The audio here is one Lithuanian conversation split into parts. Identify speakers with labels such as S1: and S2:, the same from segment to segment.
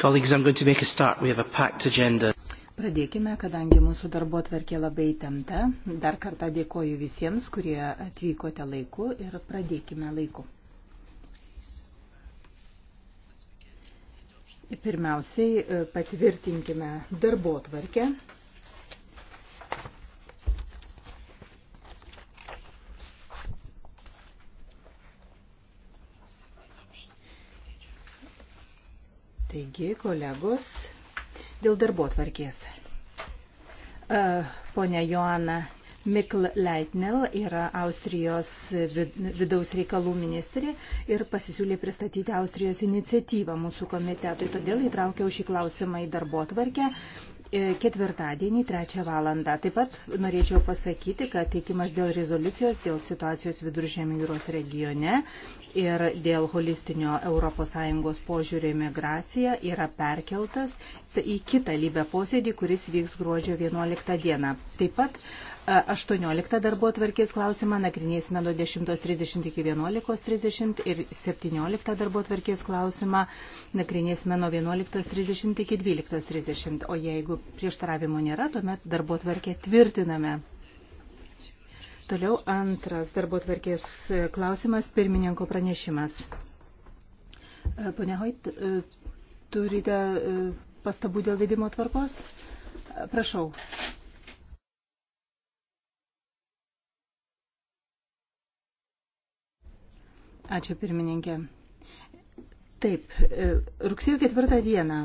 S1: Colleagues, I'm going to make a start. We have a packed agenda. Pradėkime, kadangi mūsų darbo atverkė labai įtempta. Dar kartą dėkoju visiems, kurie atvykote laiku ir pradėkime laiku. Pirmiausiai e, patvirtinkime darbo atverkę. Taigi, kolegos, dėl darbo tvarkės. E, Pone Joana Mikl Leitnel yra Austrijos vidaus reikalų ministrė ir pasisiūlė pristatyti Austrijos iniciatyvą mūsų komitetui. Todėl įtraukiau šį klausimą į darbo tvarkę E, ketvirtadienį 3 valandą. Taip pat norėčiau pasakyti, kad teikimas dėl rezoliucijos, dėl situacijos viduržėmio jūros regione ir dėl holistinio ES požiūrio į migraciją yra perkeltas į kitą lybę posėdį, kuris vyks gruodžio 11 dieną. Taip pat 18 darbo tvarkės klausimą nagrinėsime nuo 10.30 iki 11.30 ir 17 darbo tvarkės klausimą nagrinėsime nuo 11.30 iki 12.30. O jeigu prieštaravimo nėra, tuomet darbo tvarkę tvirtiname. Toliau antras darbo tvarkės klausimas – pirmininko pranešimas. E, Pone Hoyt, e, turite e, pastabų dėl vedimo tvarkos? Prašau. Ačiū pirmininkė. Taip, e, rugsėjo ketvirtą dieną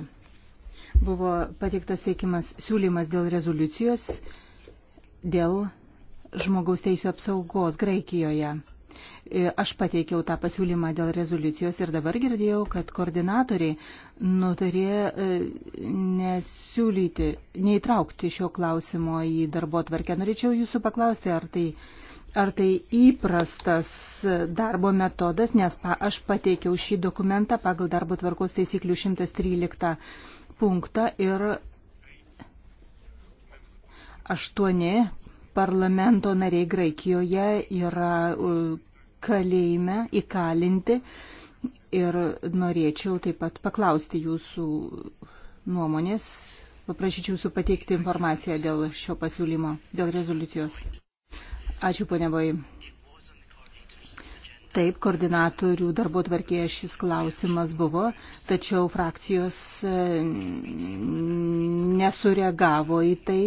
S1: buvo pateiktas teikimas siūlymas dėl rezoliucijos dėl žmogaus teisų apsaugos Graikijoje. E, aš pateikiau tą pasiūlymą dėl rezoliucijos ir dabar girdėjau, kad koordinatoriai nutarė e, nesiūlyti, neįtraukti šio klausimo į darbo tvarkę. Norėčiau jūsų paklausti, ar tai ar tai įprastas darbo metodas, nes pa, aš pateikiau šį dokumentą pagal darbo tvarkos taisyklių 113 punktą ir aštuoni parlamento nariai Graikijoje yra kalėjime įkalinti ir norėčiau taip pat paklausti jūsų nuomonės, paprašyčiau jūsų pateikti informaciją dėl šio pasiūlymo, dėl rezoliucijos. Ačiū, ponia Boj. Taip, koordinatorių darbo tvarkėje šis klausimas buvo, tačiau frakcijos e, nesureagavo į tai.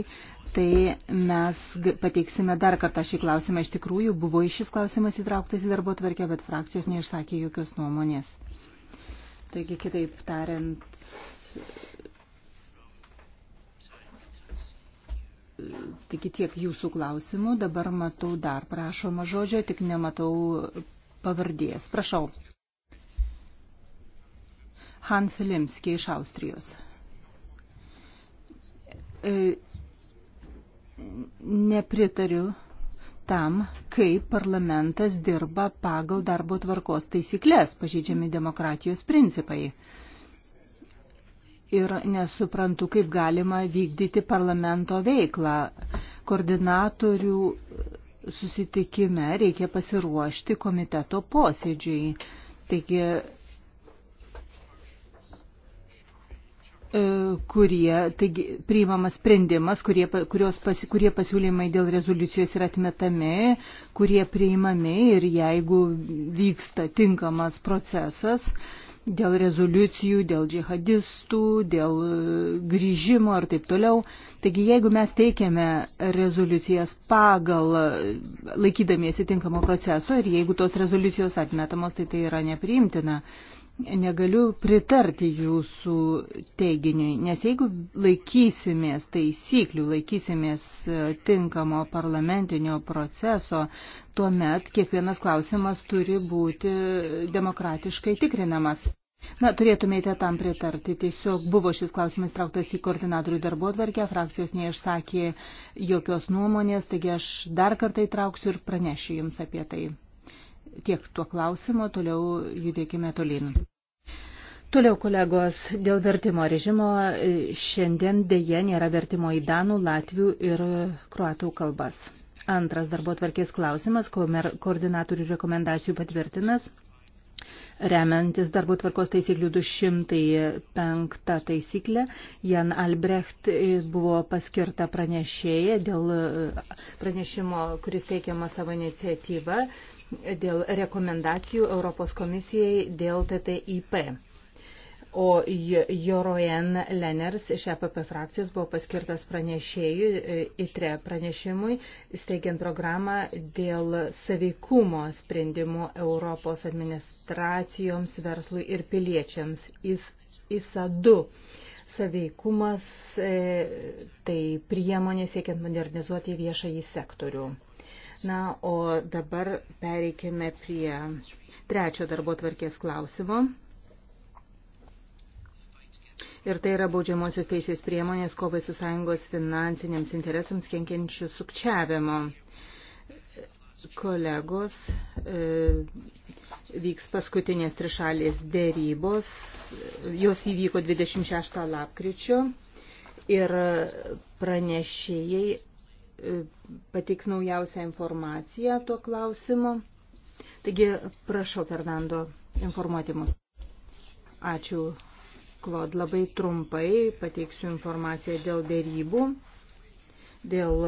S1: Tai mes pateiksime dar kartą šį klausimą. Iš tikrųjų, buvo šis klausimas įtrauktas į darbo tvarkę, bet frakcijos neišsakė jokios nuomonės. Taigi, kitaip tariant, Taigi tiek jūsų klausimų. Dabar matau dar prašoma žodžio, tik nematau pavardės. Prašau. Han Filimski iš Austrijos. E, nepritariu tam, kaip parlamentas dirba pagal darbo tvarkos taisyklės, pažydžiami demokratijos principai ir nesuprantu, kaip galima vykdyti parlamento veiklą. Koordinatorių susitikime reikia pasiruošti komiteto posėdžiui. Taigi, e, kurie, taigi priimamas sprendimas, kurie, kurios, pasi, kurie pasiūlymai dėl rezoliucijos yra atmetami, kurie priimami ir jeigu vyksta tinkamas procesas, uh, dėl rezoliucijų, dėl džihadistų, dėl e, grįžimo ir taip toliau. Taigi, jeigu mes teikiame rezoliucijas pagal e, laikydamiesi tinkamo proceso ir jeigu tos rezoliucijos atmetamos, tai tai yra nepriimtina. Negaliu pritarti jūsų teiginiui, nes jeigu laikysimės taisyklių, laikysimės e, tinkamo parlamentinio proceso, tuomet kiekvienas klausimas turi būti demokratiškai tikrinamas. Na, turėtumėte tam pritarti. Tiesiog buvo šis klausimas trauktas į koordinatorių darbo atvarkę, frakcijos neišsakė jokios nuomonės, taigi aš dar kartą įtrauksiu ir pranešiu Jums apie tai. Tiek tuo klausimu, toliau judėkime tolin. Toliau, kolegos, dėl vertimo režimo šiandien dėje nėra vertimo į Danų, Latvių ir Kruatų kalbas. Antras darbo tvarkės klausimas, koordinatorių rekomendacijų patvirtinas remiantis darbo tvarkos taisyklių 205 taisyklę. Jan Albrecht buvo paskirta pranešėja dėl e, pranešimo, kuris teikiama savo iniciatyvą dėl rekomendacijų Europos komisijai dėl TTIP o Jorojen Leners iš EPP frakcijos buvo paskirtas pranešėjų e, ITRE pranešimui, steigiant programą dėl saveikumo sprendimų Europos administracijoms, verslui ir piliečiams. ISA 2. Saveikumas e, tai priemonė siekiant modernizuoti viešąjį sektorių. Na, o dabar pereikime prie trečio darbo tvarkės klausimo ir tai yra baudžiamosios teisės priemonės kovai su sąjungos finansiniams interesams kenkiančių sukčiavimo. Kolegos, e, vyks paskutinės trišalės dėrybos, jos įvyko 26 lapkričio ir pranešėjai e, pateiks naujausią informaciją tuo klausimu. Taigi, prašau, Fernando, informuoti mus. Ačiū Klod, labai trumpai pateiksiu informaciją dėl dėrybų, dėl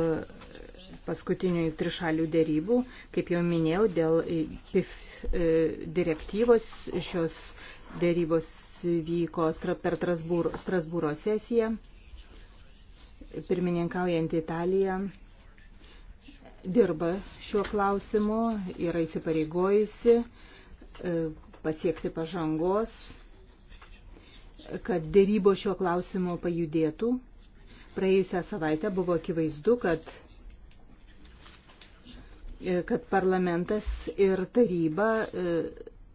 S1: paskutinių trišalių dėrybų, kaip jau minėjau, dėl PIF e, direktyvos šios dėrybos vyko per Strasbūro sesiją, pirmininkaujant Italiją dirba šiuo klausimu, yra įsipareigojusi e, pasiekti pažangos kad dėrybo šiuo klausimu pajudėtų. Praėjusią savaitę buvo akivaizdu, kad, e, kad parlamentas ir taryba e,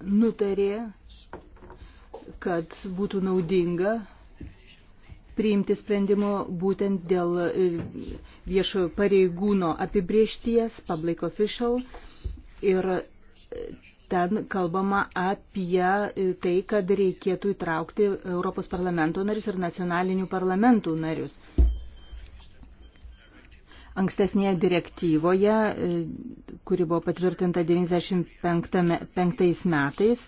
S1: nutarė, kad būtų naudinga priimti sprendimo būtent dėl e, viešojo pareigūno apibriešties, public official, ir ten kalbama apie e, tai, kad reikėtų įtraukti Europos parlamento narius ir nacionalinių parlamentų narius. Ankstesnėje direktyvoje, e, kuri buvo patvirtinta 95 metais,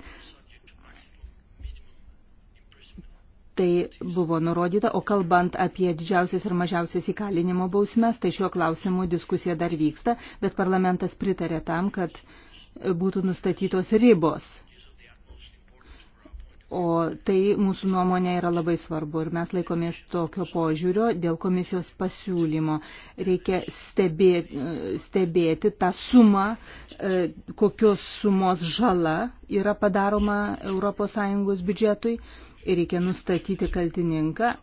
S1: tai buvo nurodyta, o kalbant apie didžiausias ir mažiausias įkalinimo bausmes, tai šiuo klausimu diskusija dar vyksta, bet parlamentas pritarė tam, kad uh, būtų nustatytos ribos. O tai mūsų nuomonė yra labai svarbu ir mes laikomės tokio požiūrio dėl komisijos pasiūlymo. Reikia stebėti, stebėti tą sumą, e, kokios sumos žala yra padaroma ES biudžetui ir reikia nustatyti kaltininką,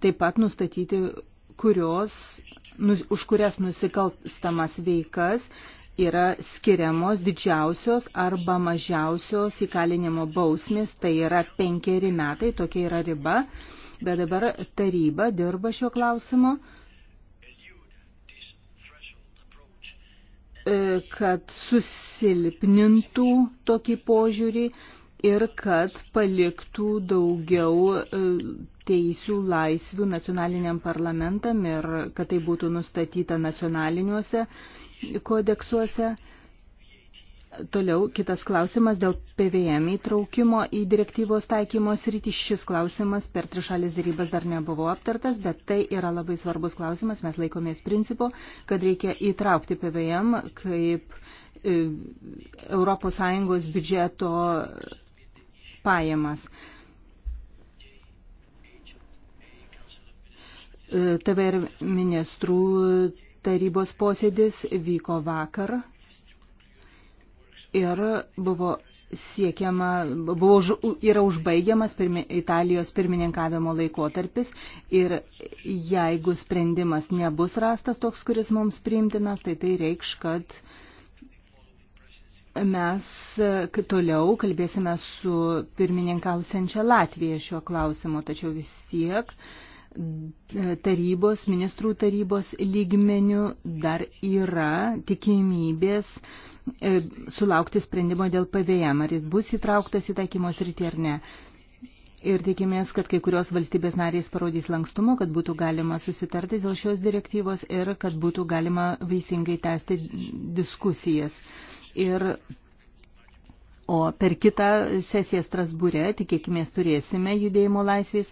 S1: taip pat nustatyti, kurios, nu, už kurias nusikalstamas veikas yra skiriamos didžiausios arba mažiausios įkalinimo bausmės, tai yra penkeri metai, tokia yra riba, bet dabar taryba dirba šiuo klausimu, e, kad susilpnintų tokį požiūrį ir kad paliktų daugiau e, teisių laisvių nacionaliniam parlamentam ir kad tai būtų nustatyta nacionaliniuose parlamentuose kodeksuose. Toliau kitas klausimas dėl PVM įtraukimo į direktyvos taikymos rytį. Šis klausimas per trišalės dėrybas dar nebuvo aptartas, bet tai yra labai svarbus klausimas. Mes laikomės principo, kad reikia įtraukti PVM kaip ES biudžeto pajamas. E, TVR ministrų Tarybos posėdis vyko vakar ir buvo siekiama, buvo, yra užbaigiamas pirmi, Italijos pirmininkavimo laikotarpis ir jeigu sprendimas nebus rastas toks, kuris mums priimtinas, tai tai reikš, kad mes toliau kalbėsime su pirmininkausiančia Latvija šiuo klausimu, tačiau vis tiek uh, tarybos, ministrų tarybos lygmenių dar yra tikimybės e, sulaukti sprendimo dėl PVM, ar jis bus įtrauktas į taikymos rytį ar ne. Ir tikimės, kad kai kurios valstybės narės parodys lankstumo, kad būtų galima susitarti dėl šios direktyvos ir kad būtų galima veisingai tęsti diskusijas. Ir O per kitą sesiją Strasbūre, tikėkime, turėsime judėjimo laisvės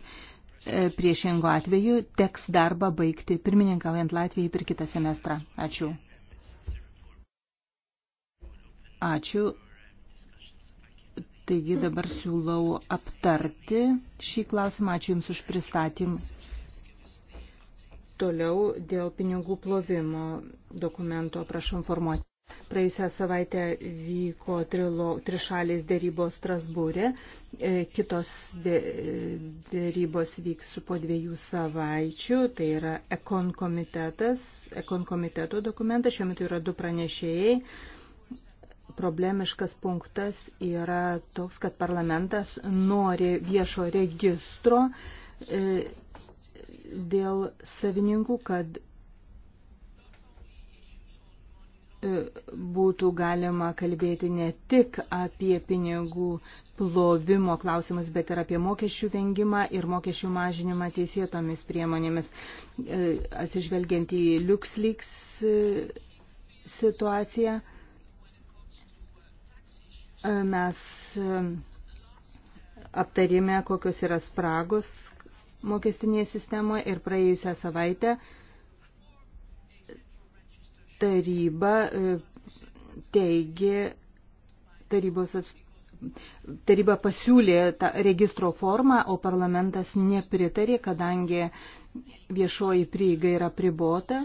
S1: E, Priešingo atveju teks darbą baigti pirmininkaujant Latvijai per kitą semestrą. Ačiū. Ačiū. Taigi dabar siūlau aptarti šį klausimą. Ačiū Jums už pristatymą. Toliau dėl pinigų plovimo dokumento prašau informuoti. Praėjusią savaitę vyko trilo, trišalės dėrybos Strasbūrė, e, kitos dėrybos vyks po dviejų savaičių, tai yra ekon komitetas, ekon komiteto dokumentas, šiuo metu yra du pranešėjai. Problemiškas punktas yra toks, kad parlamentas nori viešo registro e, dėl savininkų, kad būtų galima kalbėti ne tik apie pinigų plovimo klausimus, bet ir apie mokesčių vengimą ir mokesčių mažinimą teisėtomis priemonėmis. E, atsižvelgiant į LuxLeaks e, situaciją, e, mes aptarėme, kokios yra spragos mokestinėje sistemoje ir praėjusią savaitę uh, taryba e, teigė, tarybos atstovai taryba pasiūlė tą registro formą, o parlamentas nepritarė, kadangi viešoji prieiga yra pribota.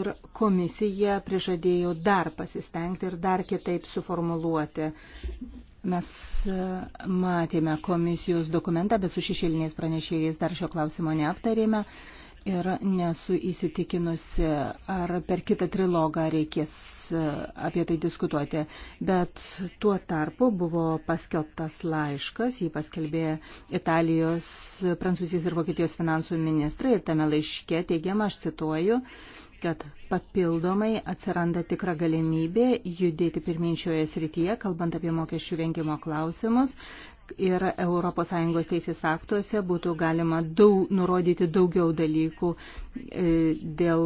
S1: Ir komisija prižadėjo dar pasistengti ir dar kitaip suformuluoti. Mes e, matėme komisijos dokumentą, bet su šešėliniais pranešėjais dar šio klausimo neaptarėme ir nesu įsitikinusi, ar per kitą trilogą reikės e, apie tai diskutuoti. Bet tuo tarpu buvo paskelbtas laiškas, jį paskelbė Italijos, Prancūzijos ir Vokietijos finansų ministrai ir tame laiške teigiama, aš cituoju, kad papildomai atsiranda tikra galimybė judėti pirminčioje srityje, kalbant apie mokesčių vengimo klausimus, ir ES teisės aktuose būtų galima daug, nurodyti daugiau dalykų e, dėl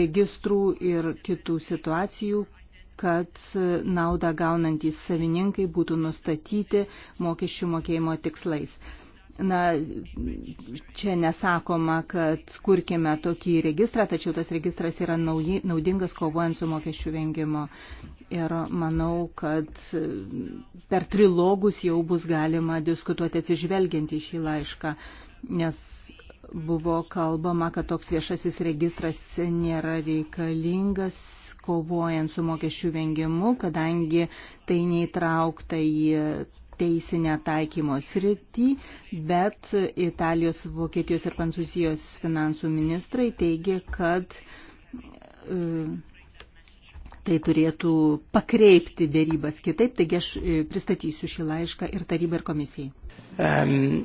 S1: registrų ir kitų situacijų, kad naudą gaunantys savininkai būtų nustatyti mokesčių mokėjimo tikslais. Na, čia nesakoma, kad kurkime tokį registrą, tačiau tas registras yra nauji, naudingas kovojant su mokesčių vengimo. Ir manau, kad per trilogus jau bus galima diskutuoti atsižvelgiant į šį laišką, nes buvo kalbama, kad toks viešasis registras nėra reikalingas kovojant su mokesčių vengimu, kadangi tai neįtraukta į teisinę taikymo sritį, bet Italijos, Vokietijos ir Prancūzijos finansų ministrai teigia, kad e, tai turėtų pakreipti dėrybas kitaip, taigi aš e, pristatysiu šį laišką ir tarybai ir komisijai. Um,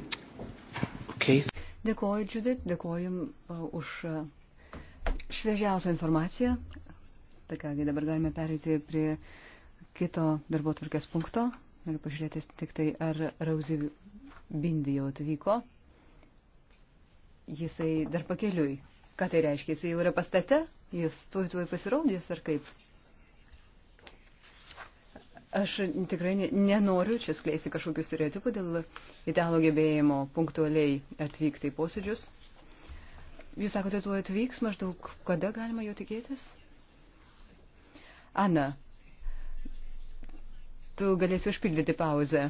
S2: okay. Dėkuoju, Judith, dėkuoju uh, e, už šviežiausią informaciją. Tai kągi dabar galime pereiti prie kito darbo tvarkės punkto. Noriu pažiūrėti tik tai, ar Rauzi Bindi jau atvyko. Jisai dar pakeliui. Ką tai reiškia? Jisai jau yra pastate? Jis tuoj tuoj pasirodys ar kaip? Aš tikrai nenoriu čia skleisti kažkokius stereotipų dėl italo gebėjimo punktualiai atvykti į posėdžius. Jūs sakote, tuo atvyks maždaug, kada galima jo tikėtis? Ana, tu galėsi užpildyti pauzę.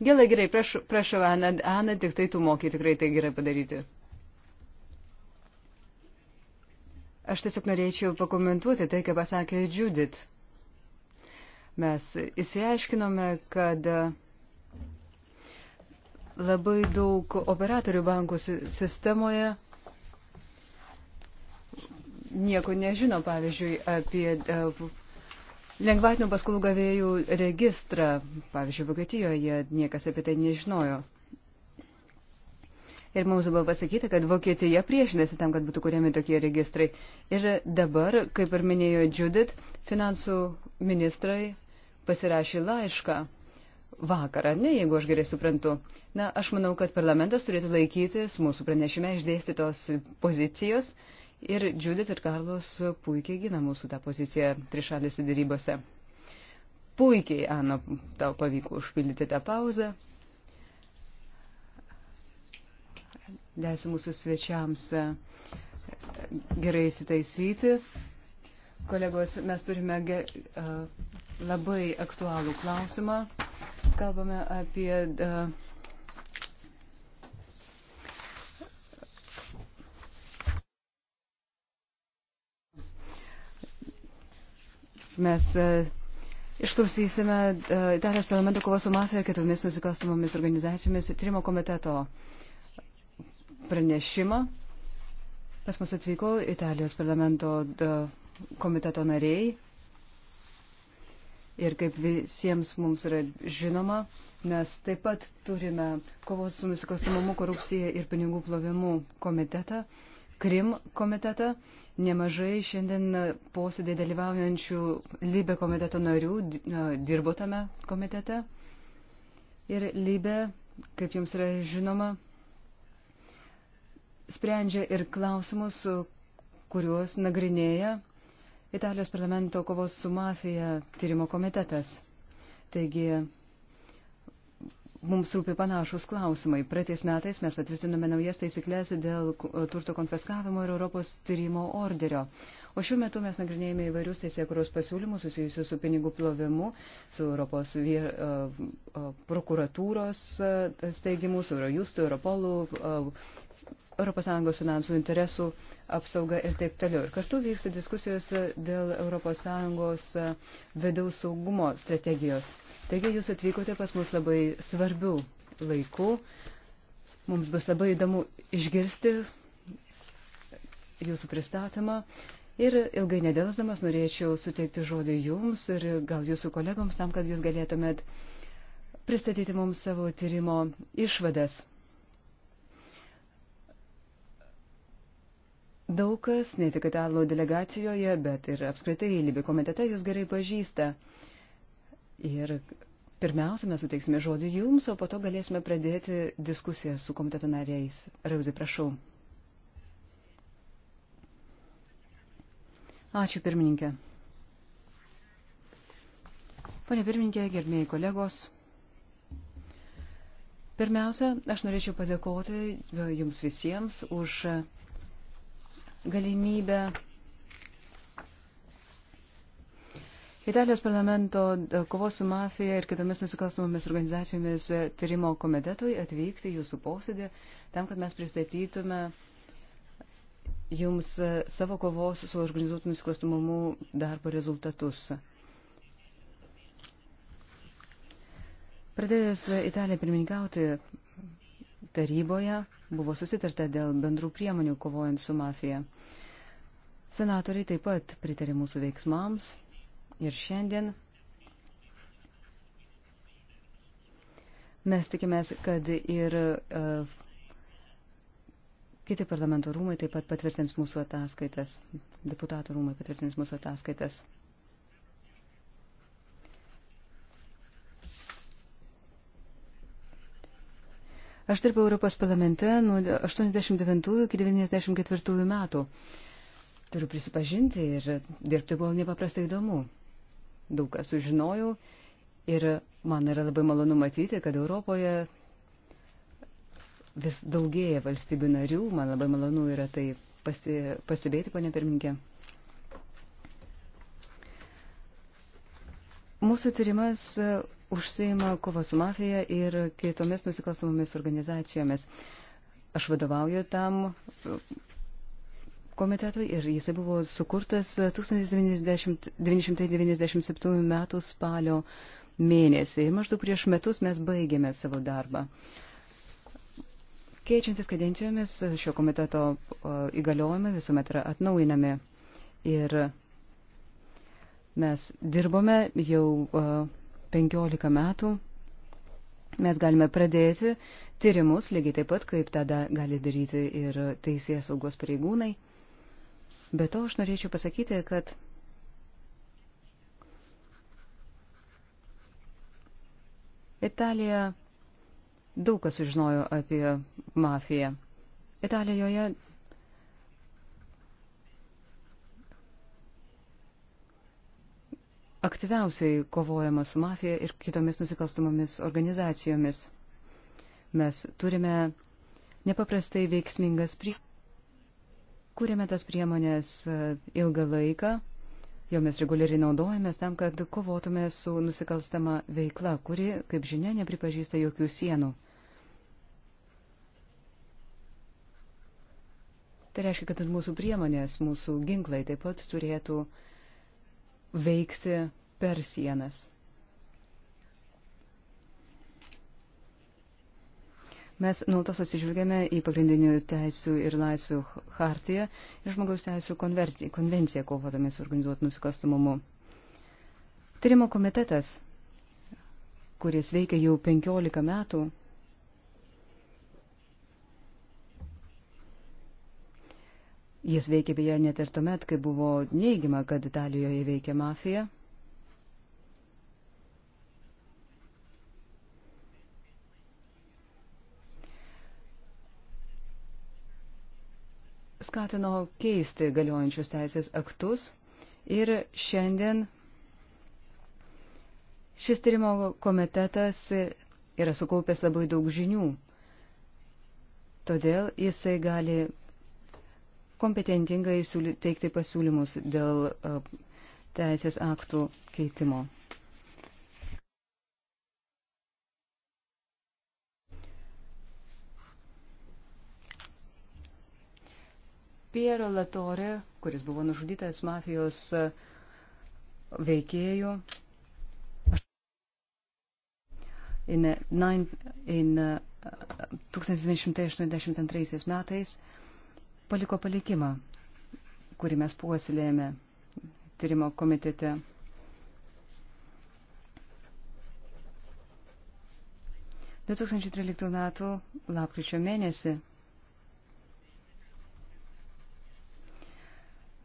S2: Gerai, gerai, prašau, prašau Ana, Ana, tik tai tu moki tikrai tai gerai padaryti. Aš tiesiog norėčiau pakomentuoti tai, ką pasakė Judith. Mes įsiaiškinome, kad labai daug operatorių bankų sistemoje nieko nežino, pavyzdžiui, apie e, lengvatinių paskolų gavėjų registrą. Pavyzdžiui, Vokietijoje niekas apie tai nežinojo. Ir mums buvo pasakyta, kad Vokietija priešinasi tam, kad būtų kuriami tokie registrai. Ir dabar, kaip ir minėjo Judith, finansų ministrai pasirašė laišką vakarą, ne, jeigu aš gerai suprantu. Na, aš manau, kad parlamentas turėtų laikytis mūsų pranešime išdėstytos pozicijos. Uh, Ir Judith ir Karlos puikiai gina mūsų tą poziciją trišalėse dėrybose. Puikiai, Ana, tau pavyko užpildyti tą pauzę. Leisiu mūsų svečiams e, gerai įsitaisyti. Kolegos, mes turime ge, uh, labai aktualų klausimą. Kalbame apie uh, Mes e, išklausysime e, Italijos parlamento kovos su mafija kitomis nusikalstamomis organizacijomis tyrimo komiteto pranešimą. Pas mus atvyko Italijos parlamento e, komiteto nariai. Ir kaip visiems mums yra žinoma, mes taip pat turime kovos su nusikalstamumu, korupcija ir pinigų plovimu komitetą, Krim komitetą nemažai šiandien posėdė dalyvaujančių Libe komiteto narių dirbo tame komitete. Ir Libe, kaip jums yra žinoma, sprendžia ir klausimus, kuriuos nagrinėja Italijos parlamento kovos su mafija tyrimo komitetas. Taigi mums rūpi panašus klausimai. Praeitais metais mes patvirtinome naujas taisyklės dėl turto konfiskavimo ir Europos tyrimo orderio. O šiuo metu mes nagrinėjame įvairius teisėkuros pasiūlymus susijusius su pinigų plovimu, su Europos vier, uh, prokuratūros uh, steigimu, su Eurojustu, Europolu, uh, ES finansų interesų apsauga ir taip toliau. Ir kartu vyksta diskusijos dėl ES vidaus saugumo strategijos. Taigi jūs atvykote pas mus labai svarbių laikų. Mums bus labai įdomu išgirsti jūsų pristatymą. Ir ilgai nedėlasdamas norėčiau suteikti žodį jums ir gal jūsų kolegoms tam, kad jūs galėtumėt pristatyti mums savo tyrimo išvadas. Daug kas, ne tik italų delegacijoje, bet ir apskritai Libi komitete jūs gerai pažįsta. Uh, Ir pirmiausia, mes suteiksime žodį jums, o po to galėsime pradėti diskusiją su komiteto nariais. Rauzai, prašau. Ačiū, pirmininkė. Pane pirmininkė, gerbėjai kolegos. Pirmiausia, aš norėčiau padėkoti jums visiems už galimybę Italijos parlamento kovos su mafija ir kitomis nusikalstamomis organizacijomis tyrimo komitetui atvykti jūsų posėdį tam, kad mes pristatytume jums savo kovos su organizuotų nusikalstamumu darbo rezultatus. Pradėjus Italiją pirmininkauti taryboje, buvo susitarta dėl bendrų priemonių kovojant su mafija. Senatoriai taip pat pritarė mūsų veiksmams ir šiandien. Mes tikimės, kad ir uh, kiti parlamento rūmai taip pat patvirtins mūsų ataskaitas, deputatų rūmai patvirtins mūsų ataskaitas. Aš dirbau Europos parlamente nuo 89 iki 94 metų. Turiu prisipažinti ir dirbti buvo nepaprastai įdomu daug ką sužinojau ir man yra labai malonu matyti, kad Europoje vis daugėja valstybių narių, man labai malonu yra tai pasti, pastebėti, ponė pirmininkė. Mūsų tyrimas užsieima kova su mafija ir kitomis nusikalstamomis organizacijomis. Aš vadovauju tam komitetui ir jisai buvo sukurtas 1997 m. spalio mėnesį. Ir maždaug prieš metus mes baigėme savo darbą. Keičiantis kadencijomis šio komiteto įgaliojimai visuomet yra atnaujinami. Ir mes dirbome jau 15 metų mes galime pradėti tyrimus lygiai taip pat, kaip tada gali daryti ir teisės saugos pareigūnai. Be to aš norėčiau pasakyti, kad Italija daug kas sužinojo apie mafiją. Italijoje aktyviausiai kovojama su mafija ir kitomis nusikalstamomis organizacijomis. Mes turime nepaprastai veiksmingas priemonės kūrėme tas priemonės e, ilgą laiką, jomis reguliariai naudojame tam, kad kovotume su nusikalstama veikla, kuri, kaip žinia, nepripažįsta jokių sienų. Tai reiškia, kad mūsų priemonės, mūsų ginklai taip pat turėtų veikti per sienas. Mes nuolatos atsižvelgiame į pagrindinių teisų ir laisvių hartiją ir žmogaus teisų konvenciją kovodami su organizuotų nusikalstamumu. Tyrimo komitetas, kuris veikia jau 15 metų, jis veikia beje net ir tuomet, kai buvo neįgima, kad Italijoje veikia mafija. skatino keisti galiojančius teisės aktus ir šiandien šis tyrimo komitetas yra sukaupęs labai daug žinių. Todėl jisai gali kompetentingai teikti pasiūlymus dėl teisės aktų keitimo. Piero Latore, kuris buvo nužudytas mafijos uh, veikėjų. In, uh, nine, in uh, 1982 metais paliko palikimą, kurį mes puoselėjame tyrimo komitete. De 2013 m. lapkričio mėnesį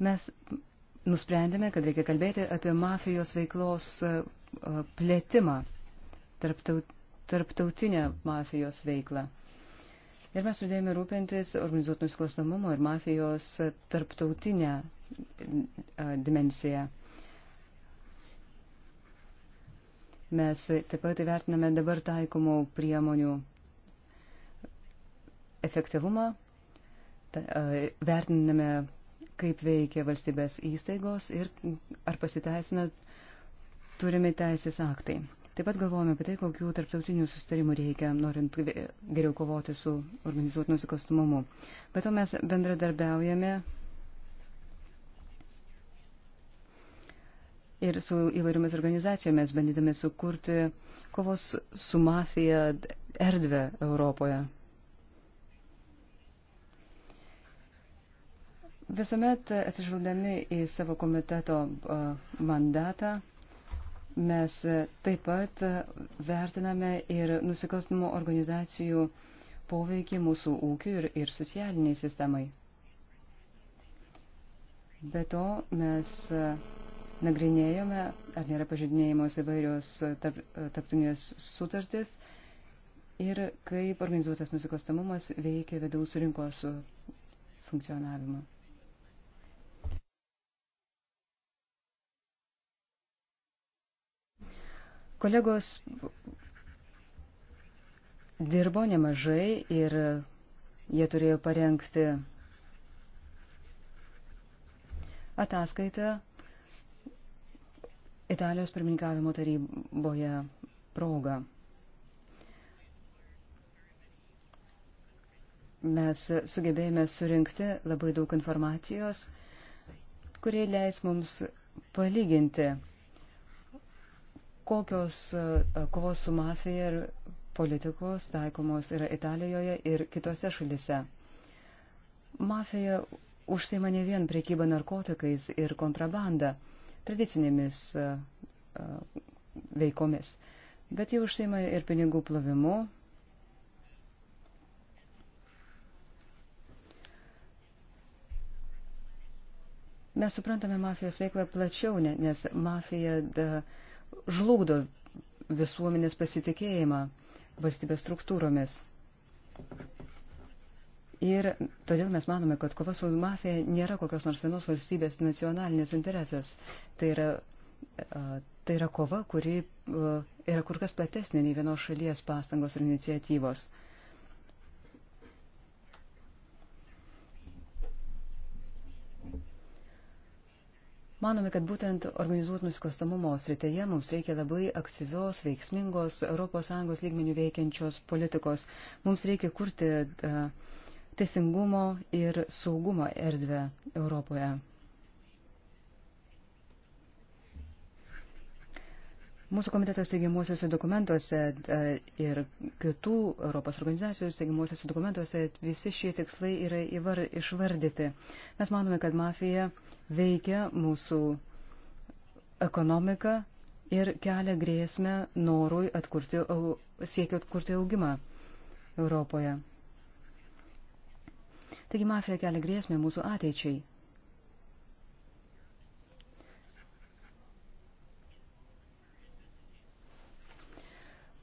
S2: mes nusprendėme, kad reikia kalbėti apie mafijos veiklos e, plėtimą, tarptautinę mafijos veiklą. Ir mes pradėjome rūpintis organizuotų nusikalstamumo ir mafijos tarptautinę e, dimensiją. Mes taip pat įvertiname dabar taikomų priemonių efektyvumą, e, vertiname kaip veikia valstybės įstaigos ir ar pasiteisina turimi teisės aktai. Taip pat galvojame apie tai, kokių tarptautinių sustarimų reikia, norint geriau kovoti su organizuotų nusikalstumumu. Bet to mes bendradarbiaujame ir su įvairiomis organizacijomis, bandydami sukurti kovos su mafija erdvę Europoje. Visuomet atsižvelgdami į savo komiteto mandatą, mes taip pat vertiname ir nusikalstamų organizacijų poveikį mūsų ūkiui ir, ir socialiniai sistemai. Be to mes nagrinėjome, ar nėra pažydinėjimos įvairios tarp, tarptautinės sutartys ir kaip organizuotas nusikalstamumas veikia vidaus rinkos funkcionavimą. Kolegos dirbo nemažai ir jie turėjo parengti ataskaitą Italijos pirmininkavimo taryboje progą. Mes sugebėjome surinkti labai daug informacijos, kurie leis mums palyginti kokios e, e, kovos su mafija ir politikos taikomos yra Italijoje ir kitose šalise. Mafija užsima ne vien priekybą narkotikais ir kontrabandą, tradicinėmis e, veikomis, bet jie užsima ir pinigų plovimu. Mes suprantame mafijos veiklą plačiau, nes mafija da, uh, žlugdo visuomenės pasitikėjimą valstybės struktūromis. Ir todėl mes manome, kad kova su mafija nėra kokios nors vienos valstybės nacionalinės interesas. Tai yra, tai yra kova, kuri yra kur kas platesnė nei vienos šalies pastangos ir iniciatyvos. Uh, Manome, kad būtent organizuot nusikalstamumo srityje mums reikia labai aktyvios, veiksmingos ES lygmenių veikiančios politikos. Mums reikia kurti e, teisingumo ir saugumo erdvę Europoje. Mūsų komiteto steigiamuosiuose dokumentuose e, ir kitų Europos organizacijų steigiamuosiuose dokumentuose visi šie tikslai yra įvar, išvardyti. Mes manome, kad mafija veikia mūsų ekonomiką ir kelia grėsmę norui atkurti, siekiu atkurti augimą Europoje. Taigi mafija kelia grėsmę mūsų ateičiai.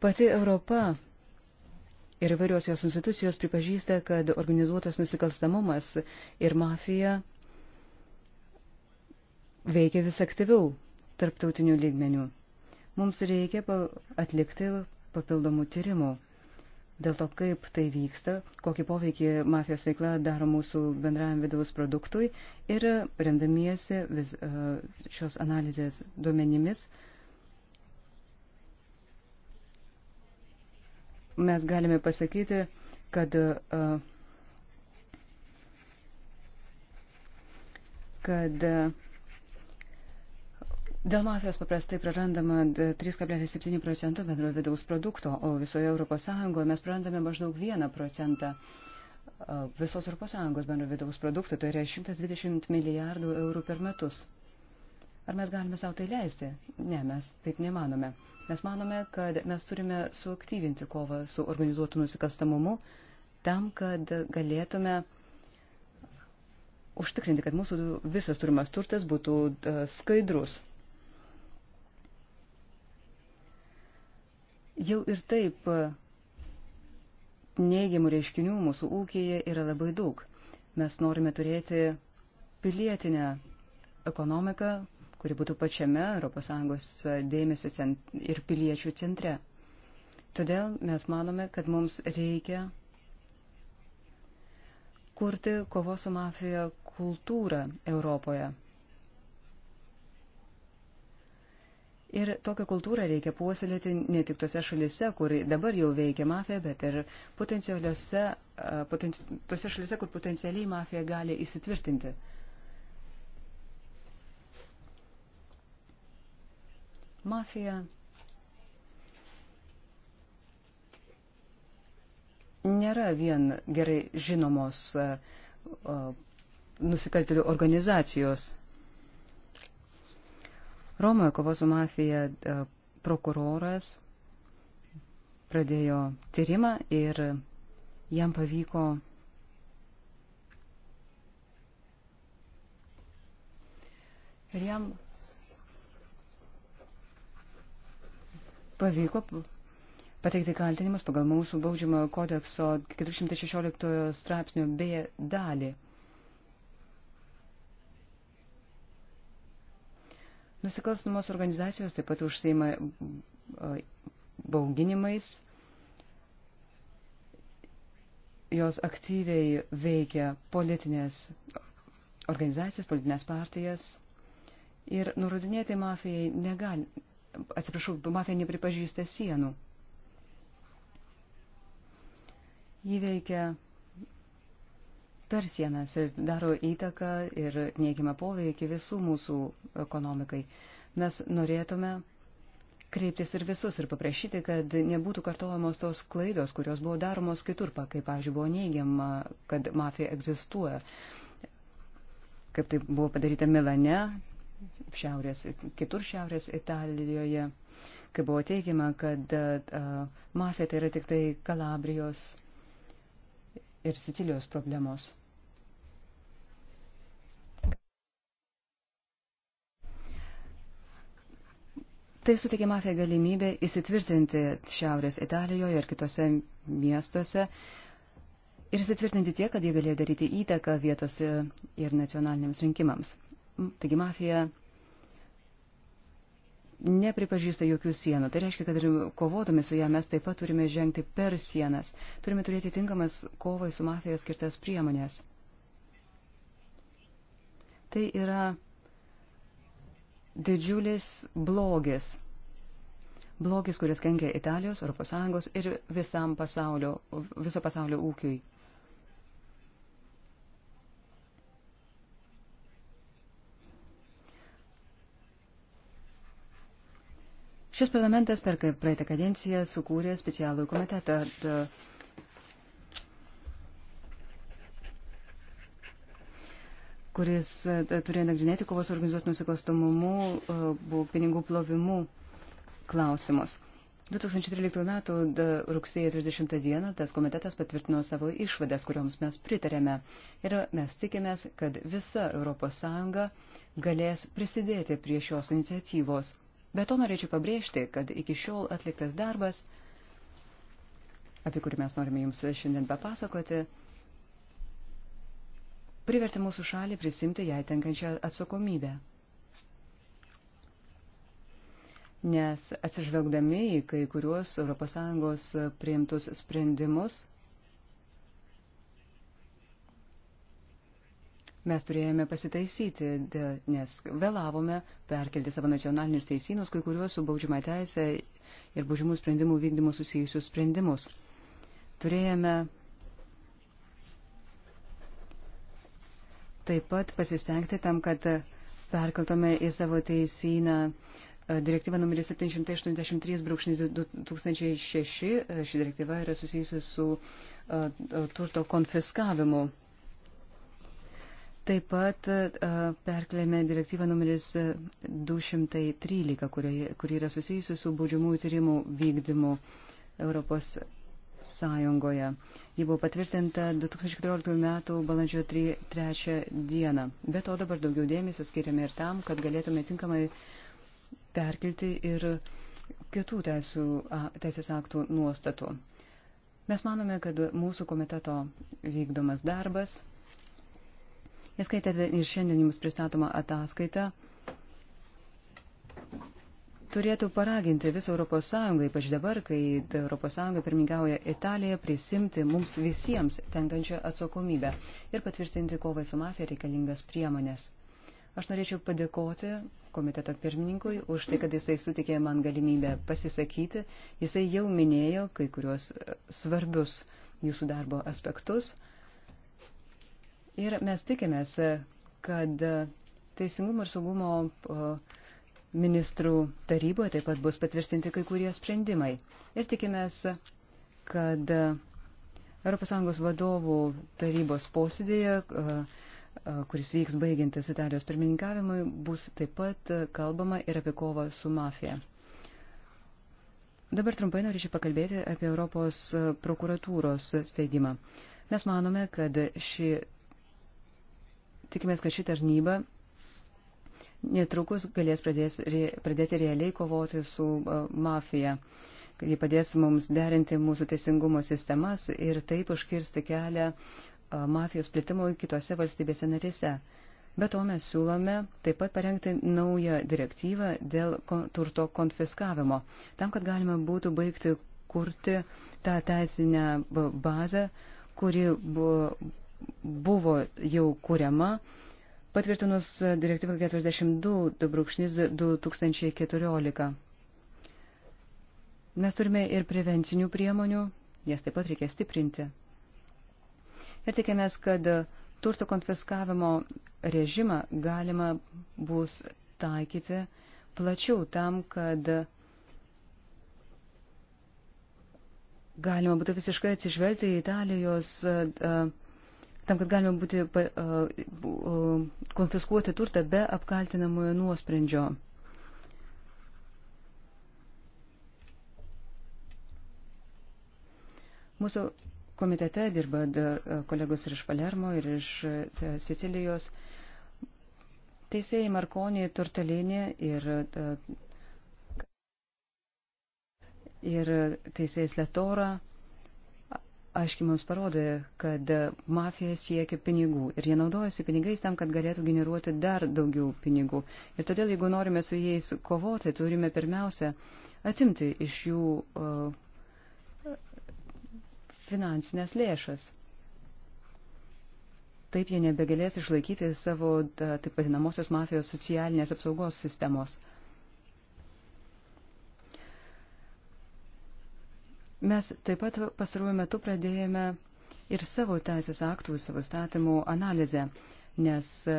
S2: Pati Europa ir įvairios jos institucijos pripažįsta, kad organizuotas nusikalstamumas ir mafija veikia vis aktyviau tarptautinių lygmenių. Mums reikia atlikti papildomų tyrimų dėl to, kaip tai vyksta, kokį poveikį mafijos veikla daro mūsų bendrajam vidaus produktui ir remdamiesi vis, šios analizės duomenimis mes galime pasakyti, kad, kad Dėl mafijos paprastai prarandama 3,7 procento bendrojo vidaus produkto, o visoje Europos Sąjungoje mes prarandame maždaug 1 procentą visos Europos Sąjungos bendrojo vidaus produkto, tai yra 120 milijardų eurų per metus. Ar mes galime savo tai leisti? Ne, mes taip nemanome. Mes manome, kad mes turime suaktyvinti kovą su organizuotu nusikalstamumu tam, kad galėtume užtikrinti, kad mūsų visas turimas turtas būtų e, skaidrus. Jau ir taip e, neigiamų reiškinių mūsų ūkėje yra labai daug. Mes norime turėti pilietinę ekonomiką, kuri būtų pačiame ES dėmesio ir piliečių centre. Todėl mes manome, kad mums reikia kurti kovos su mafija kultūrą Europoje. Ir tokią kultūrą reikia puoselėti ne tik tose šalise, kur dabar jau veikia mafija, bet ir potenci, tose šalise, kur potencialiai mafija gali įsitvirtinti. mafija nėra vien gerai žinomos e, nusikaltelių organizacijos. Romoje kovos su mafija e, prokuroras pradėjo tyrimą ir jam pavyko ir jam pavyko pateikti kaltinimus pagal mūsų baudžiamojo kodekso 416 straipsnio B dalį. Nusikalstamos organizacijos taip pat užsieima bauginimais, jos aktyviai veikia politinės organizacijas, politinės partijas ir nurodinėti mafijai negali, atsiprašau, mafija nepripažįsta sienų. Ji veikia per sienas ir daro įtaką ir niekimą poveikį visų mūsų ekonomikai. Mes norėtume kreiptis ir visus ir paprašyti, kad nebūtų kartojamos tos klaidos, kurios buvo daromos kitur, kaip, pavyzdžiui, buvo neigiama, kad mafija egzistuoja. Kaip tai buvo padaryta Milane, šiaurės, kitur šiaurės Italijoje, kai buvo teigiama, kad uh, mafija tai yra tik tai Kalabrijos ir Sicilijos problemos. Tai suteikė mafijai galimybę įsitvirtinti Šiaurės Italijoje ir kitose miestuose ir įsitvirtinti tiek, kad jie galėjo daryti įtaką vietos ir nacionaliniams rinkimams. Taigi mafija nepripažįsta jokių sienų. Tai reiškia, kad ir kovodami su ją mes taip pat turime žengti per sienas. Turime turėti tinkamas kovai su mafija skirtas priemonės. Tai yra didžiulis blogis. Blogis, kuris kenkia Italijos, ES ir visam pasaulio, viso pasaulio ūkiui. Šis parlamentas per praeitą kadenciją sukūrė specialų komitetą. kuris e, turėjo nagrinėti kovos organizuotų nusikalstamumu, e, buvo pinigų plovimų klausimus. 2013 m. rugsėjo 30 d. tas komitetas patvirtino savo išvadas, kurioms mes pritarėme. Ir mes tikimės, kad visa ES galės prisidėti prie šios iniciatyvos. Be to norėčiau pabrėžti, kad iki šiol atliktas darbas, apie kurį mes norime Jums šiandien papasakoti, privertė mūsų šalį prisimti jai tenkančią atsakomybę. Nes atsižvelgdami į kai kuriuos ES priimtus sprendimus, Mes turėjome pasitaisyti, nes vėlavome perkelti savo nacionalinius teisynus, kai kuriuos su baudžiama teisė ir baudžiamų sprendimų vykdymu susijusius sprendimus. Turėjome taip pat pasistengti tam, kad perkeltume į savo teisyną e, direktyvą numeris 783-2006. E, ši direktyva yra susijusi su e, turto konfiskavimu. Taip pat e, perkelėme direktyvą numeris 213, e, kuri, kuri yra susijusi su baudžiamųjų tyrimų vykdymu Europos Sąjungoje. Ji buvo patvirtinta 2014 m. balandžio 3 dieną. Be to dabar daugiau dėmesio skiriame ir tam, kad galėtume tinkamai perkelti ir kitų teisų, teisės aktų nuostatų. Mes manome, kad mūsų komiteto vykdomas darbas Neskaitėte ir šiandien jums pristatoma ataskaita turėtų paraginti visą Europos Sąjungą, ypač dabar, kai Europos Sąjunga pirmingauja Italiją, prisimti mums visiems tenkančią atsakomybę ir patvirtinti kovai su mafija reikalingas priemonės. Aš norėčiau padėkoti komiteto pirmininkui už tai, kad jisai sutikė man galimybę pasisakyti. Jisai jau minėjo kai kuriuos svarbius jūsų darbo aspektus. Ir mes tikimės, kad Teisingumo ir saugumo ministrų taryboje taip pat bus patvirtinti kai kurie sprendimai. Ir tikimės, kad ES vadovų tarybos posėdėje, kuris vyks baigiantis Italijos pirmininkavimui, bus taip pat kalbama ir apie kovą su mafija. Dabar trumpai norėčiau pakalbėti apie Europos prokuratūros steigimą. Mes manome, kad ši Tikimės, kad ši tarnyba netrukus galės pradės, pradėti realiai kovoti su mafija. Ji padės mums derinti mūsų teisingumo sistemas ir taip užkirsti kelią mafijos plitimui kitose valstybėse narėse. Be to mes siūlome taip pat parengti naują direktyvą dėl turto konfiskavimo, tam, kad galima būtų baigti kurti tą teisinę bazę, kuri buvo buvo jau kuriama, patvirtinus direktyvą 42.2014. Mes turime ir prevencinių priemonių, jas taip pat reikia stiprinti. Ir tikėmės, kad turto konfiskavimo režimą galima bus taikyti plačiau tam, kad galima būtų visiškai atsižvelgti į Italijos uh, tam, kad galima būti konfiskuoti turtą be apkaltinamojo nuosprendžio. Mūsų komitete dirba kolegos ir iš Palermo, ir iš Sicilijos. Teisėjai Markonė, Tortalinė ir, ir teisėjas Letora aiškiai mums parodė, kad mafija siekia pinigų ir jie naudojasi pinigais tam, kad galėtų generuoti dar daugiau pinigų. Ir todėl, jeigu norime su jais kovoti, turime pirmiausia atimti iš jų uh, finansinės lėšas. Taip jie nebegalės išlaikyti savo uh, taip vadinamosios mafijos socialinės apsaugos sistemos. Uh, Mes taip pat pastaruoju metu pradėjome ir savo teisės aktų, savo statymų analizę, nes e,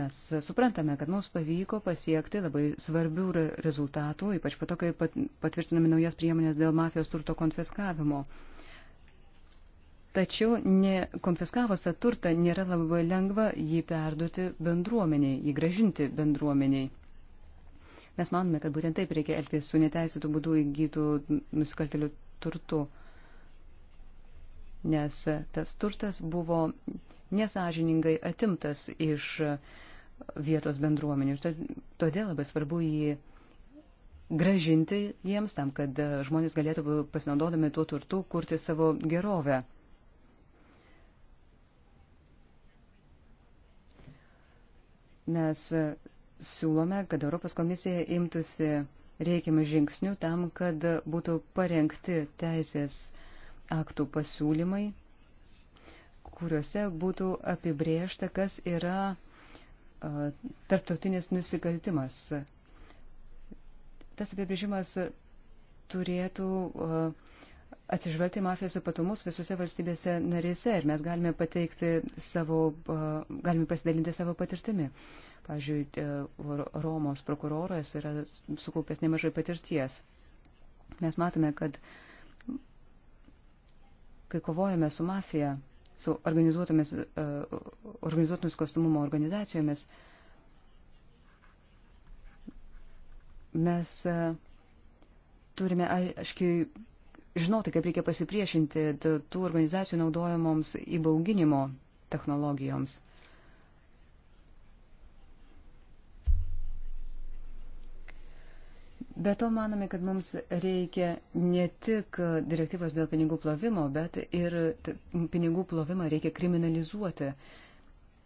S2: mes suprantame, kad mums pavyko pasiekti labai svarbių rezultatų, ypač po to, kai patvirtinami naujas priemonės dėl mafijos turto konfiskavimo. Tačiau ne, konfiskavus tą turtą nėra labai lengva jį perduoti bendruomeniai, jį gražinti bendruomeniai. Mes manome, kad būtent taip reikia elgtis su neteisėtų būdų įgytų nusikaltelių turtu, nes tas turtas buvo nesažiningai atimtas iš vietos bendruomenių. Todėl labai svarbu jį gražinti jiems tam, kad žmonės galėtų pasinaudodami tuo turtu kurti savo gerovę. Mes siūlome, kad Europos komisija imtųsi reikiamų žingsnių tam, kad būtų parengti teisės aktų pasiūlymai, kuriuose būtų apibriešta, kas yra tarptautinis nusikaltimas. Tas apibrėžimas turėtų uh, atsižvelgti mafijos ypatumus visose valstybėse narėse ir mes galime pateikti savo, galime pasidalinti savo patirtimi. Pavyzdžiui, Romos prokuroras yra sukaupęs nemažai patirties. Mes matome, kad kai kovojame su mafija, su organizuotomis, organizuotomis kostumumo organizacijomis, mes turime aiškiai žinoti, kaip reikia pasipriešinti tų organizacijų naudojamoms įbauginimo technologijoms. Be to manome, kad mums reikia ne tik direktyvos dėl pinigų plovimo, bet ir pinigų plovimą reikia kriminalizuoti.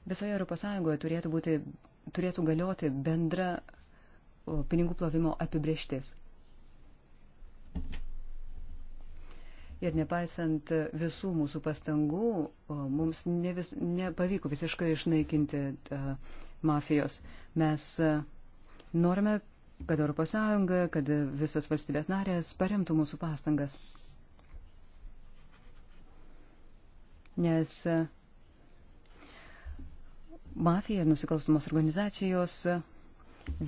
S2: Visoje Europos Sąjungoje turėtų, būti, turėtų galioti bendra pinigų plovimo apibrieštis. Ir nepaisant visų mūsų pastangų, mums ne vis, nepavyko visiškai išnaikinti uh, mafijos. Mes uh, norime, kad ES, kad visos valstybės narės paremtų mūsų pastangas. Nes uh, mafija ir nusikalstamos organizacijos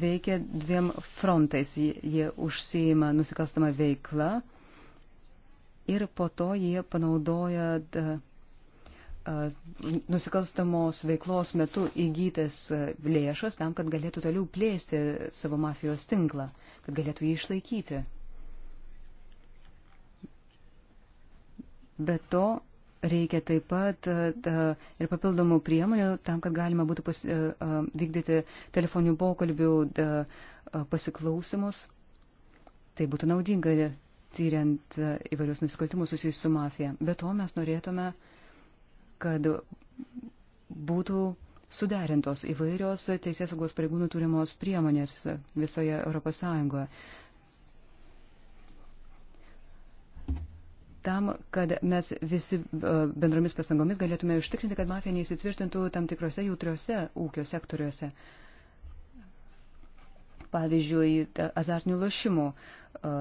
S2: veikia dviem frontais. Jie, jie užsieima nusikalstamą veiklą ir po to jie panaudoja e, e, nusikalstamos veiklos metu įgytas lėšas tam, kad galėtų toliau plėsti savo mafijos tinklą, kad galėtų jį išlaikyti. Be to, reikia taip pat e, ir papildomų priemonių tam, kad galima būtų pas, vykdyti telefonių pokalbių pasiklausimus. Tai būtų naudinga tyriant e, įvairius nusikaltimus susijusius su mafija. Be to mes norėtume, kad būtų suderintos įvairios teisės saugos pareigūnų turimos priemonės visoje Europos Sąjungoje. Tam, kad mes visi e, bendromis pastangomis galėtume užtikrinti, kad mafija neįsitvirtintų tam tikrose jautriuose ūkio sektoriuose. Pavyzdžiui, azartinių lošimų e,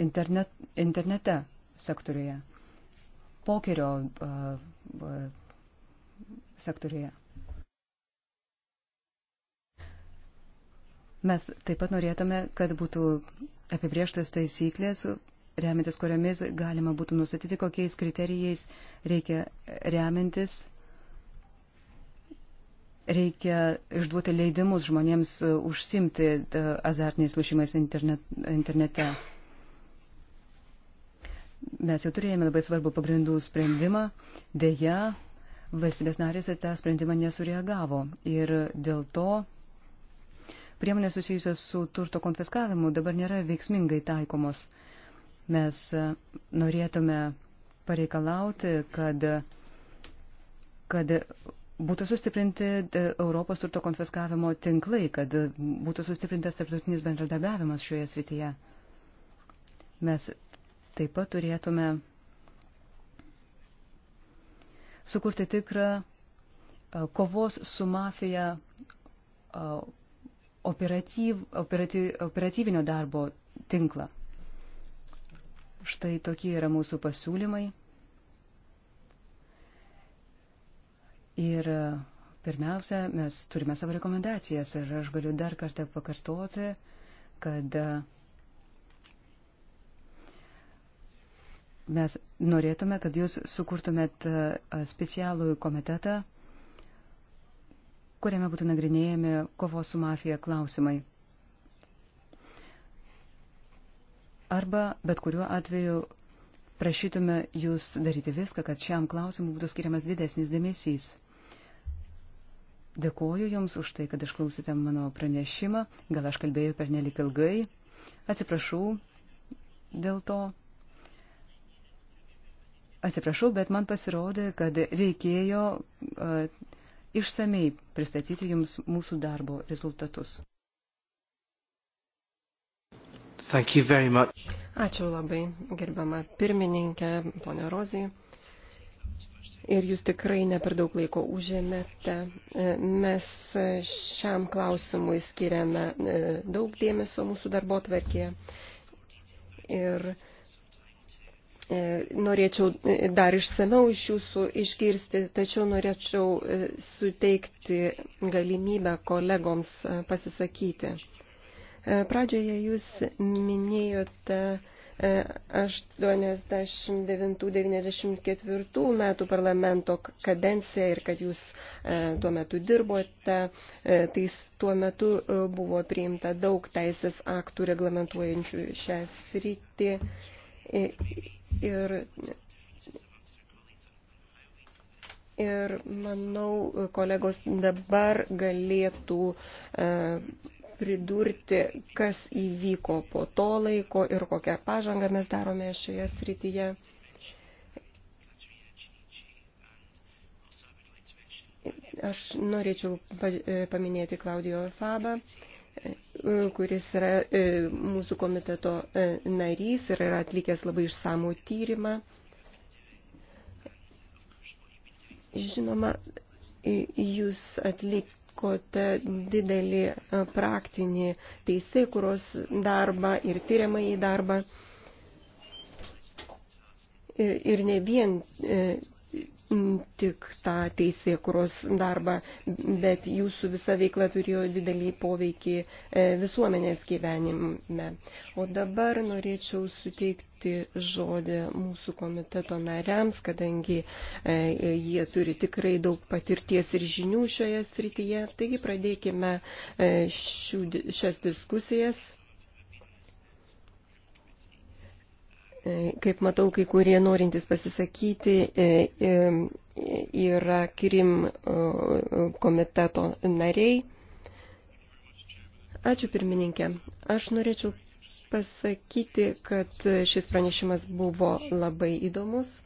S2: internet, internete sektoriuje, pokerio uh, sektoriuje. Mes taip pat norėtume, kad būtų apibrieštas taisyklės, remintis kuriomis galima būtų nustatyti, kokiais kriterijais reikia remintis. Reikia išduoti leidimus žmonėms užsimti azartiniais lošimais internet, internete. Mes jau turėjome labai svarbų pagrindų sprendimą, dėja valstybės narės į tą sprendimą nesureagavo ir dėl to priemonės susijusios su turto konfiskavimu dabar nėra veiksmingai taikomos. Mes e, norėtume pareikalauti, kad, kad būtų sustiprinti e, Europos turto konfiskavimo tinklai, kad būtų sustiprintas tarptautinis bendradarbiavimas šioje srityje. Mes taip pat turėtume sukurti tikrą kovos su mafija operatyv, operatyv, operatyvinio darbo tinklą. Štai tokie yra mūsų pasiūlymai. Ir pirmiausia, mes turime savo rekomendacijas ir aš galiu dar kartą pakartoti, kad Mes norėtume, kad jūs sukurtumėt e, specialų komitetą, kuriame būtų nagrinėjami kovos su mafija klausimai. Arba bet kuriuo atveju prašytume jūs daryti viską, kad šiam klausimui būtų skiriamas didesnis dėmesys. Dėkuoju Jums už tai, kad išklausėte mano pranešimą. Gal aš kalbėjau per nelik ilgai. Atsiprašau dėl to. Atsiprašau, bet man pasirodė, kad reikėjo uh, išsamei pristatyti Jums mūsų darbo rezultatus.
S1: Ačiū
S3: labai, gerbama pirmininkė, ponė Rozija. Ir jūs tikrai ne per daug laiko užėmėte. E, mes šiam klausimui skiriame e, daug dėmesio mūsų darbo tvarkėje. Ir E, norėčiau e, dar išsameu iš jūsų išgirsti, tačiau norėčiau e, suteikti galimybę kolegoms pasisakyti. Pradžioje jūs minėjote 89-94 metų parlamento kadenciją ir kad jūs tuo metu dirbote, tai tuo metu buvo priimta daug teisės aktų reglamentuojančių šią sritį Ir, ir manau, kolegos dabar galėtų e, pridurti, kas įvyko po to laiko ir kokią pažangą mes darome šioje srityje. Aš norėčiau e, paminėti Klaudijo Fabą kuris yra e, mūsų komiteto e, narys ir yra atlikęs labai išsamų tyrimą. Žinoma, jūs atlikote didelį e, praktinį teisė, kuros darbą ir tyriamą į darbą. Ir, ir ne vien tik tą teisėkuros darbą, bet jūsų visa veikla turėjo didelį poveikį e, visuomenės gyvenime. O dabar norėčiau suteikti žodį mūsų komiteto nariams, kadangi e, jie turi tikrai daug patirties ir žinių šioje srityje. Taigi pradėkime e, šių, šias diskusijas. E, kaip matau, kai kurie norintys pasisakyti e, e, yra Kirim komiteto nariai. Ačiū pirmininkė. Aš norėčiau pasakyti, kad šis pranešimas buvo labai įdomus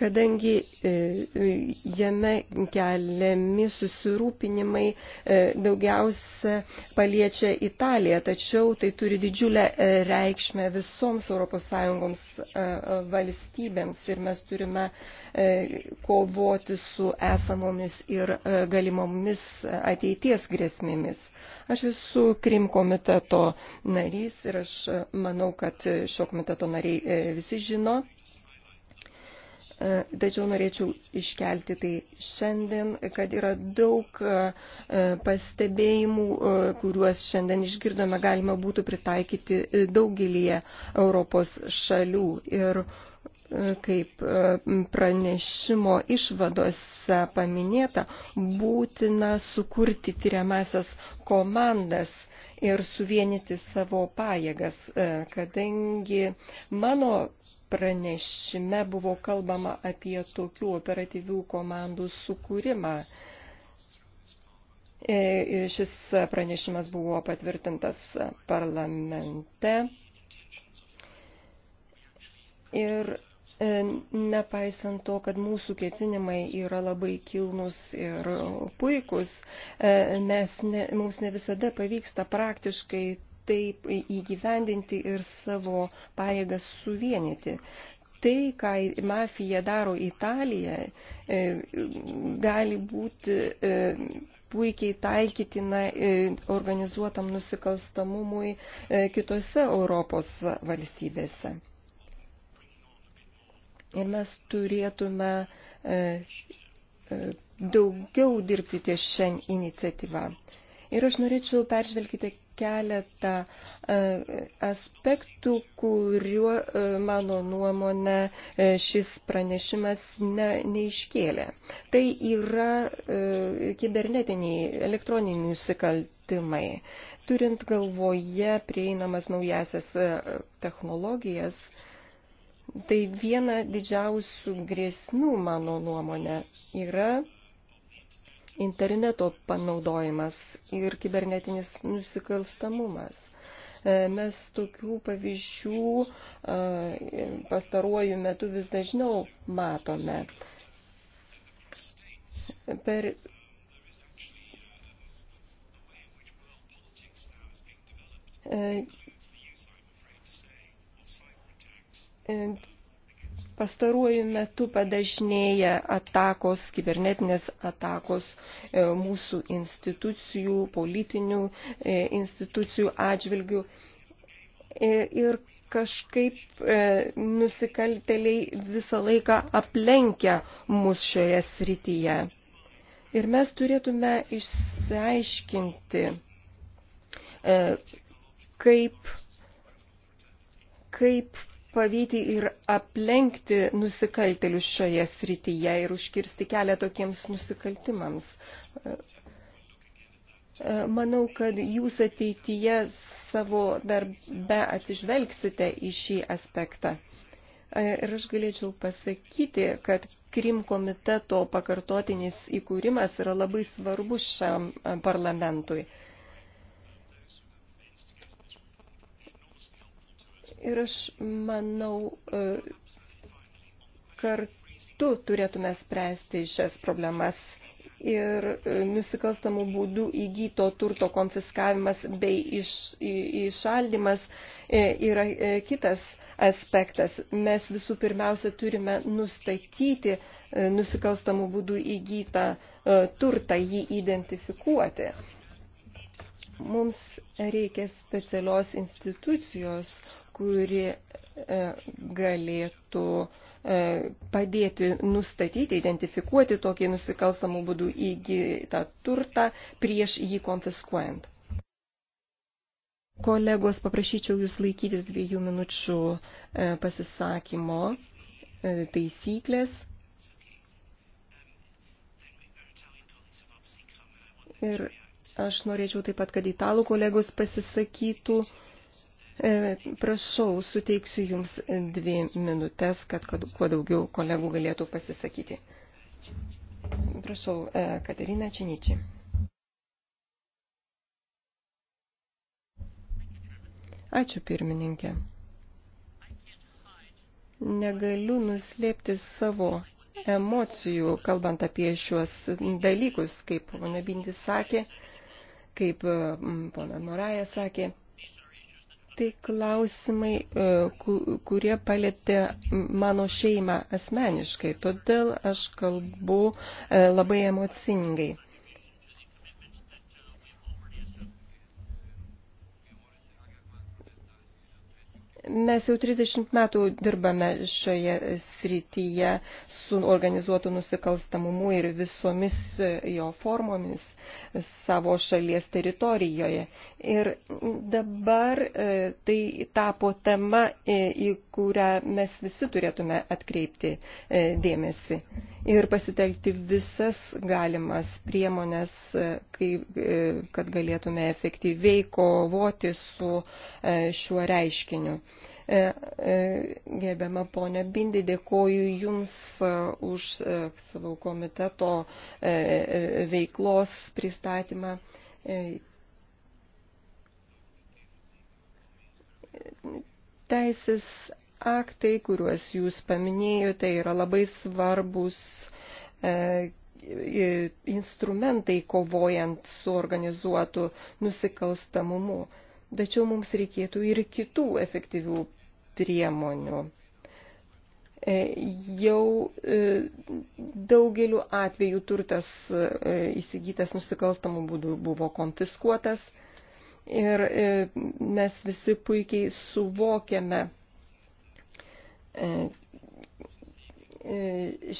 S3: kadangi e, jame keliami susirūpinimai e, daugiausia paliečia Italiją, tačiau tai turi didžiulę e, reikšmę visoms ES valstybėms ir mes turime kovoti su esamomis ir galimomis ateities grėsmėmis. Aš esu Krim komiteto narys ir aš manau, kad šio komiteto nariai visi žino E, tačiau norėčiau iškelti tai šiandien, kad yra daug e, pastebėjimų, e, kuriuos šiandien išgirdome, galima būtų pritaikyti daugelįje Europos šalių. Ir kaip e, pranešimo išvadose paminėta, būtina sukurti tyriamasias komandas ir suvienyti savo pajėgas, e, kadangi mano pranešime buvo kalbama apie tokių operatyvių komandų sukūrimą. E, šis pranešimas buvo patvirtintas parlamente. Ir E, nepaisant to, kad mūsų ketinimai yra labai kilnus ir puikus, e, mes ne, mums ne visada pavyksta praktiškai taip įgyvendinti ir savo pajėgas suvienyti. Tai, ką mafija daro Italija, e, gali būti puikiai taikytina organizuotam nusikalstamumui kitose Europos valstybėse. Ir mes turėtume e, e, daugiau dirbti ties šią iniciatyvą. Ir aš norėčiau peržvelgti keletą e, aspektų, kuriuo mano nuomonė šis pranešimas ne, neiškėlė. Tai yra kibernetiniai elektroniniai nusikaltimai. Turint galvoje prieinamas naujasias technologijas, Tai viena didžiausių grėsmių, mano nuomonė, yra interneto panaudojimas ir kibernetinis nusikalstamumas. E, mes tokių pavyzdžių e, pastaruoju metu vis dažniau matome. Per e, E, pastaruoju metu padažnėja atakos, kibernetinės atakos e, mūsų institucijų, politinių e, institucijų atžvilgių. Ir kažkaip nusikalteliai visą laiką aplenkia mus šioje srityje. Ir mes turėtume išsiaiškinti, kaip, kaip pavyti ir aplenkti nusikaltelius šioje srityje ir užkirsti kelią tokiems nusikaltimams. E, manau, kad jūs ateityje savo darbe atsižvelgsite į šį aspektą. E, ir aš galėčiau pasakyti, kad Krim komiteto pakartotinis įkūrimas yra labai svarbus šiam e, parlamentui. Ir aš manau, e, kartu turėtume spręsti šias problemas ir e, nusikalstamų būdų įgyto turto konfiskavimas bei iš, į, įšaldimas e, yra kitas aspektas. Mes visų pirmiausia turime nustatyti nusikalstamų būdų įgytą turtą, jį identifikuoti. Mums reikia specialios institucijos, kuri e, galėtų e, padėti nustatyti, identifikuoti tokį nusikalstamų būdų įgytą turtą prieš jį konfiskuojant. Kolegos, paprašyčiau jūs laikytis dviejų minučių e, pasisakymo taisyklės. Ir aš norėčiau taip pat, kad italų kolegos pasisakytų. E, prašau, suteiksiu Jums dvi minutės, kad, kad kuo daugiau kolegų galėtų pasisakyti. Prašau, e, Katerina Činičiai. Ačiū pirmininkė. Negaliu nuslėpti savo emocijų, kalbant apie šiuos dalykus, kaip pana Bindis sakė, kaip mm, pana Moraja sakė tai klausimai, e, kurie palėtė mano šeimą asmeniškai, todėl aš kalbu e, labai emocingai. Mes jau 30 metų dirbame šioje srityje su organizuotu nusikalstamumu ir visomis e, jo formomis savo šalies teritorijoje. Ir dabar e, tai tapo tema, e, į kurią mes visi turėtume atkreipti dėmesį ir pasitelkti visas galimas priemonės, kad galėtume efektyviai kovoti su šiuo reiškiniu. E, e, gerbiama ponė Bindi, dėkoju Jums e, už savo komiteto veiklos pristatymą. Teisės aktai, kuriuos Jūs paminėjote, yra labai svarbus instrumentai kovojant su organizuotu nusikalstamumu tačiau mums reikėtų ir kitų efektyvių priemonių. E, jau e, daugeliu atveju turtas e, įsigytas nusikalstamų būdų buvo konfiskuotas ir mes visi puikiai suvokiame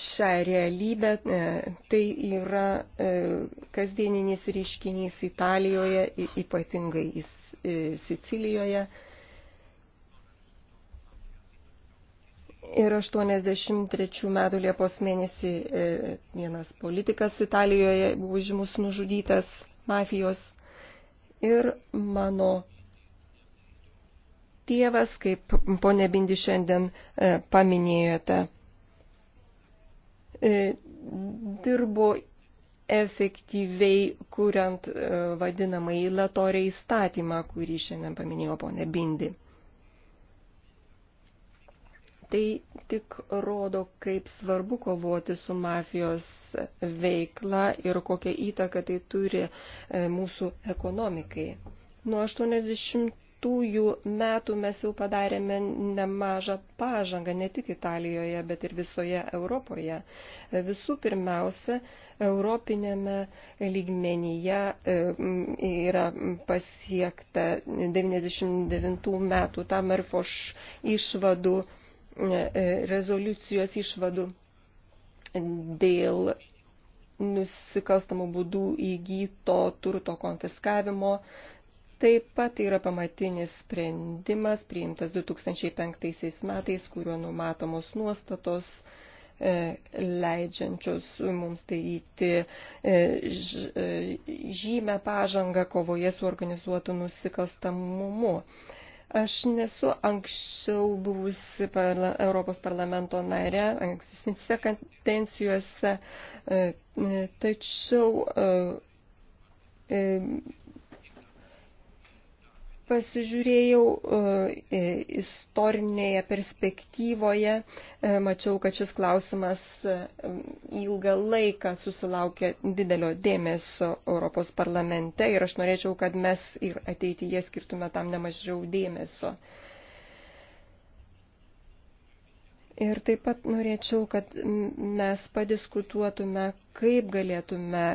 S3: šią realybę. Tai yra kasdieninis reiškinys Italijoje, ypatingai jis E, Sicilijoje. Ir 83 metų Liepos mėnesį e, vienas politikas Italijoje buvo žymus nužudytas mafijos. Ir mano tėvas, kaip ponė Bindi šiandien e, paminėjote, dirbo efektyviai kuriant e, vadinamąjį latorę įstatymą, kurį šiandien paminėjo ponė Bindi. Tai tik rodo, kaip svarbu kovoti su mafijos veikla ir kokią įtaką tai turi e, mūsų ekonomikai. Nuo 80 2010 metų mes jau padarėme nemažą pažangą ne tik Italijoje, bet ir visoje Europoje. Visų pirmiausia, europinėme lygmenyje e, yra pasiekta 99 metų Tamerfoš išvadų, e, e, rezoliucijos išvadų dėl nusikalstamų būdų įgyto turto konfiskavimo, Taip pat yra pamatinis sprendimas priimtas 2005 metais, kuriuo numatomos nuostatos e, leidžiančios mums daryti e, e, žymę pažangą kovoje su organizuotu nusikalstamumu. Aš nesu anksčiau buvusi parla, Europos parlamento narė, ankstesnėse kadencijose, tačiau pasižiūrėjau e, istorinėje perspektyvoje, e, mačiau, kad šis klausimas e, ilgą laiką susilaukė didelio dėmesio Europos parlamente ir aš norėčiau, kad mes ir ateityje skirtume tam nemažiau dėmesio. Ir taip pat norėčiau, kad mes padiskutuotume, kaip galėtume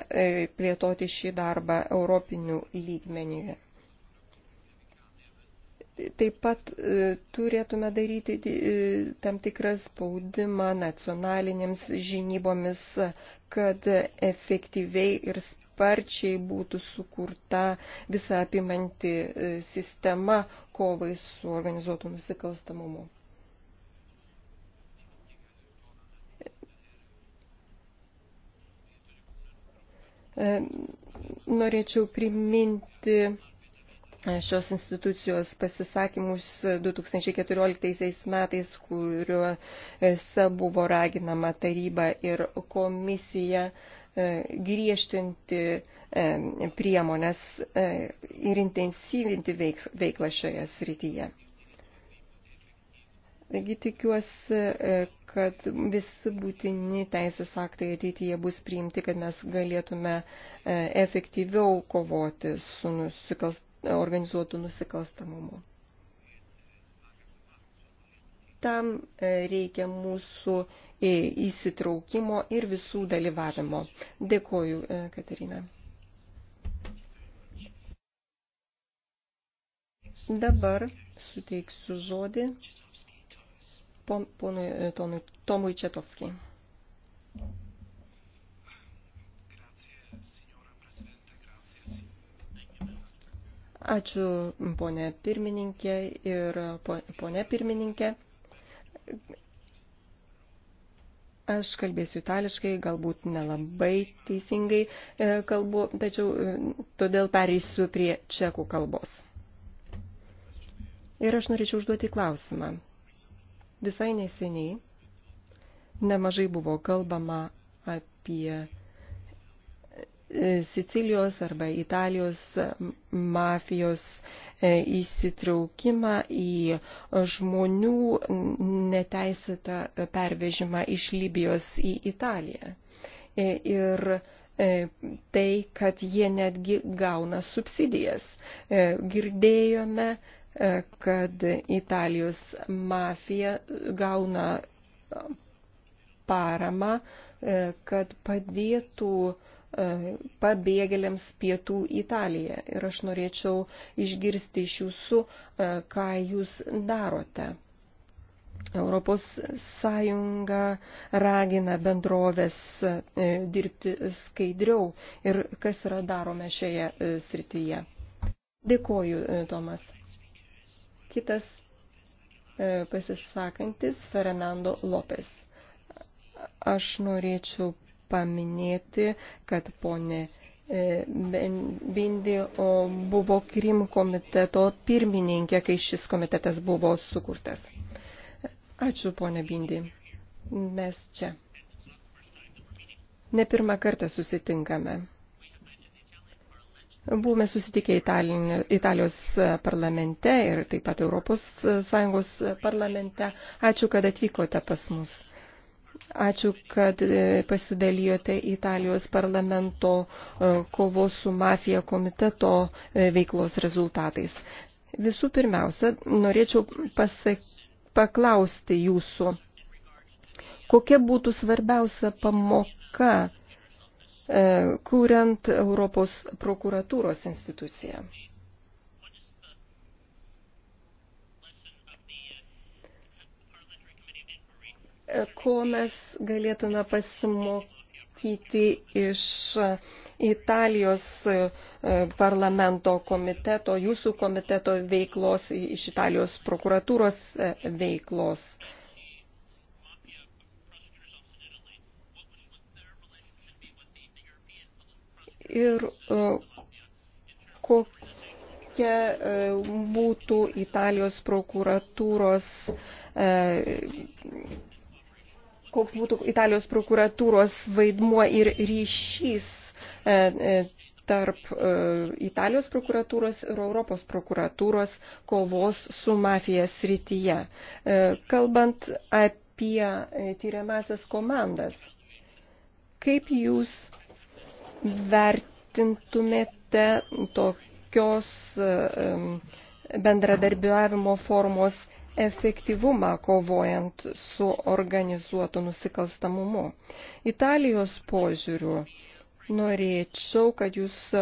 S3: plėtoti šį darbą europinių lygmenyje. Taip pat e, turėtume daryti e, tam tikras spaudimą nacionalinėms žinybomis, kad efektyviai ir sparčiai būtų sukurta visą apimanti e, sistema kovai su organizuotu nusikalstamumu. Norėčiau priminti šios institucijos pasisakymus 2014 metais, kuriuose buvo raginama taryba ir komisija e, griežtinti e, priemonės e, ir intensyvinti veiklą šioje srityje. Taigi tikiuosi, kad visi būtini teisės aktai ateityje bus priimti, kad mes galėtume efektyviau kovoti su nusikalstamu organizuotų nusikalstamumu. Tam e, reikia mūsų e, įsitraukimo ir visų dalyvavimo. Dėkoju, e, Katerina. Dabar suteiksiu žodį ponui Tomui Četovskijai. Ačiū, ponė pirmininkė ir ponė pirmininkė. Aš kalbėsiu itališkai, galbūt nelabai teisingai e, kalbu, tačiau e, todėl pereisiu prie čekų kalbos. Ir aš norėčiau užduoti klausimą. Visai neseniai nemažai buvo kalbama apie E, Sicilijos arba Italijos mafijos e, įsitraukimą į žmonių neteisėtą pervežimą iš Libijos į Italiją. E, ir tai, kad jie netgi gauna subsidijas. Girdėjome, kad Italijos mafija gauna paramą, kad padėtų uh, E, pabėgėliams pietų Italiją. Ir aš norėčiau išgirsti iš jūsų, e, ką jūs darote. Europos Sąjunga ragina bendrovės e, dirbti skaidriau ir kas yra darome šioje srityje. Dėkoju, Tomas. Kitas pasisakantis Fernando Lopes. Aš norėčiau paminėti, kad ponė e, Bindi buvo Krim komiteto pirmininkė, kai šis komitetas buvo sukurtas. Ačiū, ponė Bindi. Mes čia. Ne pirmą kartą susitinkame. Buvome susitikę Italijos parlamente ir taip pat Europos Sąjungos parlamente. Ačiū, kad atvykote pas mus. Ačiū, kad e, pasidalijote Italijos parlamento e, kovos su mafija komiteto e, veiklos rezultatais. Visų pirmiausia, norėčiau pasak... paklausti jūsų, kokia būtų svarbiausia pamoka, kuriant Europos prokuratūros instituciją. ko mes galėtume pasimokyti iš Italijos e, parlamento komiteto, jūsų komiteto veiklos, iš Italijos prokuratūros e, veiklos. Ir e, kokia kokia būtų Italijos prokuratūros koks būtų Italijos prokuratūros vaidmuo ir ryšys e, e, tarp e, Italijos prokuratūros ir Europos prokuratūros kovos su mafija srityje. Kalbant apie tyriamasias komandas, kaip jūs vertintumėte tokios bendradarbiavimo formos efektyvumą kovojant su organizuotu nusikalstamumu. Italijos požiūriu norėčiau, kad jūs e,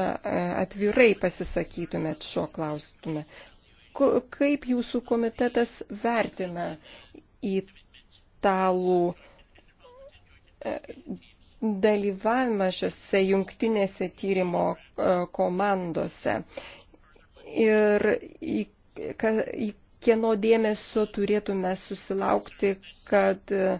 S3: atvirai pasisakytumėt šio klaustume. Kaip jūsų komitetas vertina italų e, dalyvavimą šiuose jungtinėse tyrimo e, komandose ir į, ka, į kieno dėmesio turėtume susilaukti, kad e,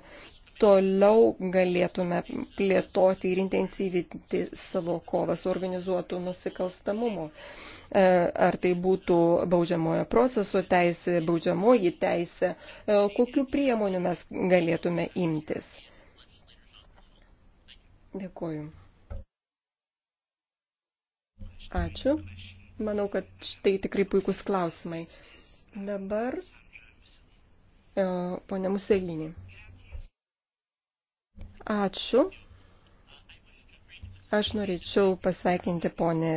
S3: toliau galėtume plėtoti ir intensyvinti savo kovą su organizuotu nusikalstamumu. E, ar tai būtų baudžiamojo proceso teisė, baudžiamoji teisė, e, kokiu priemoniu mes galėtume imtis. Dėkuoju. Ačiū. Manau, kad tai tikrai puikus klausimai. Dabar e, ponia Muselinė. Ačiū. Aš norėčiau pasveikinti ponę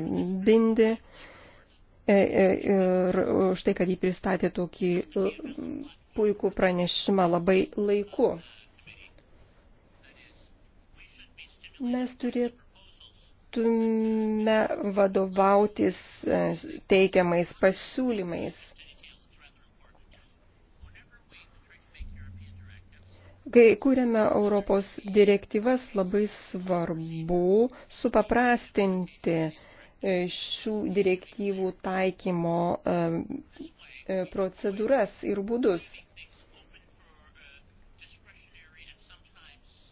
S3: Bindi e, e, ir už tai, kad jį pristatė tokį puikų pranešimą labai laiku. Mes turėtume vadovautis teikiamais pasiūlymais Kai kūrėme Europos direktyvas, labai svarbu supaprastinti e, šių direktyvų taikymo e, e, procedūras ir būdus.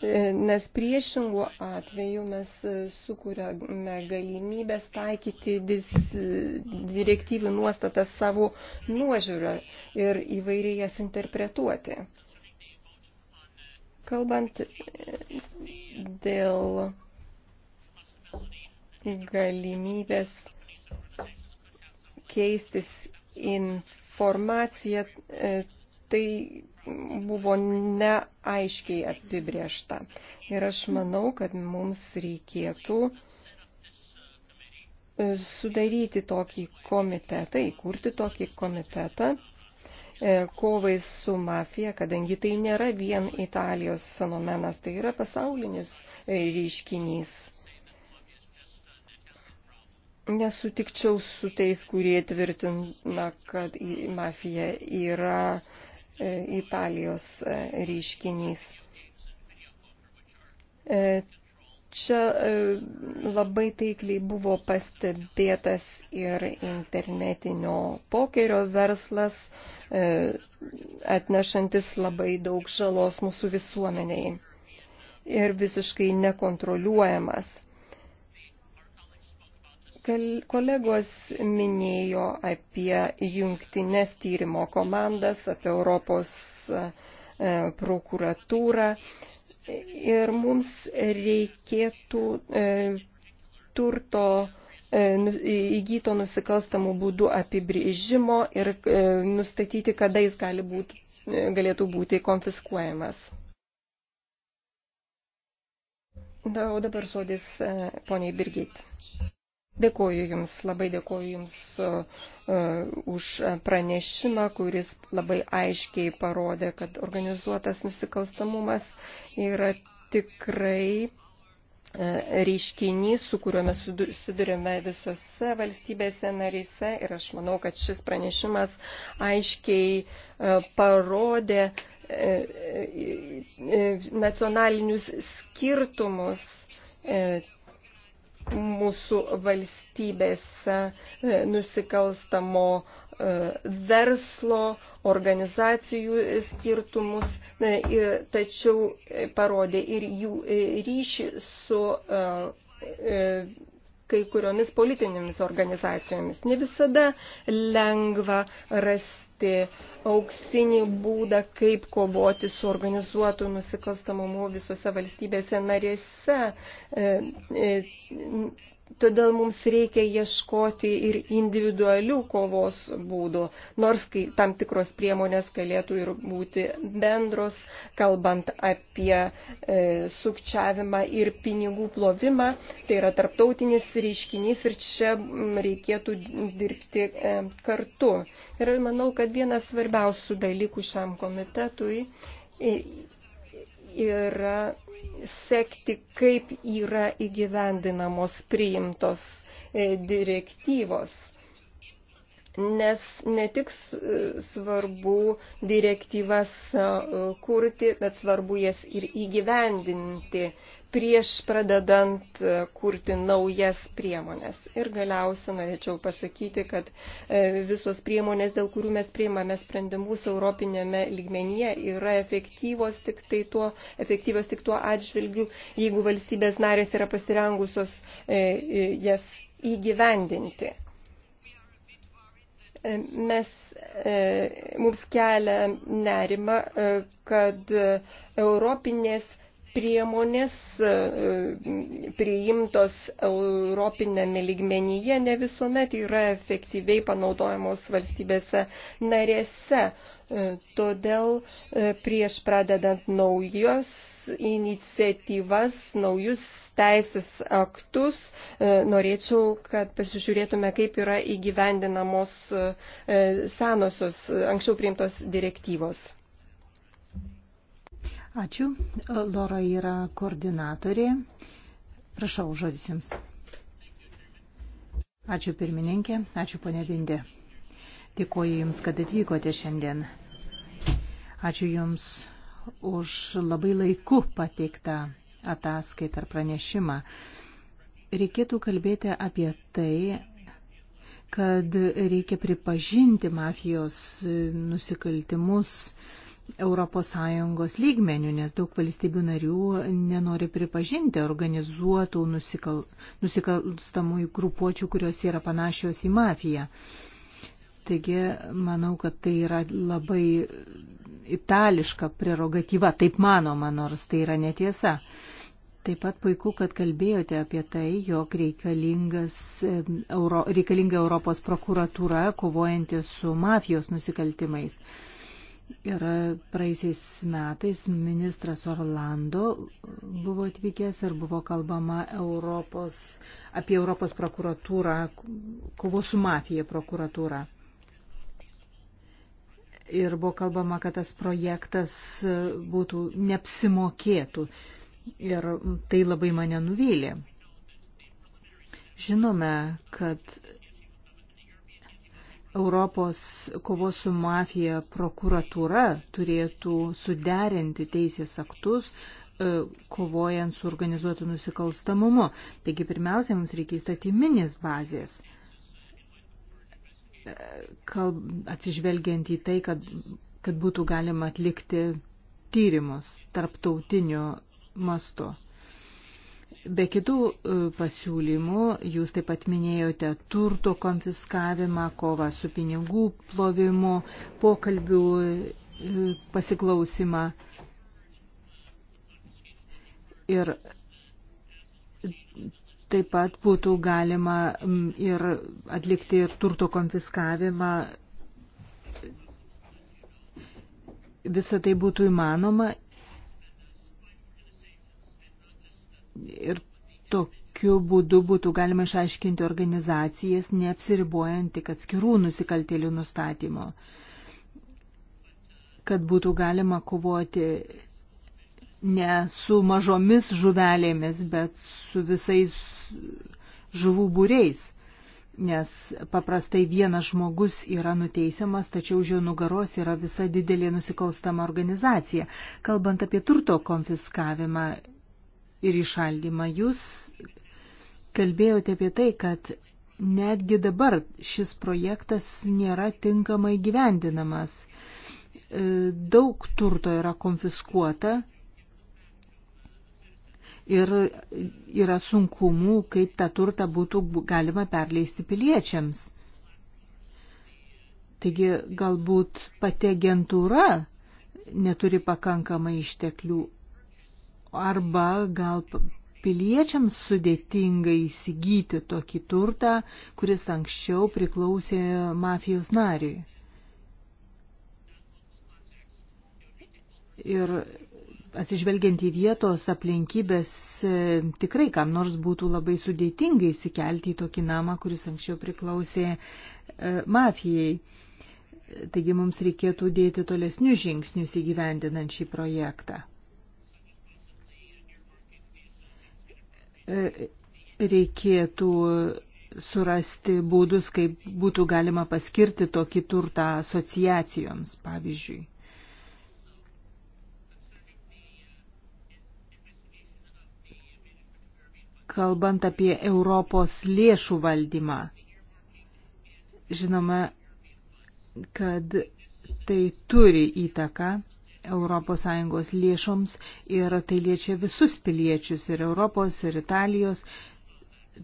S3: Nes priešingų atveju mes sukūrėme galimybės taikyti direktyvių nuostatas savo nuožiūrą ir įvairiai jas interpretuoti. Kalbant dėl galimybės keistis informacija, tai buvo neaiškiai apibriešta. Ir aš manau, kad mums reikėtų e, sudaryti tokį komitetą, įkurti tokį komitetą, E, kovai su mafija, kadangi tai nėra vien Italijos fenomenas, tai yra pasaulinis e, reiškinys. Nesutikčiau su tais, kurie tvirtina, kad mafija yra e, Italijos reiškinys čia e, labai taikliai buvo pastebėtas ir internetinio pokerio verslas, e, atnešantis labai daug žalos mūsų visuomeniai ir visiškai nekontroliuojamas. Kolegos minėjo apie jungtinės tyrimo komandas, apie Europos e, prokuratūrą ir mums reikėtų e, turto e, nu, įgyto nusikalstamų būdų apibrėžimo ir e, nustatyti, kada jis gali būti, galėtų būti konfiskuojamas. Da, o dabar žodis poniai Birgit. Dėkoju Jums, labai dėkoju Jums E, už pranešimą, kuris labai aiškiai parodė, kad organizuotas nusikalstamumas yra tikrai e, reiškinys, su kuriuo mes susidurime visose valstybėse narise ir aš manau, kad šis pranešimas aiškiai e, parodė nacionalinius skirtumus mūsų valstybės e, nusikalstamo e, verslo, organizacijų skirtumus, e, tačiau parodė ir jų ryšį su kai kuriomis politinėmis organizacijomis. Ne visada lengva rasti rasti auksinį būdą, kaip kovoti su organizuotu nusikalstamumu visose valstybėse narėse. E, e, todėl mums reikia ieškoti ir individualių kovos būdų, nors kai tam tikros priemonės galėtų ir būti bendros, kalbant apie e, sukčiavimą ir pinigų plovimą, tai yra tarptautinis reiškinys ir čia reikėtų dirbti e, kartu. Ir manau, kad vienas svarbiausių dalykų šiam komitetui yra sekti, kaip yra įgyvendinamos priimtos e, direktyvos nes ne tik svarbu direktyvas kurti, bet svarbu jas ir įgyvendinti prieš pradedant kurti naujas priemonės. Ir galiausia norėčiau pasakyti, kad e, visos priemonės, dėl kurių mes priimame sprendimus Europinėme lygmenyje, yra efektyvos tik, tai tuo, efektyvos tik tuo atžvilgiu, jeigu valstybės narės yra pasirengusios e, e, jas įgyvendinti mes, e, mums kelia nerima, e, kad europinės priemonės e, priimtos europinėme lygmenyje ne visuomet yra efektyviai panaudojamos valstybėse narėse. Todėl prieš pradedant naujos iniciatyvas, naujus teisės aktus, e, norėčiau, kad pasižiūrėtume, kaip yra įgyvendinamos e, senosios anksčiau priimtos direktyvos.
S1: Ačiū. Lora yra koordinatorė. Prašau, žodis jums. Ačiū pirmininkė, ačiū ponė Vindė. Dėkuoju Jums, kad atvykote šiandien. Ačiū Jums už labai laiku pateiktą ataskaitą ar pranešimą. Reikėtų kalbėti apie tai, kad reikia pripažinti mafijos nusikaltimus ES lygmenių, nes daug valstybių narių nenori pripažinti organizuotų nusikal, nusikalstamųjų grupuočių, kurios yra panašios į mafiją. Taigi, manau, kad tai yra labai itališka prerogatyva, taip manoma, nors tai yra netiesa. Taip pat puiku, kad kalbėjote apie tai, jog Euro, reikalinga Europos prokuratūra kovojanti su mafijos nusikaltimais. Ir praeisiais metais ministras Orlando buvo atvykęs ir buvo kalbama Europos, apie Europos prokuratūrą, kovos su mafija prokuratūrą ir buvo kalbama, kad tas projektas e, būtų neapsimokėtų. Ir tai labai mane nuvylė. Žinome, kad Europos kovos su mafija prokuratūra turėtų suderinti teisės aktus, e, kovojant su organizuotu nusikalstamumu. Taigi pirmiausia, mums reikia įstatyminės bazės kalb, atsižvelgiant į tai, kad, kad būtų galima atlikti tyrimus tarptautiniu mastu. Be kitų e, pasiūlymų, jūs taip pat minėjote turto konfiskavimą, kovą su pinigų plovimu, pokalbių e, pasiklausimą. Ir Taip pat būtų galima mm, ir atlikti ir turto konfiskavimą. Visą tai būtų įmanoma ir tokiu būdu būtų galima išaiškinti organizacijas, neapsiribuojant tik atskirų nusikaltėlių nustatymo, kad būtų galima kovoti ne su mažomis žuvelėmis, bet su visais žuvų būreis, nes paprastai vienas žmogus yra nuteisiamas, tačiau už jo nugaros yra visa didelė nusikalstama organizacija. Kalbant apie turto konfiskavimą ir išaldymą, jūs kalbėjote apie tai, kad netgi dabar šis projektas nėra tinkamai gyvendinamas. E, daug turto yra konfiskuota, ir yra sunkumų, kaip tą turtą būtų galima perleisti piliečiams. Taigi galbūt pati agentūra neturi pakankamai išteklių arba gal piliečiams sudėtinga įsigyti tokį turtą, kuris anksčiau priklausė mafijos nariui. Ir atsižvelgiant į vietos aplinkybės, e, tikrai kam nors būtų labai sudėtinga įsikelti į tokį namą, kuris anksčiau priklausė e, mafijai. Taigi mums reikėtų dėti tolesnius žingsnius įgyvendinant šį projektą. E, reikėtų surasti būdus, kaip būtų galima paskirti tokį turtą asociacijoms, pavyzdžiui. kalbant apie Europos lėšų valdymą. Žinoma, kad tai turi įtaką ES lėšoms ir tai liečia visus piliečius ir Europos, ir Italijos.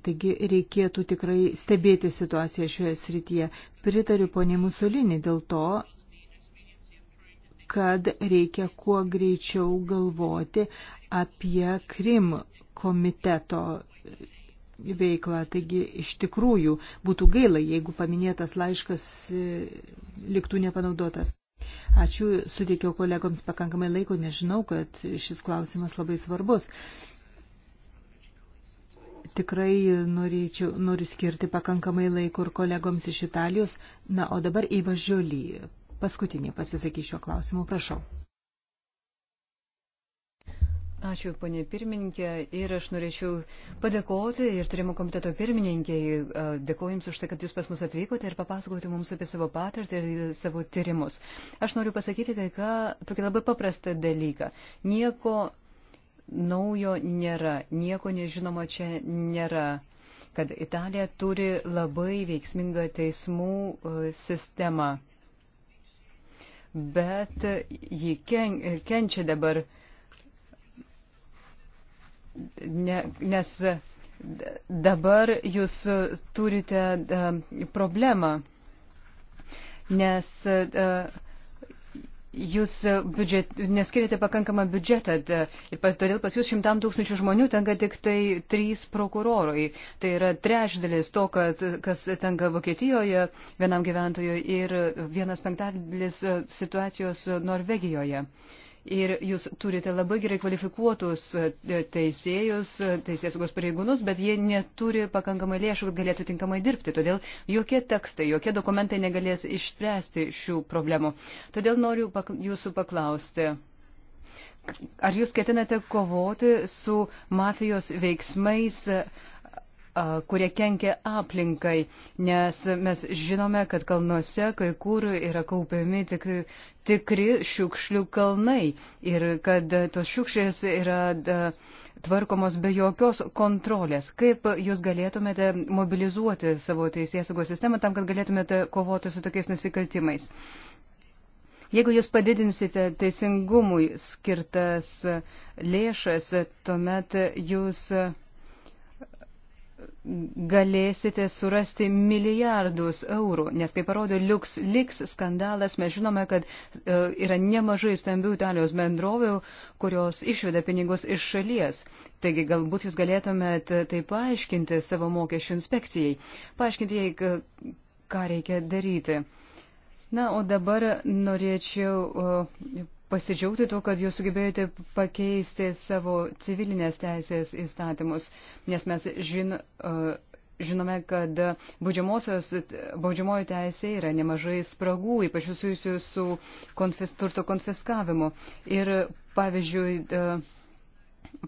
S1: Taigi reikėtų tikrai stebėti situaciją šioje srityje. Pritariu ponė Musolinį dėl to, kad reikia kuo greičiau galvoti apie Krim komiteto veiklą. Taigi iš tikrųjų būtų gaila, jeigu paminėtas laiškas e, liktų nepanaudotas. Ačiū, suteikiau kolegoms pakankamai laiko, nežinau, kad šis klausimas labai svarbus. Tikrai norėčiau, noriu skirti pakankamai laiko ir kolegoms iš Italijos. Na, o dabar įvažiuolį. Paskutinį pasisakys šiuo klausimu, prašau.
S2: Ačiū, ponė pirmininkė, ir aš norėčiau padėkoti ir turimo komiteto pirmininkiai. Dėkuoju Jums už tai, kad Jūs pas mus atvykote ir papasakoti mums apie savo patirtį ir savo tyrimus. Aš noriu pasakyti kai ką, tokį labai paprastą dalyką. Nieko naujo nėra, nieko nežinoma čia nėra kad Italija turi labai veiksmingą teismų sistemą, bet ji kenčia dabar uh, ne, nes dabar jūs turite e, problemą, nes e, jūs biudžet, neskiriate pakankamą biudžetą e, ir todėl pas jūs šimtam tūkstančių žmonių tenka tik tai trys prokurorai. Tai yra trečdalis to, kad, kas tenka Vokietijoje vienam gyventojui ir vienas penktadalis situacijos Norvegijoje. Uh, Ir jūs turite labai gerai kvalifikuotus e, teisėjus, e, teisėsaugos pareigūnus, bet jie neturi pakankamai lėšų, kad galėtų tinkamai dirbti. Todėl jokie tekstai, jokie dokumentai negalės išspręsti šių problemų. Todėl noriu pak jūsų paklausti. Ar jūs ketinate kovoti su mafijos veiksmais kurie kenkia aplinkai, nes mes žinome, kad kalnuose kai kur yra kaupiami tik, tikri šiukšlių kalnai ir kad tos šiukšlės yra tvarkomos be jokios kontrolės. Kaip jūs galėtumėte mobilizuoti savo teisėsaugos sistemą tam, kad galėtumėte kovoti su tokiais nusikaltimais? Jeigu jūs padidinsite teisingumui skirtas lėšas, tuomet jūs. Uh, galėsite surasti milijardus eurų, nes kaip parodė LuxLeaks skandalas, mes žinome, kad e, yra nemažai stambių Italijos bendrovių, kurios išveda pinigus iš šalies. Taigi galbūt jūs galėtumėt e, tai paaiškinti savo mokesčių inspekcijai, paaiškinti jai, ką reikia daryti. Na, o dabar norėčiau e, pasidžiaugti tuo, kad jūs sugebėjote pakeisti savo civilinės teisės įstatymus, nes mes žin, žinome, kad baudžiamoji teisė yra nemažai spragų, ypač susijusių su konfis, turto konfiskavimu. Ir pavyzdžiui,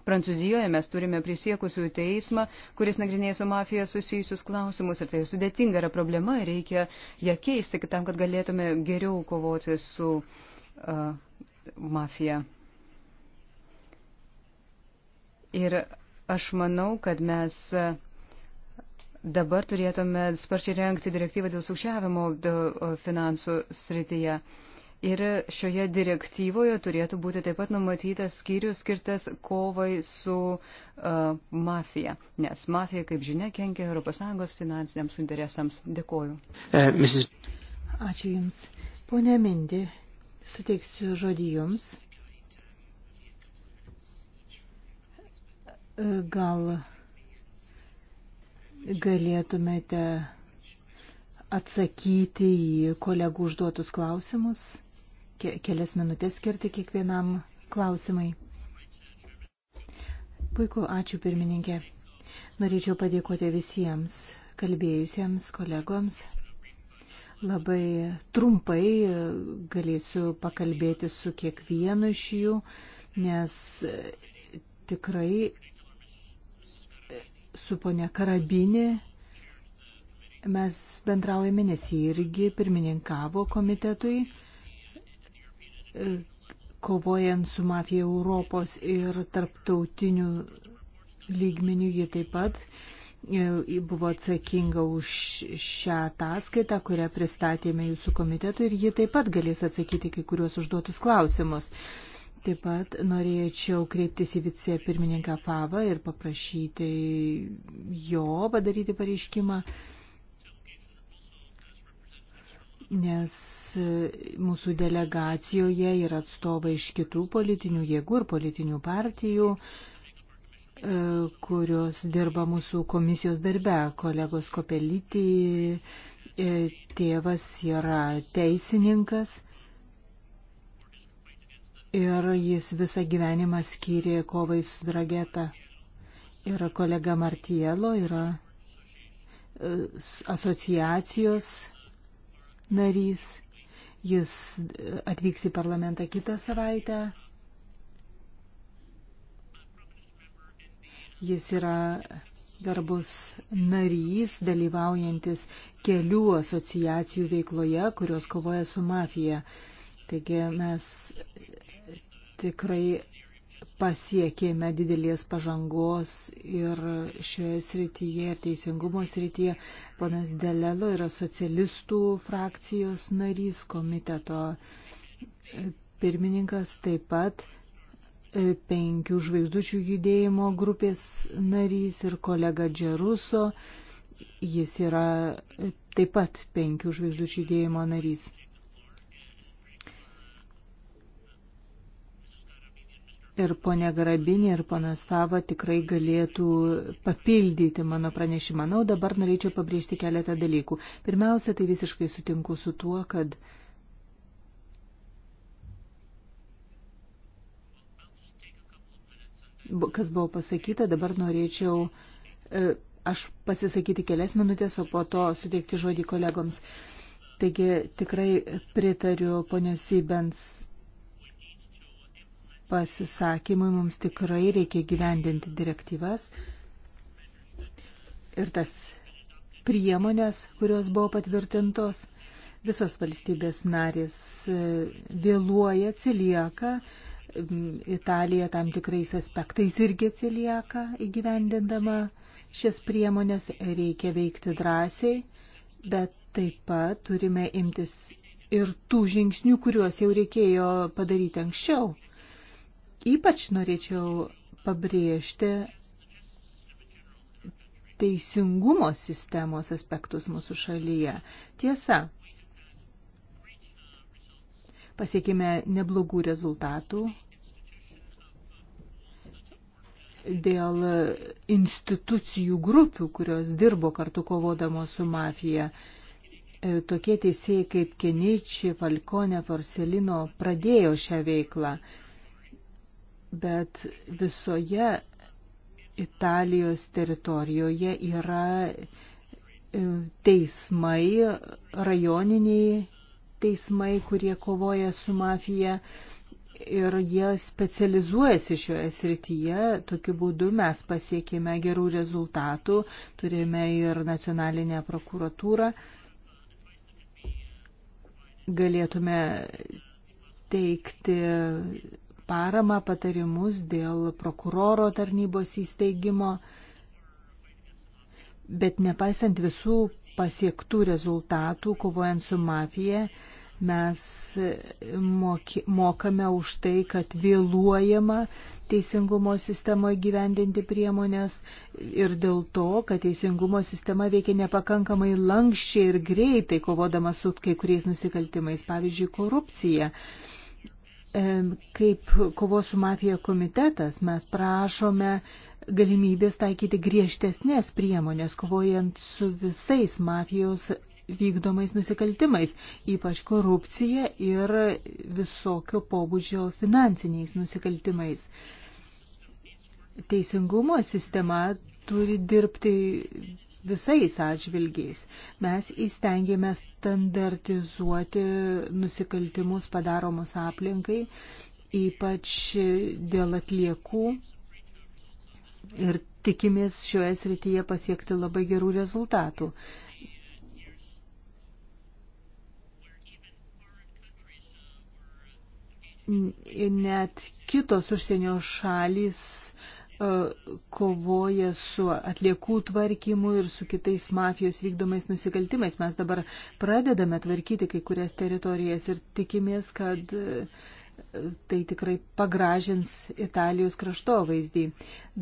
S2: Prancūzijoje mes turime prisiekusių teismą, kuris nagrinėja su mafija susijusius klausimus ir tai sudėtinga yra problema, reikia ją keisti, tam, kad galėtume geriau kovoti su uh, mafija. Ir aš manau, kad mes dabar turėtume sparčiai renkti direktyvą dėl sukčiavimo finansų srityje. Ir šioje direktyvoje turėtų būti taip pat numatytas skyrius skirtas kovai su uh, mafija, nes mafija, kaip žinia, kenkia ES finansiniams interesams. Dėkoju. Uh, e, Mrs... Ačiū Jums. Pone Mindi, Suteiksiu žodį
S1: jums. Gal galėtumėte atsakyti į kolegų užduotus klausimus, ke kelias minutės skirti kiekvienam klausimai. Puiku, ačiū pirmininkė. Norėčiau padėkoti visiems kalbėjusiems kolegoms Labai trumpai galėsiu pakalbėti su kiekvienu iš jų, nes tikrai su ponia Karabinė mes bendraujame, nes jį irgi pirmininkavo komitetui, kovojant su mafija Europos ir tarptautiniu lygmeniu jį taip pat E, buvo atsakinga už šią ataskaitą, kurią pristatėme jūsų komitetui ir ji taip pat galės atsakyti kai kuriuos užduotus klausimus. Taip pat norėčiau kreiptis į vicepirmininką Favą ir paprašyti jo padaryti pareiškimą, nes mūsų delegacijoje yra atstovai iš kitų politinių jėgų ir politinių partijų. Mhm E, kurios dirba mūsų komisijos darbe. Kolegos Kopelytį e, tėvas yra teisininkas ir jis visą gyvenimą skyrė kovai su drageta. Ir kolega Martielo yra e, asociacijos narys. Jis atvyks į parlamentą kitą savaitę Jis yra garbus narys, dalyvaujantis kelių asociacijų veikloje, kurios kovoja su mafija. Taigi mes tikrai pasiekėme didelės pažangos ir šioje srityje, ir teisingumo srityje. Ponas Delelo yra socialistų frakcijos narys, komiteto pirmininkas taip pat penkių žvaigždučių judėjimo grupės narys ir kolega Džeruso. Jis yra taip pat penkių žvaigždučių judėjimo narys. Ir ponė Garabinė ir ponas Fava tikrai galėtų papildyti mano pranešimą. Na, o dabar norėčiau pabrėžti keletą dalykų. Pirmiausia, tai visiškai sutinku su tuo, kad uh, kas buvo pasakyta, dabar norėčiau e, aš pasisakyti kelias minutės, o po to suteikti žodį kolegoms. Taigi tikrai pritariu ponios Sybens pasisakymui, mums tikrai reikia gyvendinti direktyvas ir tas priemonės, kurios buvo patvirtintos, visos valstybės narės e, vėluoja, atsilieka, Italija tam tikrais aspektais irgi atsilieka įgyvendindama šias priemonės, reikia veikti drąsiai, bet taip pat turime imtis ir tų žingsnių, kuriuos jau reikėjo padaryti anksčiau. Ypač norėčiau pabrėžti teisingumo sistemos aspektus mūsų šalyje. Tiesa, pasiekime neblogų rezultatų dėl institucijų grupių, kurios dirbo kartu kovodamos su mafija. E, tokie teisėjai kaip Keničiai, Falkone, Forselino pradėjo šią veiklą, bet visoje Italijos teritorijoje yra e, teismai rajoniniai teismai, kurie kovoja su mafija ir jie specializuojasi šioje srityje. Tokiu būdu mes pasiekėme gerų rezultatų, turėjome ir nacionalinę prokuratūrą. Galėtume teikti paramą, patarimus dėl prokuroro tarnybos įsteigimo. Bet nepaisant visų pasiektų rezultatų kovojant su mafija. Mes e, moki, mokame už tai, kad vėluojama teisingumo sistemoje gyvendinti priemonės ir dėl to, kad teisingumo sistema veikia nepakankamai lankščiai ir greitai, kovodama su kai kuriais nusikaltimais, pavyzdžiui, korupcija. E, Kaip kovos su mafija komitetas mes prašome galimybės taikyti griežtesnės priemonės, kovojant su visais mafijos vykdomais nusikaltimais, ypač korupcija ir visokio pobūdžio finansiniais nusikaltimais. Teisingumo sistema turi dirbti visais atžvilgiais. Mes įstengėme standartizuoti nusikaltimus padaromus aplinkai, ypač dėl atliekų. Ir tikimės šioje srityje pasiekti labai gerų rezultatų. Net kitos užsienio šalys uh, kovoja su atliekų tvarkymu ir su kitais mafijos vykdomais nusikaltimais. Mes dabar pradedame tvarkyti kai kurias teritorijas ir tikimės, kad e, tai tikrai pagražins Italijos kraštovaizdį.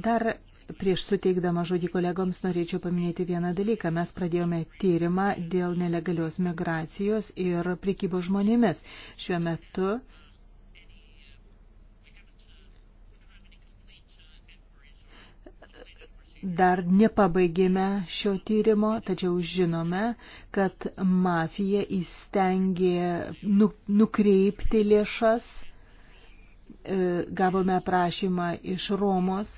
S1: Dar Prieš suteikdama žodį kolegoms norėčiau paminėti vieną dalyką. Mes pradėjome tyrimą dėl nelegalios migracijos ir prikybos žmonėmis. Šiuo metu Dar nepabaigėme šio tyrimo, tačiau žinome, kad mafija įstengė nu, nukreipti lėšas. E, gavome prašymą iš Romos.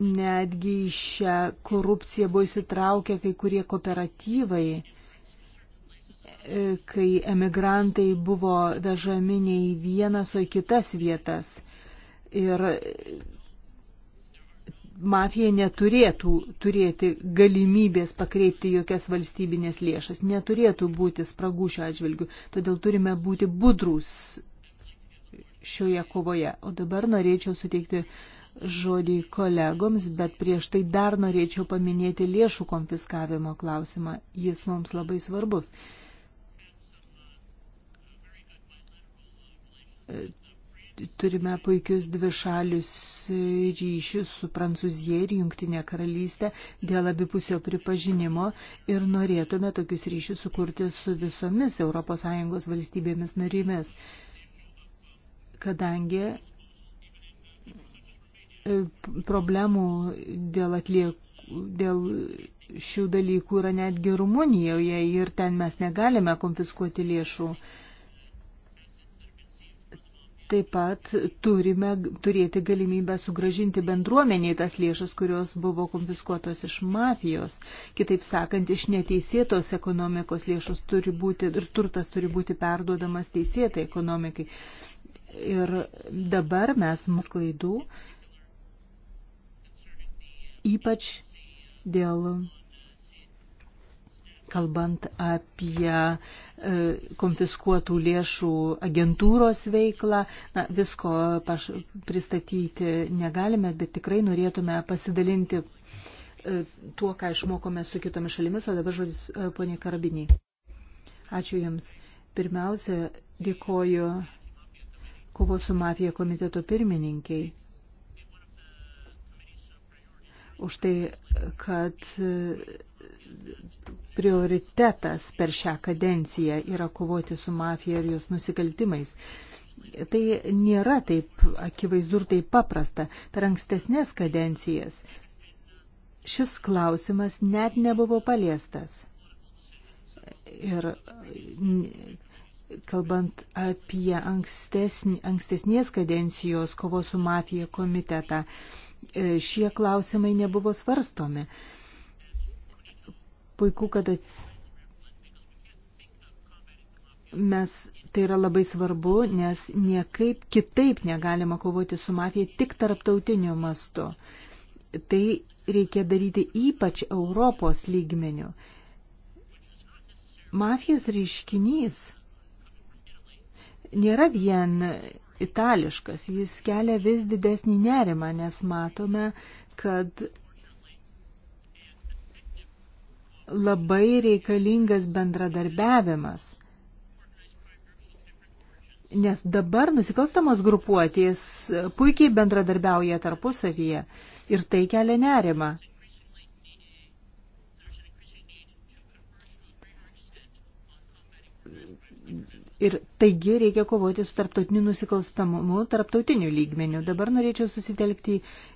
S1: Netgi į šią korupciją buvo įsitraukę kai kurie kooperatyvai kai emigrantai buvo vežami ne į vienas, o į kitas vietas. Ir mafija neturėtų turėti galimybės pakreipti jokias valstybinės lėšas, neturėtų būti spragų šio atžvilgių. Todėl turime būti budrus šioje kovoje. O dabar norėčiau suteikti žodį kolegoms, bet prieš tai dar norėčiau paminėti lėšų konfiskavimo klausimą. Jis mums labai svarbus. turime puikius dvišalius ryšius su Prancūzija ir Junktinė karalystė dėl abipusio pripažinimo ir norėtume tokius ryšius sukurti su visomis ES valstybėmis narimis, kadangi e, problemų dėl atliekų dėl šių dalykų yra netgi Rumunijoje ir ten mes negalime konfiskuoti lėšų. Uh, Taip pat turime turėti galimybę sugražinti bendruomeniai tas lėšas, kurios buvo konfiskuotos iš mafijos. Kitaip sakant, iš neteisėtos ekonomikos lėšos turi būti ir turtas turi būti perduodamas teisėtai ekonomikai. Ir dabar mes klaidų, ypač dėl kalbant apie e, konfiskuotų lėšų agentūros veiklą. Na, visko pristatyti negalime, bet tikrai norėtume pasidalinti e, tuo, ką išmokome su kitomis šalimis, o dabar žodis e, ponė Karabiniai. Ačiū Jums. Pirmiausia, dėkoju kovo su mafija komiteto pirmininkiai už tai, kad prioritetas per šią kadenciją yra kovoti su mafija ir jos nusikaltimais. Tai nėra taip akivaizdu ir taip paprasta. Per ankstesnės kadencijas šis klausimas net nebuvo paliestas. Ir kalbant apie ankstesnį, ankstesnės kadencijos kovos su mafija komitetą, e, šie klausimai nebuvo svarstomi puiku, kad mes tai yra labai svarbu, nes niekaip kitaip negalima kovoti su mafija tik tarptautiniu mastu. Tai reikia daryti ypač Europos lygmeniu. Mafijos reiškinys nėra vien itališkas, jis kelia vis didesnį nerimą, nes matome, kad labai reikalingas bendradarbiavimas. Nes dabar nusikalstamos grupuotės puikiai bendradarbiauja tarpusavyje ir tai kelia nerimą. Ir taigi reikia kovoti su tarptautiniu nusikalstamumu tarptautiniu lygmeniu. Dabar norėčiau susitelkti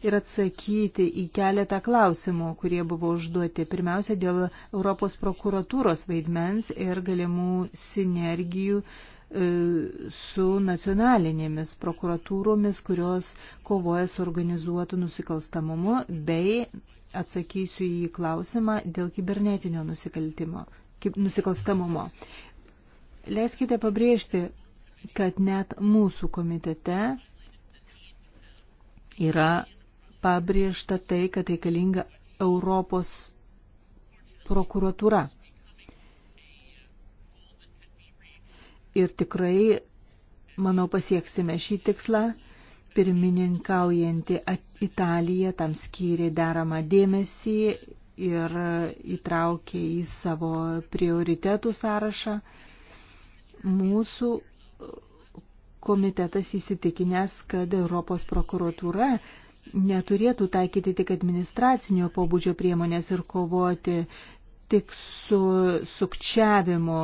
S1: ir atsakyti į keletą klausimų, kurie buvo užduoti. Pirmiausia, dėl Europos prokuratūros vaidmens ir galimų sinergijų e, su nacionalinėmis prokuratūromis, kurios kovoja su organizuotu nusikalstamumu, bei atsakysiu į klausimą dėl kibernetinio nusikaltimo nusikalstamumo. Leiskite pabrėžti, kad net mūsų komitete yra pabrėžta tai, kad reikalinga Europos prokuratūra. Ir tikrai, manau, pasieksime šį tikslą. Pirmininkaujanti Italija tam skyrė deramą dėmesį ir įtraukė į savo prioritetų sąrašą. Mūsų uh, komitetas įsitikinęs, kad Europos prokuratūra neturėtų taikyti tik administracinio pobūdžio priemonės ir kovoti tik su sukčiavimu.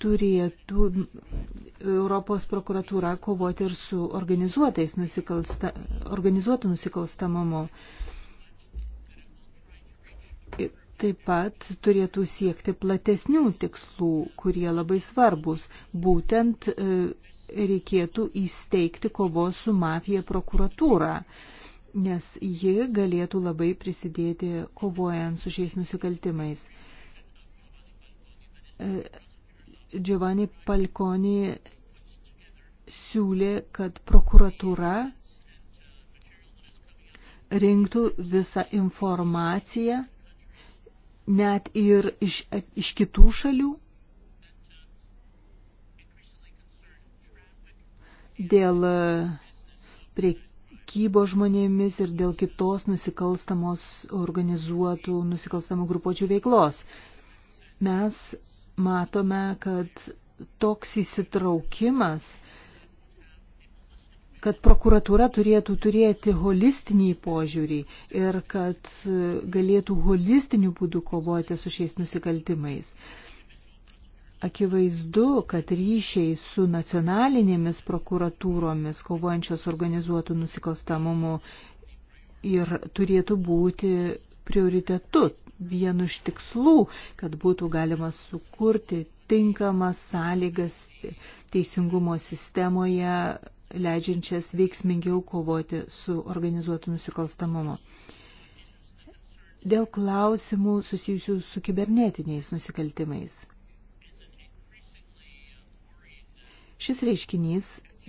S1: Turėtų Europos prokuratūra kovoti ir su organizuotais nusikalsta, organizuotų nusikalstamamu taip pat turėtų siekti platesnių tikslų, kurie labai svarbus. Būtent e, reikėtų įsteigti kovos su mafija prokuratūrą, nes ji galėtų labai prisidėti kovojant su šiais nusikaltimais. E, Giovanni Palkoni siūlė, kad prokuratūra rinktų visą informaciją net ir iš, iš kitų šalių dėl e, priekybo žmonėmis ir dėl kitos nusikalstamos organizuotų nusikalstamų grupuočių veiklos. Mes matome, kad toks įsitraukimas kad prokuratūra turėtų turėti holistinį požiūrį ir kad galėtų holistiniu būdu kovoti su šiais nusikaltimais. Akivaizdu, kad ryšiai su nacionalinėmis prokuratūromis kovojančios organizuotų nusikalstamumu ir turėtų būti prioritetu, vienu iš tikslų, kad būtų galima sukurti tinkamas sąlygas teisingumo sistemoje leidžiančias veiksmingiau kovoti su organizuotu nusikalstamumu. Dėl klausimų susijusių su kibernetiniais nusikaltimais. Šis reiškinys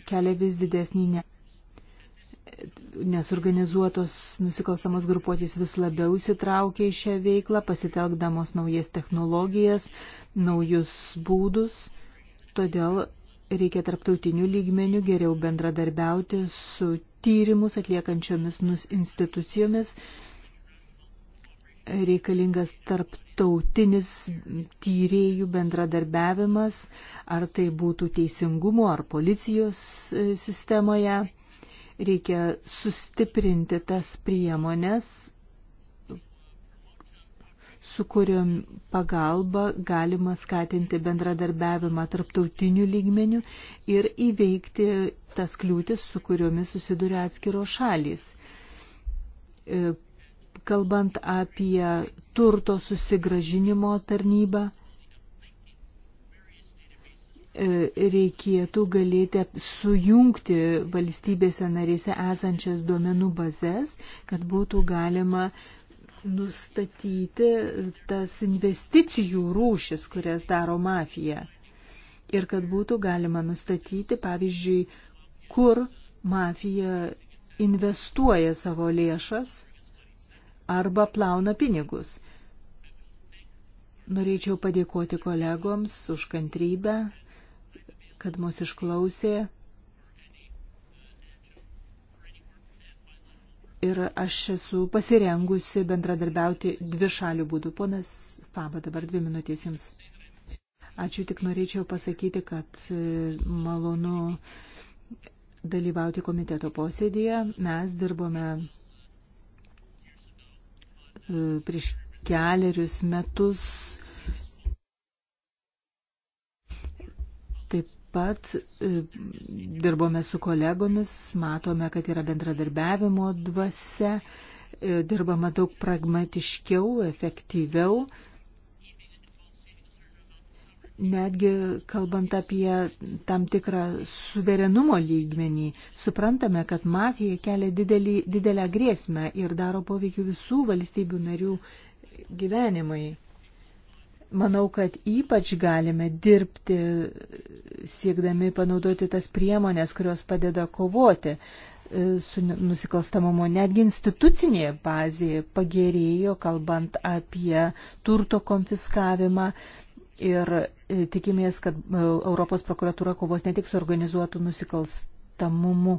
S1: kelia vis didesnį ne nes organizuotos nusikalstamos grupuotės vis labiau įsitraukia į šią veiklą, pasitelkdamos naujas technologijas, naujus būdus. Todėl reikia tarptautinių lygmenių geriau bendradarbiauti su tyrimus atliekančiomis institucijomis. Reikalingas tarptautinis tyriejų bendradarbiavimas, ar tai būtų teisingumo ar policijos e, sistemoje. Reikia sustiprinti tas priemonės su kuriuom pagalba galima skatinti bendradarbiavimą tarptautiniu lygmeniu ir įveikti tas kliūtis, su kuriomis susiduria atskiros šalys. E, kalbant apie turto susigražinimo tarnybą, e, reikėtų galėti sujungti valstybėse narėse esančias duomenų bazės, kad būtų galima nustatyti tas investicijų rūšis, kurias daro mafija. Ir kad būtų galima nustatyti, pavyzdžiui, kur mafija investuoja savo lėšas arba plauna pinigus. Norėčiau padėkoti kolegoms už kantrybę, kad mūsų išklausė. ir aš esu pasirengusi bendradarbiauti dvi šalių būdų. Ponas Faba, dabar dvi minutės jums. Ačiū, tik norėčiau pasakyti, kad e, malonu dalyvauti komiteto posėdėje. Mes dirbome e, prieš kelerius metus. Taip pat e, dirbome su kolegomis, matome, kad yra bendradarbiavimo dvasia, e, dirbama daug pragmatiškiau, efektyviau. Netgi kalbant apie tam tikrą suverenumo lygmenį, suprantame, kad mafija kelia didelį, didelę grėsmę ir daro poveikį visų valstybių narių gyvenimai. Manau, kad ypač galime dirbti siekdami panaudoti tas priemonės, kurios padeda kovoti e, su nusikalstamumu. Netgi institucinėje bazėje pagerėjo, kalbant apie turto konfiskavimą, ir e, tikimės, kad e, Europos prokuratūra kovos ne tik su organizuotu nusikalstamumu.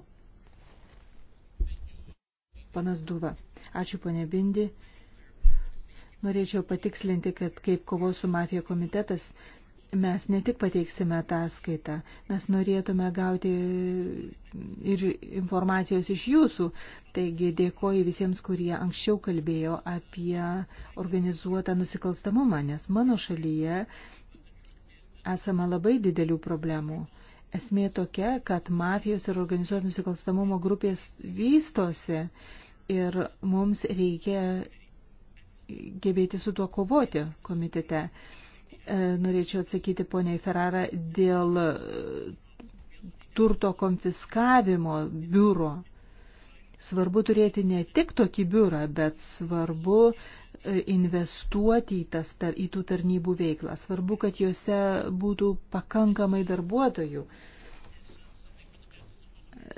S1: Panas Duva. Ačiū, ponė Bindi. Norėčiau patikslinti, kad kaip kovos su mafija komitetas mes ne tik pateiksime ataskaitą, mes norėtume gauti ir informacijos iš jūsų. Taigi dėkoju visiems, kurie anksčiau kalbėjo apie organizuotą nusikalstamumą, nes mano šalyje esama labai didelių problemų. Esmė tokia, kad mafijos ir organizuotų nusikalstamumo grupės vystosi ir mums reikia gebėti su tuo kovoti komitete. E, norėčiau atsakyti poniai Ferrara dėl e, turto konfiskavimo biuro. Svarbu turėti ne tik tokį biurą, bet svarbu e, investuoti į, tas, į tų tarnybų veiklą. Svarbu, kad juose būtų pakankamai darbuotojų. Uh,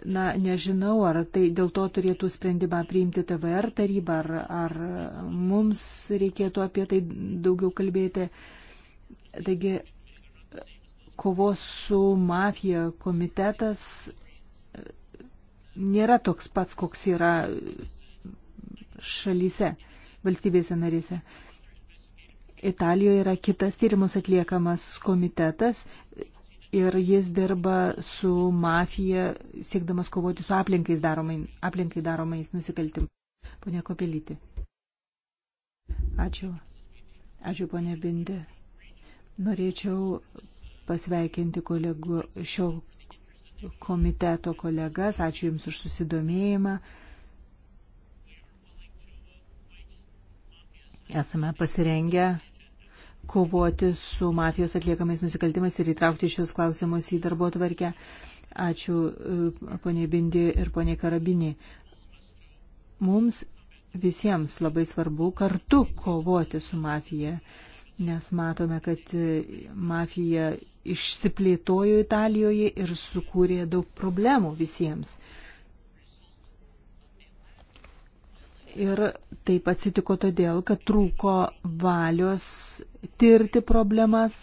S1: na, nežinau, ar tai dėl to turėtų sprendimą priimti TVR taryba, ar, ar mums reikėtų apie tai daugiau kalbėti. Taigi, kovos su mafija komitetas nėra toks pats, koks yra šalyse, valstybėse narėse. Italijoje yra kitas tyrimus atliekamas komitetas, ir jis dirba su mafija, siekdamas kovoti su aplinkais daromai, aplinkai daromais nusikaltimais. Pone Kopelyti. Ačiū. Ačiū, ponė Bindė. Norėčiau pasveikinti kolegų šio komiteto kolegas. Ačiū Jums už susidomėjimą. Esame pasirengę kovoti su mafijos atliekamais nusikaltimais ir įtraukti šios klausimus į darbo tvarkę. Ačiū e, ponė Bindi ir ponė Karabinė. Mums visiems labai svarbu kartu kovoti su mafija, nes matome, kad e, mafija išsiplėtojo Italijoje ir sukūrė daug problemų visiems. Ir taip atsitiko todėl, kad trūko valios tirti problemas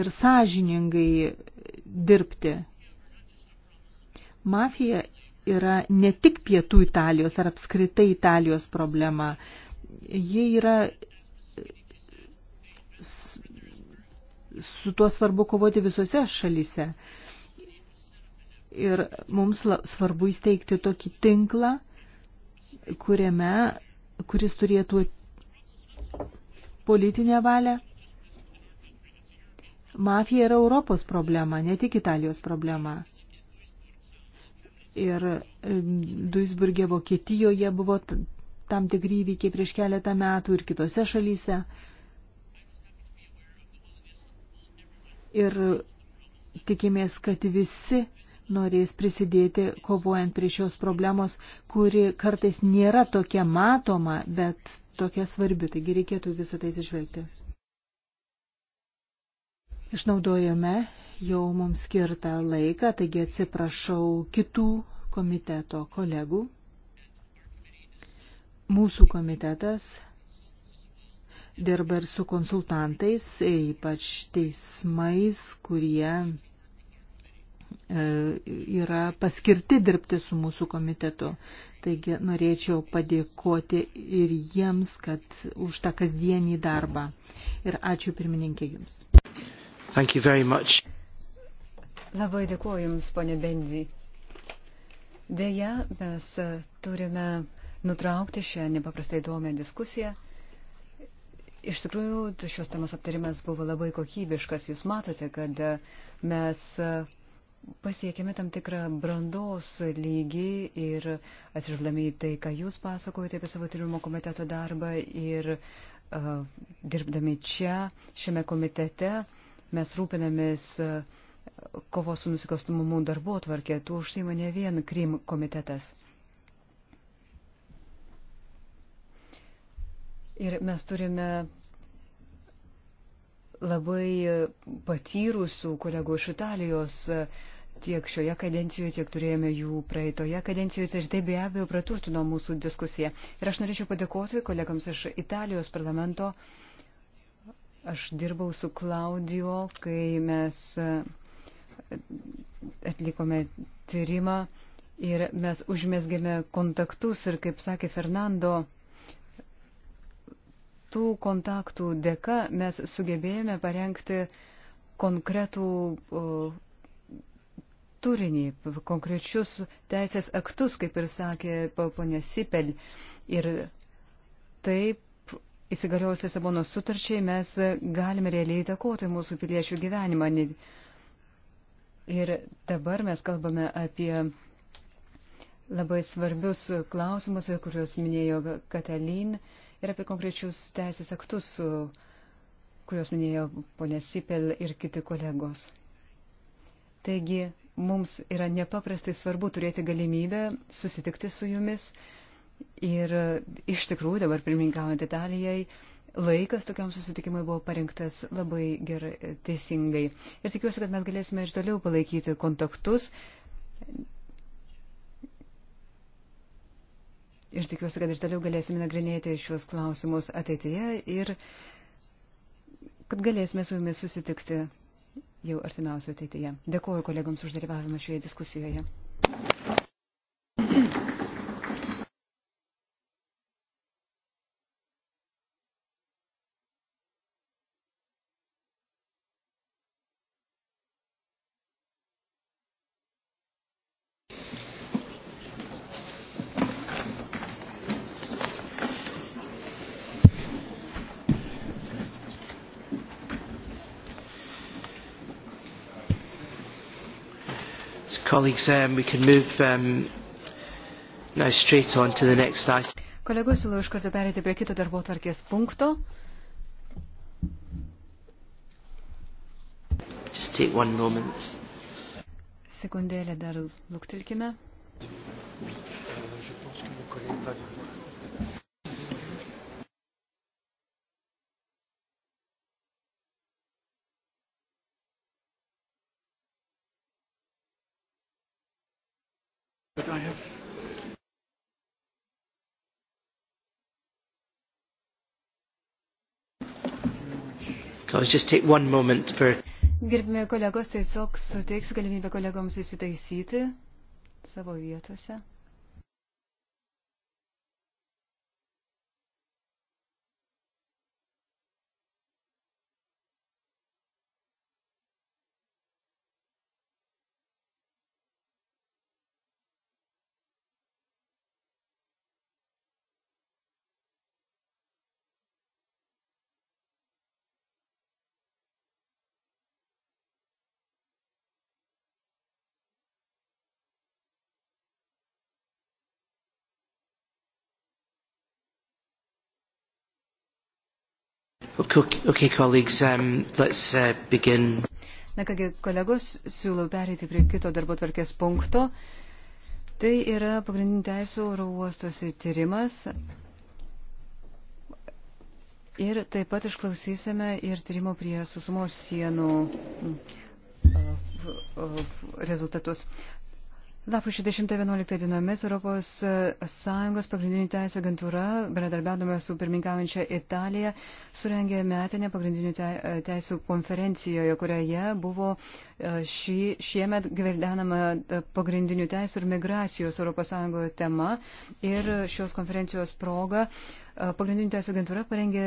S1: ir sąžiningai dirbti. Mafija yra ne tik pietų Italijos ar apskritai Italijos problema. Jie yra su tuo svarbu kovoti visose šalyse. Ir mums svarbu įsteigti tokį tinklą, kuriame, kuris turėtų politinę valią. Mafija yra Europos problema, ne tik Italijos problema. Ir e, Duisburgė Vokietijoje buvo tam tikri įvykiai prieš keletą metų ir kitose šalyse. Ir tikimės, kad visi norės prisidėti kovojant prie šios problemos, kuri kartais nėra tokia matoma, bet tokia svarbi, taigi reikėtų visą tai išvelgti. Išnaudojome jau mums skirtą laiką, taigi atsiprašau kitų komiteto kolegų. Mūsų komitetas dirba ir su konsultantais, ypač teismais, kurie E, yra paskirti dirbti su mūsų komitetu. Taigi norėčiau padėkoti ir jiems, kad už tą kasdienį darbą. Ir ačiū pirmininkė Jums.
S2: Labai dėkuoju Jums, ponė Bendy. Deja, mes turime nutraukti šią nepaprastai įdomią diskusiją. Iš tikrųjų, šios temos aptarimas buvo labai kokybiškas. Jūs matote, kad mes pasiekėme tam tikrą brandos lygį ir atsižvelgdami į tai, ką jūs pasakojate apie savo tyrimo komiteto darbą ir uh, dirbdami čia, šiame komitete, mes rūpinamės uh, kovos su nusikalstumumu darbo atvarkė, tu užsima ne vien Krim komitetas. Ir mes turime labai patyrusių kolegų iš Italijos uh, tiek šioje kadencijoje, tiek turėjome jų praeitoje kadencijoje ir tai be abejo praturtino mūsų diskusiją. Ir aš norėčiau padėkoti kolegams iš Italijos parlamento. Aš dirbau su Klaudijo, kai mes e, atlikome tyrimą ir mes užmėsgėme kontaktus ir, kaip sakė Fernando, tų kontaktų dėka mes sugebėjome parengti konkretų turinį, konkrečius teisės aktus, kaip ir sakė ponė Sipel. Ir taip įsigaliojus Lisabonos sutarčiai mes galime realiai įtakoti mūsų piliečių gyvenimą. Ir dabar mes kalbame apie labai svarbius klausimus, kuriuos minėjo Katalin, ir apie konkrečius teisės aktus, kuriuos minėjo ponė Sipel ir kiti kolegos. Taigi mums yra nepaprastai svarbu turėti galimybę susitikti su jumis. Ir iš tikrųjų dabar pirmininkaujant Italijai, laikas tokiam susitikimui buvo parinktas labai gerai teisingai. Ir tikiuosi, kad mes galėsime ir toliau palaikyti kontaktus. Ir tikiuosi, kad ir toliau galėsime nagrinėti šios klausimus ateityje ir kad galėsime su jumis susitikti jau artimiausio ateityje. Dėkuoju kolegoms už dalyvavimą šioje diskusijoje.
S1: Colleagues, um, we can move um, now straight on to the next item.
S2: Kolegos, siūlau iš karto perėti prie kito darbo tvarkės punkto.
S1: Just take one moment.
S2: Sekundėlę dar luktelkime. that I have?
S1: For...
S2: Gerbimi kolegos, tiesiog suteiksiu galimybę kolegoms įsitaisyti savo vietose.
S1: Okay, colleagues, um, let's uh, begin.
S2: Na kągi, kolegos, siūlau perėti prie kito darbo tvarkės punkto. Tai yra pagrindinė teisų oro uostose tyrimas. Ir taip pat išklausysime ir tyrimo prie susumos sienų mm, uh, uh, rezultatus. Lapkričio 10-11 dienomis Europos e, Sąjungos pagrindinių teisų agentūra, bendradarbiaudama su pirmininkaujančia Italija, surengė metinę pagrindinių e, teisų konferencijoje, kurioje buvo e, šį, šiemet gvildenama pagrindinių teisų ir migracijos Europos Sąjungoje tema. Ir šios konferencijos proga uh, Pagrindinė teisų agentūra parengė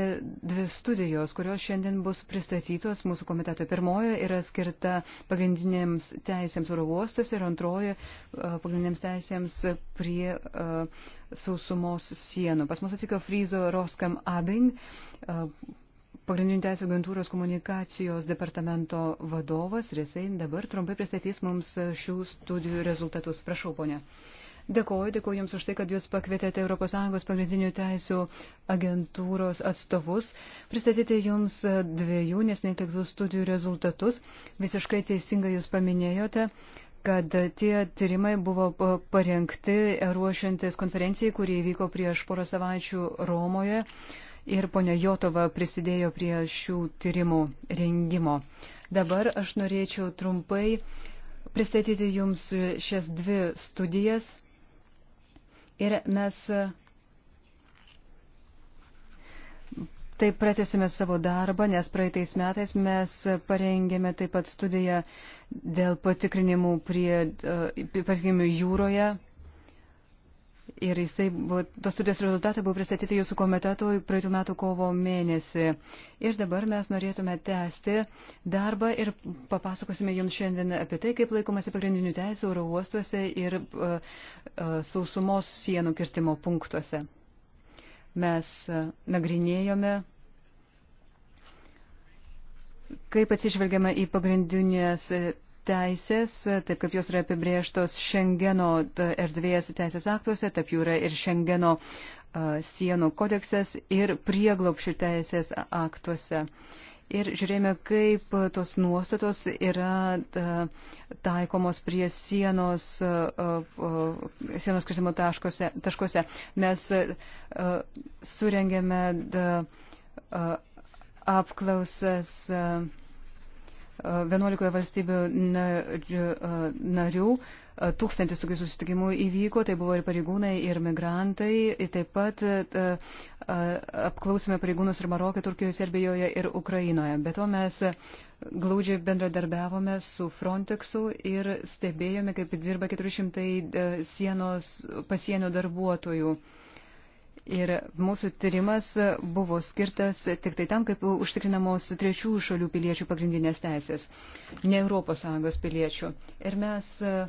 S2: dvi studijos, kurios šiandien bus pristatytos mūsų komiteto. Pirmoji yra skirta pagrindinėms teisėms oro uostose ir antroji pagrindinėms teisėms prie uh, sausumos sienų. Pas mus atvyko Fryzo Roskam Abing, uh, pagrindinių teisų agentūros komunikacijos departamento vadovas ir jisai dabar trumpai pristatys mums šių studijų rezultatus. Prašau, ponė. Uh, Dėkuoju, dėkuoju Jums už tai, kad Jūs pakvietėte ES pagrindinių teisų agentūros atstovus, pristatyti Jums dviejų nesnetiktų studijų rezultatus. Visiškai teisingai Jūs paminėjote kad tie tyrimai buvo parengti ruošiantis konferencijai, kurie vyko prieš porą savaičių Romoje ir ponia Jotova prisidėjo prie šių tyrimų rengimo. Dabar aš norėčiau trumpai pristatyti Jums šias dvi studijas Ir mes taip pratėsime savo darbą, nes praeitais metais mes parengėme taip pat studiją dėl patikrinimų, prie, e, patikrinimų jūroje Ir jisai, buvo, tos studijos rezultatai buvo pristatyti jūsų komiteto praeitų metų kovo mėnesį. Ir dabar mes norėtume tęsti darbą ir papasakosime jums šiandien apie tai, kaip laikomasi pagrindinių teisų oro uostuose ir uh, uh, sausumos sienų kirtimo punktuose. Mes uh, nagrinėjome, kaip atsižvelgiama į pagrindinės. Uh, teisės, taip kaip jos yra apibrėžtos Šengeno erdvės teisės aktuose, taip jų yra ir Šengeno sienų kodeksas ir prieglopšių teisės aktuose. Ir žiūrėjome, kaip tos nuostatos yra taikomos prie sienos, sienos kirtimo taškose, taškose. Mes surengėme apklausas. Uh, 11 valstybių narių. Tūkstantis tokių susitikimų įvyko, tai buvo ir pareigūnai, ir migrantai. Ir taip pat apklausime pareigūnus ir Marokė, Turkijoje, Serbijoje ir Ukrainoje. Be to mes glaudžiai bendradarbiavome su Frontexu ir stebėjome, kaip dirba 400 e, sienos pasienio darbuotojų. Ir mūsų tyrimas buvo skirtas tik tai tam, kaip užtikrinamos trečių šalių piliečių pagrindinės teisės, ne ES piliečių. Ir mes e,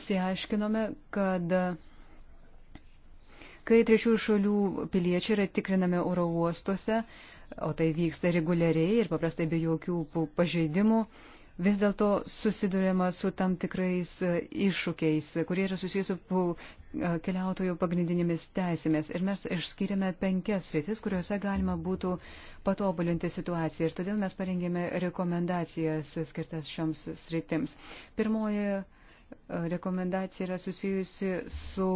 S2: įsiaiškinome, kad kai trečių šalių piliečiai yra tikrinami oro uostuose, o tai vyksta reguliariai ir paprastai be jokių pažeidimų, vis dėlto susidurėma su tam tikrais e, iššūkiais, kurie yra susijęs su e, keliautojų pagrindinėmis teisėmis. Ir mes išskiriame penkias rytis, kuriuose galima būtų patobulinti situaciją. Ir todėl mes parengėme rekomendacijas skirtas šioms sritims. Pirmoji e, rekomendacija yra susijusi su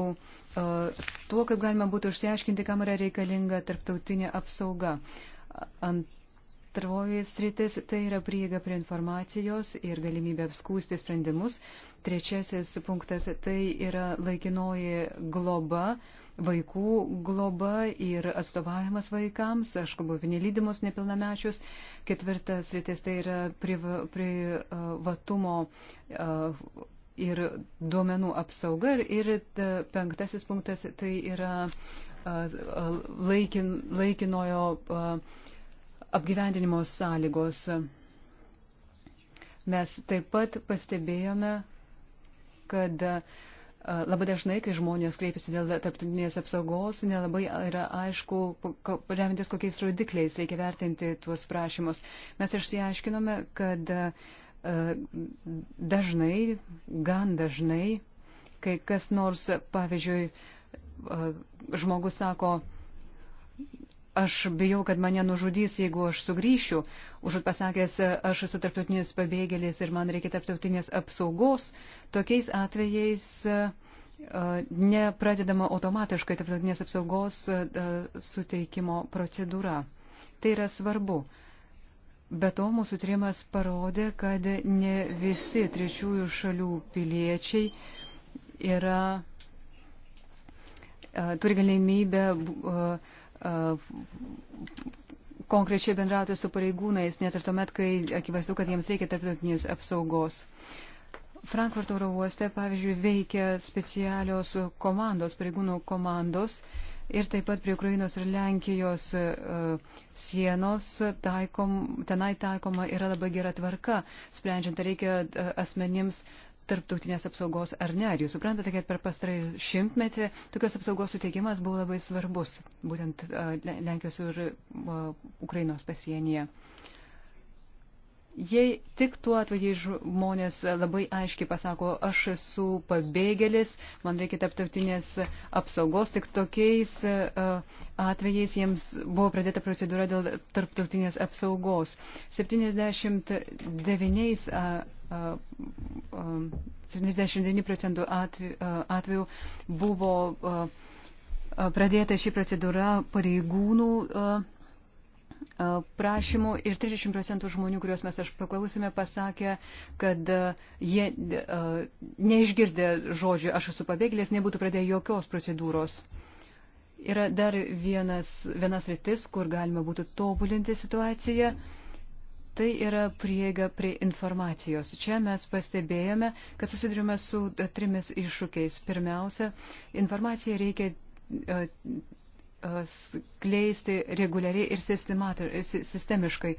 S2: tuo, kaip galima būtų išsiaiškinti, kam yra reikalinga tarptautinė apsauga. Ant Trvoji stritis tai yra prieiga prie informacijos ir galimybė apskūsti sprendimus. Trečiasis punktas tai yra laikinoji globa, vaikų globa ir atstovavimas vaikams, aš kalbu apie nelydimus nepilnamečius. Ketvirtas sritis tai yra privatumo ir duomenų apsauga. Ir penktasis punktas tai yra laikin, laikinojo apgyvendinimo sąlygos. Mes taip pat pastebėjome, kad labai dažnai, kai žmonės kreipiasi dėl tarptautinės apsaugos, nelabai yra aišku, remintis kokiais rodikliais reikia vertinti tuos prašymus. Mes išsiaiškinome, kad dažnai, gan dažnai, kai kas nors, pavyzdžiui, žmogus sako, aš bijau, kad mane nužudys, jeigu aš sugrįšiu. Užut pasakęs, aš esu tarptautinis pabėgėlis ir man reikia tarptautinės apsaugos, tokiais atvejais e, nepradedama automatiškai tarptautinės apsaugos e, suteikimo procedūra. Tai yra svarbu. Be to, mūsų tyrimas parodė, kad ne visi trečiųjų šalių piliečiai yra, e, turi galimybę uh, konkrečiai bendrauti su pareigūnais, net ir tuomet, kai akivaizdu, kad jiems reikia tarptautinės apsaugos. Frankfurto oro uoste, pavyzdžiui, veikia specialios komandos, pareigūnų komandos ir taip pat prie Ukrainos ir Lenkijos uh, sienos taikom, tenai taikoma yra labai gera tvarka, sprendžiant, reikia uh, asmenims tarptautinės apsaugos ar ne. Ar jūs suprantate, kad per pastarąjį šimtmetį tokios apsaugos suteikimas buvo labai svarbus, būtent Lenkijos ir Ukrainos pasienyje. Uh, Jei tik tuo atveju žmonės labai aiškiai pasako, aš esu pabėgėlis, man reikia tarptautinės apsaugos, tik tokiais uh, atvejais jiems buvo pradėta procedūra dėl tarptautinės apsaugos. 79, 79 uh, uh, um, procentų atvejų buvo pradėta šį procedūrą pareigūnų prašymų ir 30 procentų žmonių, kuriuos mes aš paklausime, pasakė, kad jie neišgirdė žodžių aš esu pabėgėlis, nebūtų pradėję jokios procedūros. Yra dar vienas, vienas rytis, kur galima būtų tobulinti situaciją. Tai yra prieiga prie informacijos. Čia mes pastebėjome, kad susidurime su trimis iššūkiais. Pirmiausia, informaciją reikia kleisti reguliariai ir sistemiškai.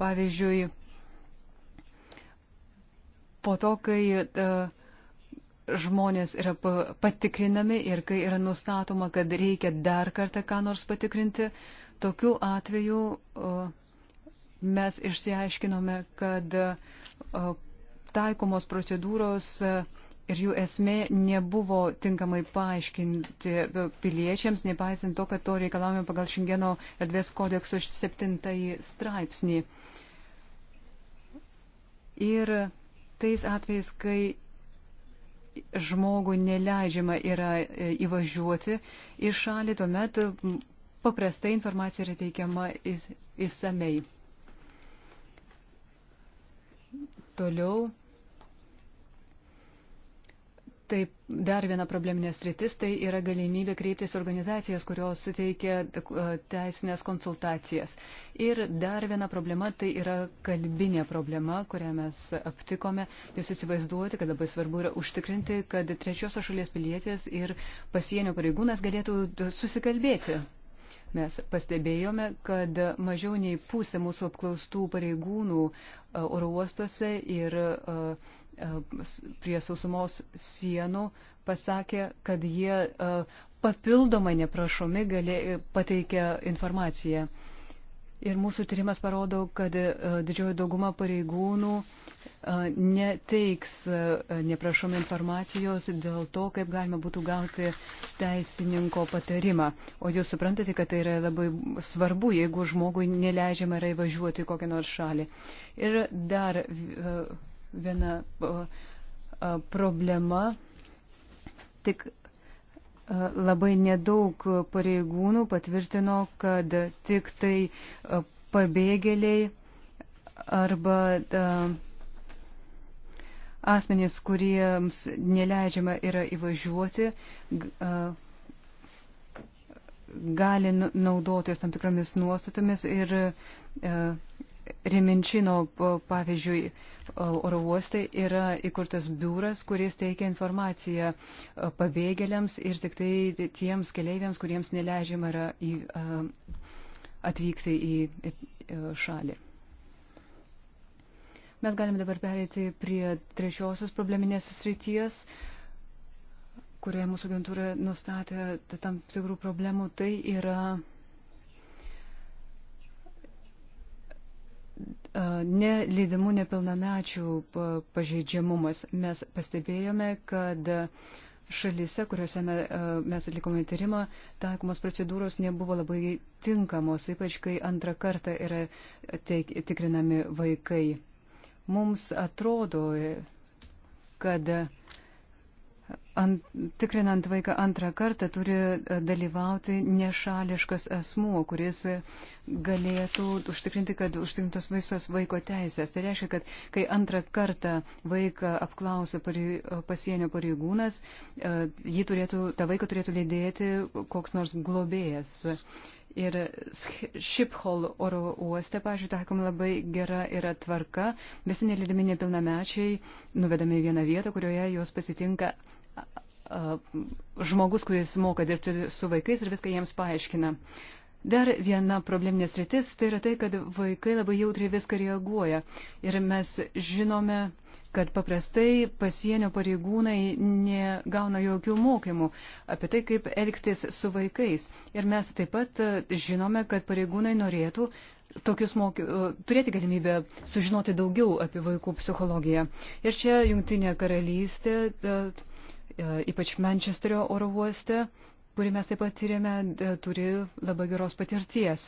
S2: Pavyzdžiui, po to, kai e, žmonės yra patikrinami ir kai yra nustatoma, kad reikia dar kartą ką nors patikrinti, tokiu atveju e, mes išsiaiškinome, kad e, taikomos procedūros uh, ir jų esmė nebuvo tinkamai paaiškinti piliečiams, nepaisant to, kad to reikalavome pagal Šengeno erdvės kodekso 7 straipsnį. Ir tais atvejais, kai žmogui neleidžiama yra e, įvažiuoti į šalį, tuomet paprastai informacija yra teikiama įsamei. Toliau Taip, dar viena probleminė stritis tai yra galimybė kreiptis organizacijas, kurios suteikia e, teisinės konsultacijas. Ir dar viena problema tai yra kalbinė problema, kurią mes aptikome. Jūs įsivaizduoti, kad labai svarbu yra užtikrinti, kad trečiosios šalies pilietis ir pasienio pareigūnas galėtų susikalbėti. Mes pastebėjome, kad mažiau nei pusė mūsų apklaustų pareigūnų e, oro uostuose ir uh, prie sausumos sienų pasakė, kad jie e, papildomai neprašomi galė, e, pateikė informaciją. Ir mūsų tyrimas parodo, kad e, didžioji dauguma pareigūnų neteiks neprašom informacijos dėl to, kaip galima būtų gauti teisininko patarimą. O jūs suprantate, kad tai yra labai svarbu, jeigu žmogui neleidžiama yra įvažiuoti į kokią nors šalį. Ir dar viena problema. Tik labai nedaug pareigūnų patvirtino, kad tik tai pabėgėliai arba asmenys, kuriems neleidžiama yra įvažiuoti, gali naudotis tam tikromis nuostatomis ir Reminčino, pavyzdžiui, oro uostai yra įkurtas biuras, kuris teikia informaciją e, pabėgėliams ir tik tai tiems keleiviams, kuriems neleidžiama yra į, e, atvykti į e, šalį. Mes galime dabar perėti prie trečiosios probleminės srities, kurioje mūsų agentūra nustatė tam tikrų problemų. Tai yra nelydimų nepilnamečių pažeidžiamumas. Mes pastebėjome, kad šalise, kuriuose e, mes atlikome tyrimą, taikomos procedūros nebuvo labai tinkamos, ypač kai antrą kartą yra teik, tikrinami vaikai. Mums atrodo, kad ant, tikrinant vaiką antrą kartą turi e, dalyvauti nešališkas asmuo, kuris galėtų užtikrinti, kad užtikrintos visos vaiko teisės. Tai reiškia, kad kai antrą kartą vaiką apklausia parei, pasienio pareigūnas, e, jį turėtų, tą vaiką turėtų lydėti koks nors globėjas. Ir Šiphol oro uoste, pažiūrėjau, taikoma labai gera yra tvarka. Visi nelydami nepilnamečiai nuvedami į vieną vietą, kurioje juos pasitinka žmogus, kuris moka dirbti su vaikais ir viską jiems paaiškina. Dar viena probleminė sritis tai yra tai, kad vaikai labai jautriai viską reaguoja. Ir mes žinome, kad paprastai pasienio pareigūnai negauna jokių mokymų apie tai, kaip elgtis su vaikais. Ir mes taip pat žinome, kad pareigūnai norėtų moky... turėti galimybę sužinoti daugiau apie vaikų psichologiją. Ir čia Jungtinė karalystė. Ta, E, ypač Mančesterio oro uoste, kurį mes taip pat tyrėme, turi labai geros patirties.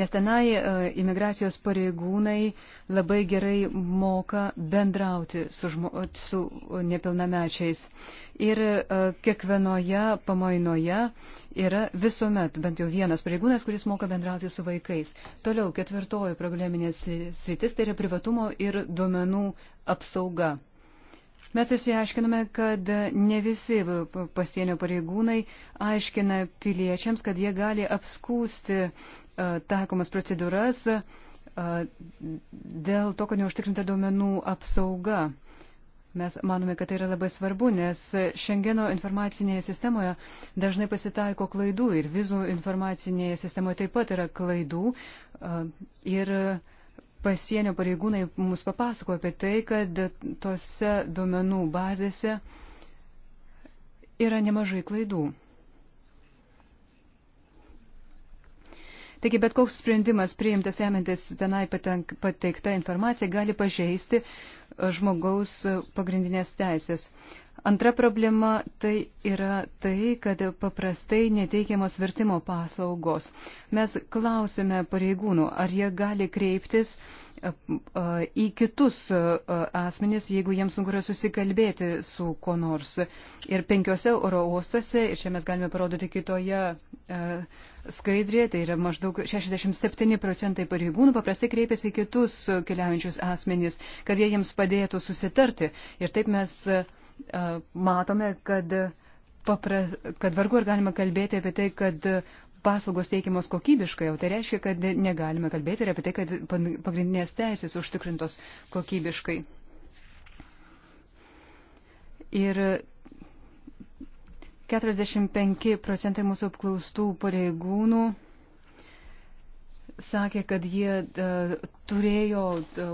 S2: Nes tenai e, imigracijos pareigūnai labai gerai moka bendrauti su, žmo, su nepilnamečiais. Ir e, kiekvienoje pamainoje yra visuomet bent jau vienas pareigūnas, kuris moka bendrauti su vaikais. Toliau ketvirtoji probleminės sritis tai yra privatumo ir duomenų apsauga. Mes išsiaiškinome, kad ne visi pasienio pareigūnai aiškina piliečiams, kad jie gali apskūsti e, taikomas procedūras e, dėl to, kad neužtikrinta duomenų apsauga. Mes manome, kad tai yra labai svarbu, nes Šengeno informacinėje sistemoje dažnai pasitaiko klaidų ir vizų informacinėje sistemoje taip pat yra klaidų. E, ir uh, pasienio pareigūnai mus papasako apie tai, kad tose duomenų bazėse yra nemažai klaidų. Taigi bet koks sprendimas priimtas remiantis tenai pateikta informacija gali pažeisti žmogaus pagrindinės teisės. Antra problema tai yra tai, kad paprastai neteikiamos vertimo paslaugos. Mes klausime pareigūnų, ar jie gali kreiptis į kitus asmenis, jeigu jiems sunku yra susikalbėti su kuo nors. Ir penkiose oro uostuose, ir čia mes galime parodyti kitoje skaidrėje, tai yra maždaug 67 procentai pareigūnų paprastai kreipiasi į kitus keliaujančius asmenis, kad jie jiems padėtų susitarti. Ir taip mes matome, kad, papras, kad vargu ar galima kalbėti apie tai, kad paslaugos teikiamos kokybiškai, o tai reiškia, kad negalime kalbėti ir apie tai, kad pagrindinės teisės užtikrintos kokybiškai. Ir 45 procentai mūsų apklaustų pareigūnų sakė, kad jie turėjo e,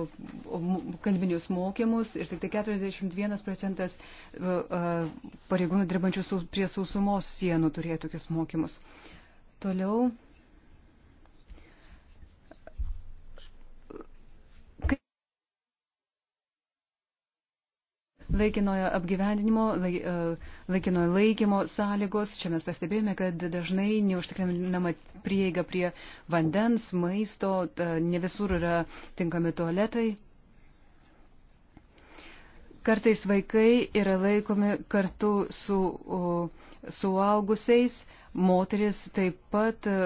S2: kalbinius mokymus ir tik tai 41 procentas e, e, pareigūnų dirbančių prie sausumos sienų turėjo tokius mokymus. Toliau laikinojo apgyvendinimo, lai, e, laikinojo laikymo sąlygos. Čia mes pastebėjome, kad dažnai neužtikrinama prieiga prie vandens, maisto, ta, ne visur yra tinkami tualetai. Kartais vaikai yra laikomi kartu su suaugusiais, moteris taip pat e,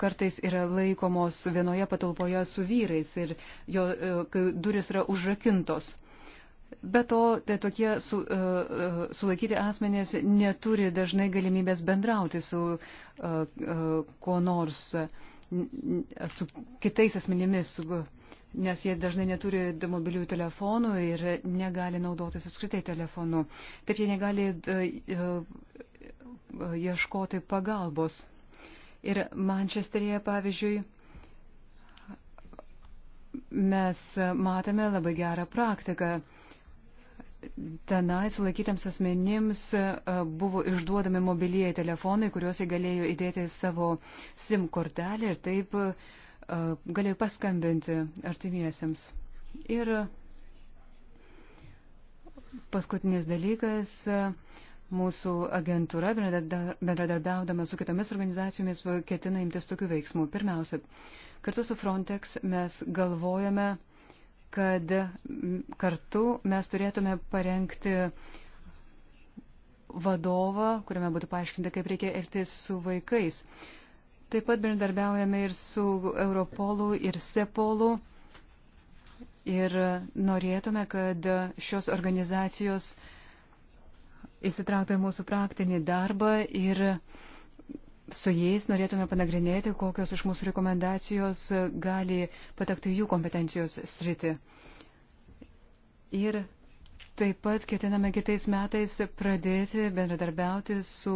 S2: kartais yra laikomos vienoje patalpoje su vyrais ir jo e, duris yra užrakintos. Be to, tai tokie su, uh, sulaikyti asmenės neturi dažnai galimybės bendrauti su uh, uh, kuo nors, su kitais asmenėmis, nes jie dažnai neturi mobilių telefonų ir negali naudotis apskritai telefonu. Taip jie negali ieškoti pagalbos. Ir Mančesterėje, pavyzdžiui, mes matėme labai gerą praktiką tenai sulaikytams asmenims e, buvo išduodami mobilieji telefonai, kuriuos jie galėjo įdėti savo SIM kortelę ir taip e, galėjo paskambinti artimiesiems. Ir paskutinis dalykas, e, mūsų agentūra, bendradarbiaudama su kitomis organizacijomis, ketina imtis tokių veiksmų. Pirmiausia, kartu su Frontex mes galvojame, kad kartu mes turėtume parengti vadovą, kuriame būtų paaiškinta, kaip reikia elgtis su vaikais. Taip pat bendradarbiaujame ir su Europolu ir Sepolu. Ir norėtume, kad šios organizacijos įsitrauktų į mūsų praktinį darbą ir uh, su jais norėtume panagrinėti, kokios iš mūsų rekomendacijos gali patekti jų kompetencijos sritį. Ir taip pat ketiname kitais metais pradėti bendradarbiauti su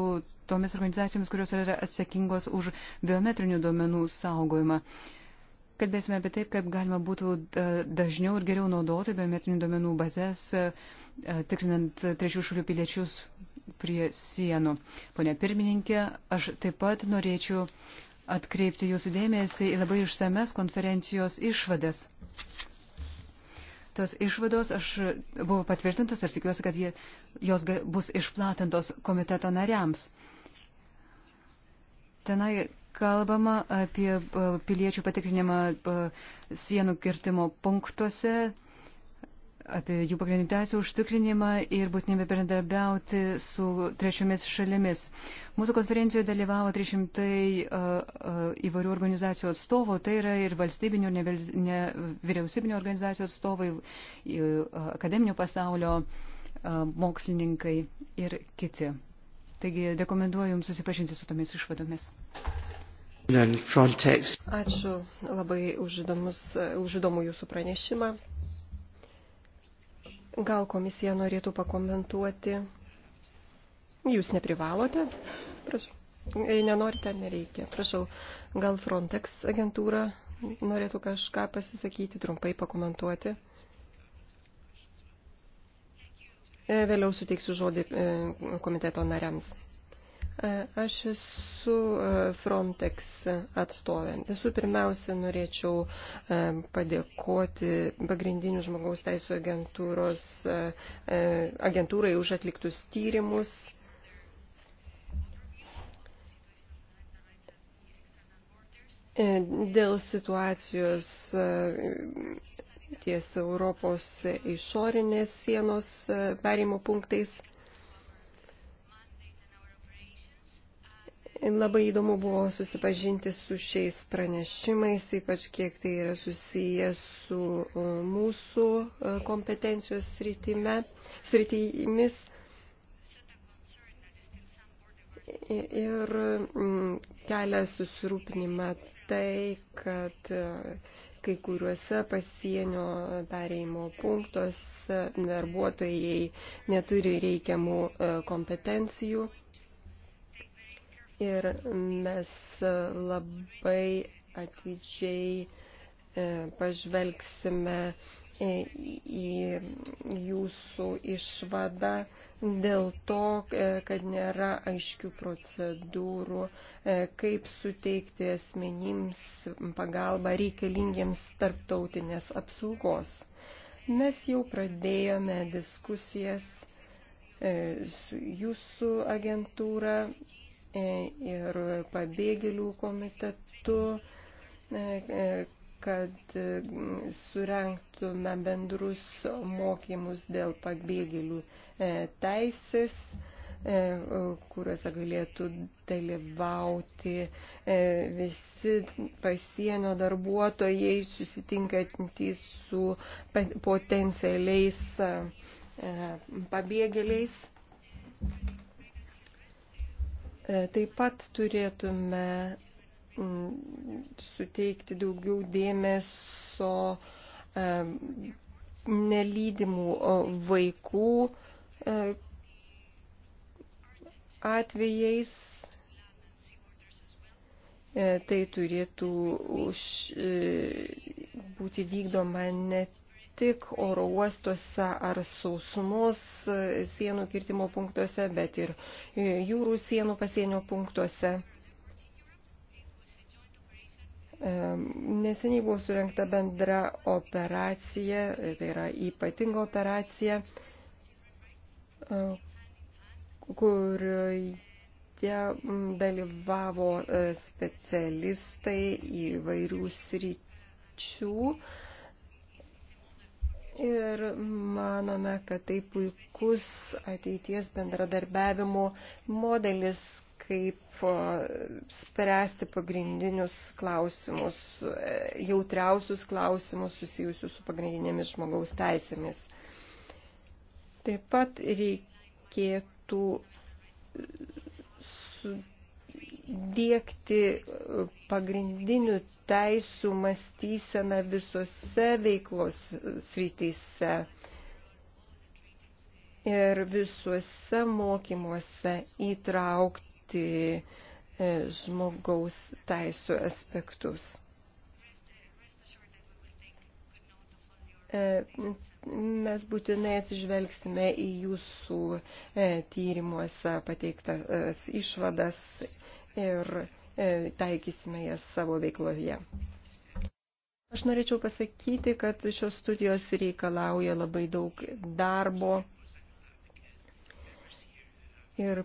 S2: tomis organizacijomis, kurios yra atsakingos už biometrinių duomenų saugojimą. Kalbėsime apie taip, kaip galima būtų dažniau ir geriau naudoti biometrinių duomenų bazės, tikrinant trečių šalių piliečius prie sienų. Pone pirmininkė, aš taip pat norėčiau atkreipti jūsų dėmesį į labai išsames konferencijos išvadas. Tos išvados aš buvo patvirtintos ir tikiuosi, kad jie, jos bus išplatintos komiteto nariams. Tenai kalbama apie piliečių patikrinimą sienų kirtimo punktuose, apie jų pagrindinių teisų užtikrinimą ir būtinybę bendradarbiauti su trečiomis šalimis. Mūsų konferencijoje dalyvavo 300 uh, uh, įvairių organizacijų atstovų, tai yra ir valstybinių, nevyriausybinių organizacijų atstovai, uh, akademinio pasaulio uh, mokslininkai ir kiti. Taigi rekomenduoju Jums susipažinti su tomis išvadomis.
S1: Ačiū
S3: labai už, įdomus, už įdomų Jūsų pranešimą. Gal komisija norėtų pakomentuoti? Jūs neprivalote? Prašau. Jei nenorite, nereikia. Prašau, gal Frontex agentūra norėtų kažką pasisakyti, trumpai pakomentuoti? E, vėliau suteiksiu žodį e, komiteto nariams. E, aš esu e, Frontex atstovė. Visų pirmiausia, norėčiau e, padėkoti pagrindinių žmogaus teisų agentūros, agentūrai už atliktus tyrimus. Dėl situacijos ties Europos išorinės sienos perimo punktais. Labai įdomu buvo susipažinti su šiais pranešimais, ypač kiek tai yra susiję su e, mūsų e, kompetencijos sritime, sritimis. Ir kelia susirūpinimą tai, kad e, kai kuriuose pasienio pereimo punktuose darbuotojai neturi reikiamų kompetencijų ir mes labai atidžiai e, pažvelgsime į jūsų išvadą dėl to, e, kad nėra aiškių procedūrų, e, kaip suteikti asmenims pagalbą reikalingiems tarptautinės apsaugos. Mes jau pradėjome diskusijas su jūsų agentūra E, ir pabėgėlių komitetu, e, e, kad surenktume bendrus mokymus dėl pabėgėlių teisės kuriuose galėtų dalyvauti visi pasienio darbuotojai susitinkantys su potencialiais pabėgėliais. E, taip pat turėtume mm, suteikti daugiau dėmesio e, nelydimų vaikų e, atvejais. Tai turėtų už, būti vykdoma net tik oro uostuose ar sausumos sienų kirtimo punktuose, bet ir e, jūrų sienų pasienio punktuose. Neseniai buvo surinkta bendra operacija, tai yra ypatinga operacija, e, kurioje dalyvavo e, specialistai įvairių sričių ir manome, kad tai puikus ateities bendradarbiavimo modelis, kaip spręsti pagrindinius klausimus, e, jautriausius klausimus susijusius su pagrindinėmis žmogaus teisėmis. Taip pat reikėtų dėkti e, pagrindinių teisų mąstyseną visose veiklos srityse ir visuose mokymuose įtraukti e, žmogaus teisų aspektus. E, mes būtinai atsižvelgsime į jūsų tyrimuose pateiktas išvadas ir e, taikysime jas savo veikloje. Aš norėčiau pasakyti, kad šios studijos reikalauja labai daug darbo ir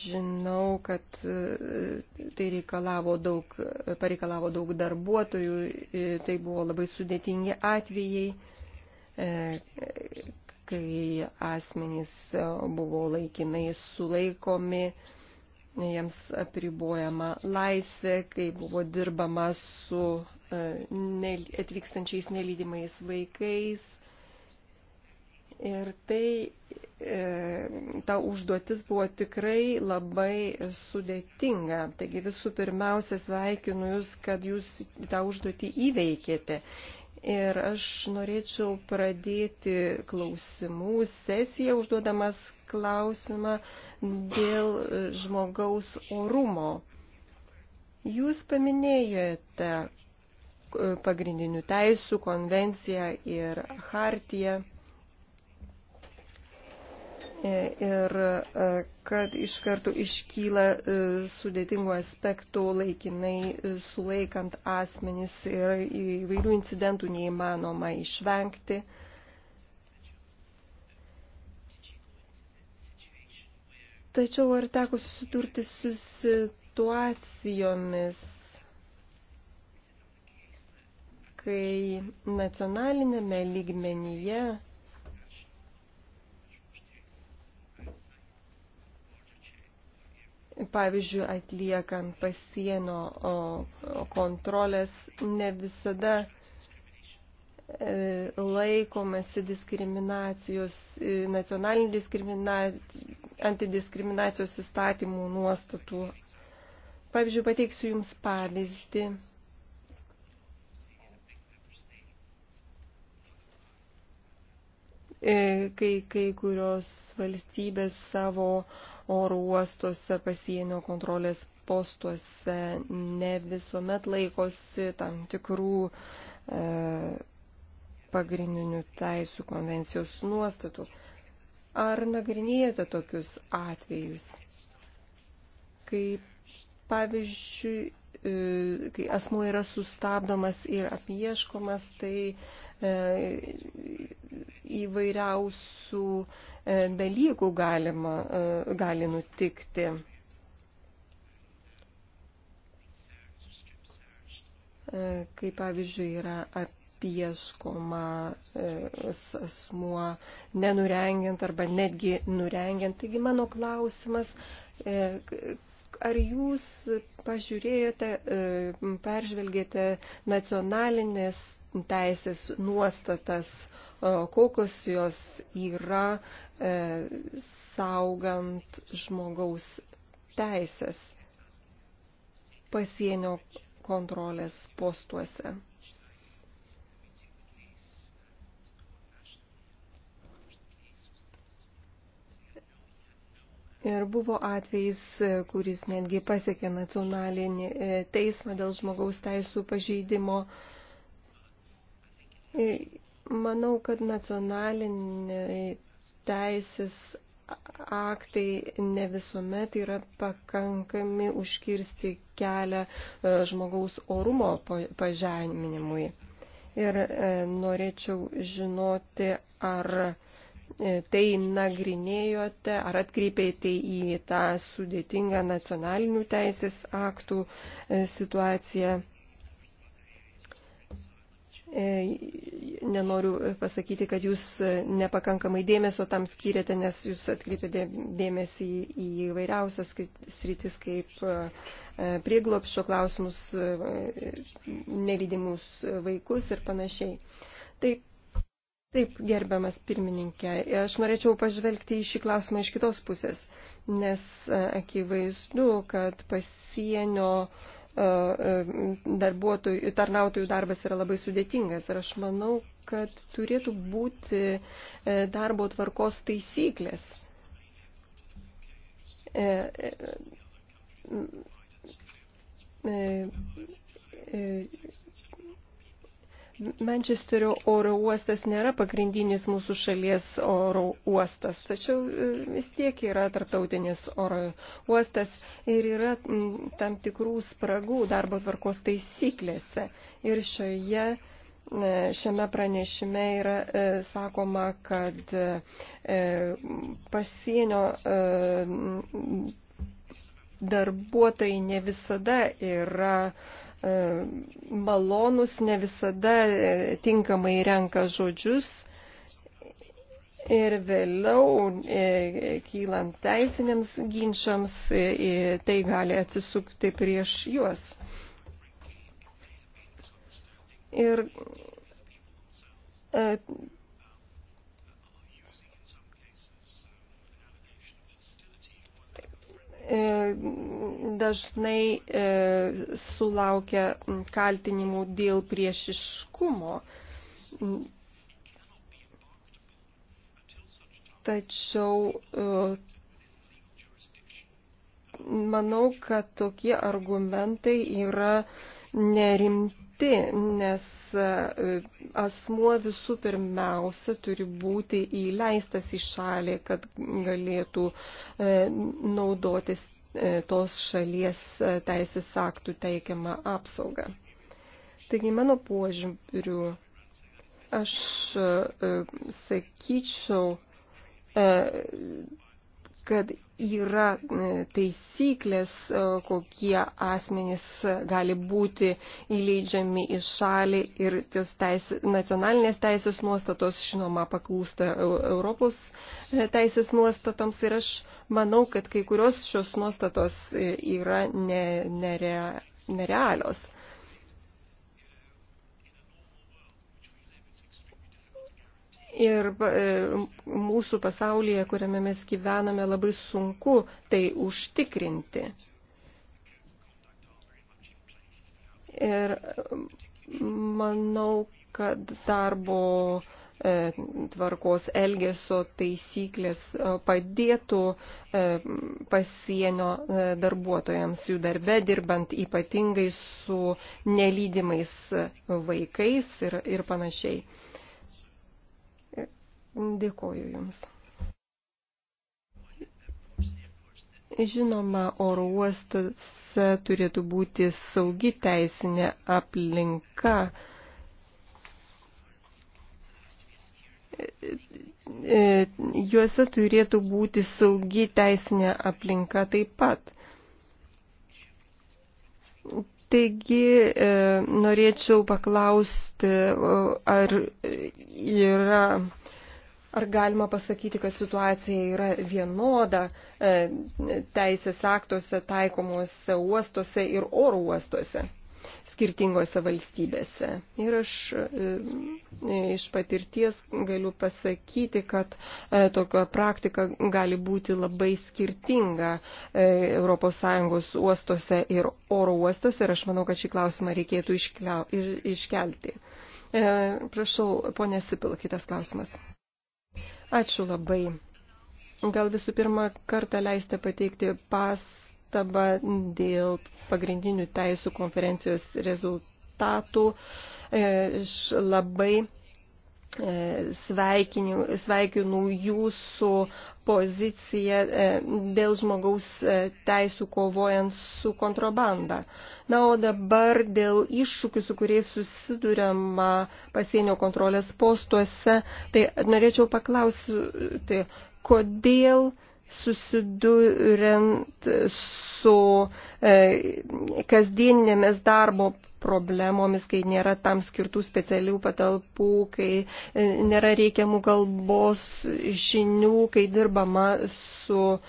S3: žinau, kad e, tai reikalavo daug, pareikalavo daug darbuotojų, e, tai buvo labai sudėtingi atvejai, kai asmenys buvo laikinai sulaikomi, jiems apribojama laisvė, kai buvo dirbama su e, atvykstančiais nelydimais vaikais. Ir tai e, ta užduotis buvo tikrai labai sudėtinga. Taigi visų pirmiausia sveikinu Jūs, kad Jūs tą užduotį įveikėte. Ir aš norėčiau pradėti klausimų sesiją, užduodamas klausimą dėl žmogaus orumo. Jūs paminėjote e, pagrindinių teisų konvenciją ir hartiją. E, ir e, kad iš karto iškyla e, sudėtingų aspektų laikinai sulaikant asmenys ir įvairių incidentų neįmanoma išvengti. Tačiau ar teko susidurti su situacijomis, kai nacionalinėme lygmenyje Pavyzdžiui, atliekant pasieno kontrolės ne visada e, laikomasi diskriminacijos, e, nacionalinių diskriminacijų, antidiskriminacijos įstatymų nuostatų. Pavyzdžiui, pateiksiu Jums pavyzdį. E, kai kai kurios valstybės savo uh, oro uostuose, pasienio kontrolės postuose ne visuomet laikosi tam tikrų e, pagrindinių teisų konvencijos nuostatų. Ar nagrinėjate tokius atvejus? Kaip pavyzdžiui, E, kai asmuo yra sustabdomas ir apieškomas, tai e, įvairiausių e, dalykų galima, gali nutikti. Kai pavyzdžiui yra apieškoma asmuo nenurengiant arba netgi nurengiant. Taigi mano klausimas, ar jūs pažiūrėjote, e, peržvelgėte nacionalinės teisės nuostatas, kokios jos yra e, saugant žmogaus teisės pasienio kontrolės postuose? Ir buvo atvejis, kuris netgi pasiekė nacionalinį e, teismą dėl žmogaus teisų pažeidimo. E, manau, kad nacionaliniai teisės aktai ne visuomet yra pakankami užkirsti kelią e, žmogaus orumo pažeminimui. Ir norėčiau žinoti, ar E, tai nagrinėjote, ar atkreipėte į tą sudėtingą nacionalinių teisės aktų e, situaciją. E, nenoriu pasakyti, kad jūs nepakankamai dėmesio tam skyrėte, nes jūs atkreipėte dėmesį į vairiausias sritis, kaip prieglopščio klausimus, nelydimus vaikus ir panašiai. Taip, Taip, gerbiamas pirmininkė, aš norėčiau pažvelgti į šį klausimą iš kitos pusės, nes e, akivaizdu, kad pasienio e, e, darbuotojų, tarnautojų darbas yra labai sudėtingas ir aš manau, kad turėtų būti darbo tvarkos taisyklės. Mančesterio oro uostas nėra pagrindinis mūsų šalies oro uostas, tačiau e, vis tiek yra tarptautinis oro uostas ir yra tam tikrų spragų darbo tvarkos taisyklėse. Ir šioje, e, šiame pranešime yra e, sakoma, kad pasienio darbuotojai ne visada yra E, malonus, ne visada e, tinkamai renka žodžius. Ir vėliau, e, kylant teisiniams ginčiams, tai gali atsisukti prieš juos. Ir E, dažnai e, sulaukia kaltinimų dėl priešiškumo. Tačiau e, manau, kad tokie argumentai yra uh, nerimti, nes e, asmuo visų pirmiausia turi būti įleistas į šalį, kad galėtų e, naudotis e, tos šalies teisės aktų teikiamą apsaugą. Taigi mano požiūriu, aš sakyčiau, kad yra e, taisyklės, e, kokie asmenys gali būti įleidžiami į šalį ir tos teis, nacionalinės teisės nuostatos, žinoma, paklūsta Europos e, teisės nuostatoms ir aš manau, kad kai kurios šios nuostatos yra nere, nerealios. Ir e, mūsų pasaulyje, kuriame mes gyvename, labai sunku tai užtikrinti. Ir manau, kad darbo e, tvarkos elgesio taisyklės e, padėtų pasienio darbuotojams jų darbe, dirbant ypatingai su nelydimais vaikais ir, ir panašiai. Dėkoju Jums. Žinoma, oro uostose turėtų būti saugi teisinė aplinka. E, juose turėtų būti saugi teisinė aplinka taip pat. Taigi e, norėčiau paklausti, ar yra Ar galima pasakyti, kad situacija yra vienoda e, teisės aktuose taikomuose uostuose ir oro uostuose skirtingose valstybėse? Ir aš e, iš patirties galiu pasakyti, kad e, tokia praktika gali būti labai skirtinga ES uostuose ir oro uostuose ir aš manau, kad šį klausimą reikėtų iškelti. Prašau, ponė Sipil, kitas klausimas. Ačiū labai. Gal visų pirma kartą leiste pateikti pastabą dėl pagrindinių teisų konferencijos rezultatų. Aš e, labai E, sveikinu, sveikinu jūsų poziciją e, dėl žmogaus e, teisų kovojant su kontrabanda. Na, o dabar dėl iššūkių, su kuriais susiduriama pasienio kontrolės postuose, tai norėčiau paklausyti, kodėl uh, susidurint su e, kasdieninėmis darbo problemomis, kai nėra tam skirtų specialių patalpų, kai e, nėra reikiamų kalbos žinių, kai dirbama su e,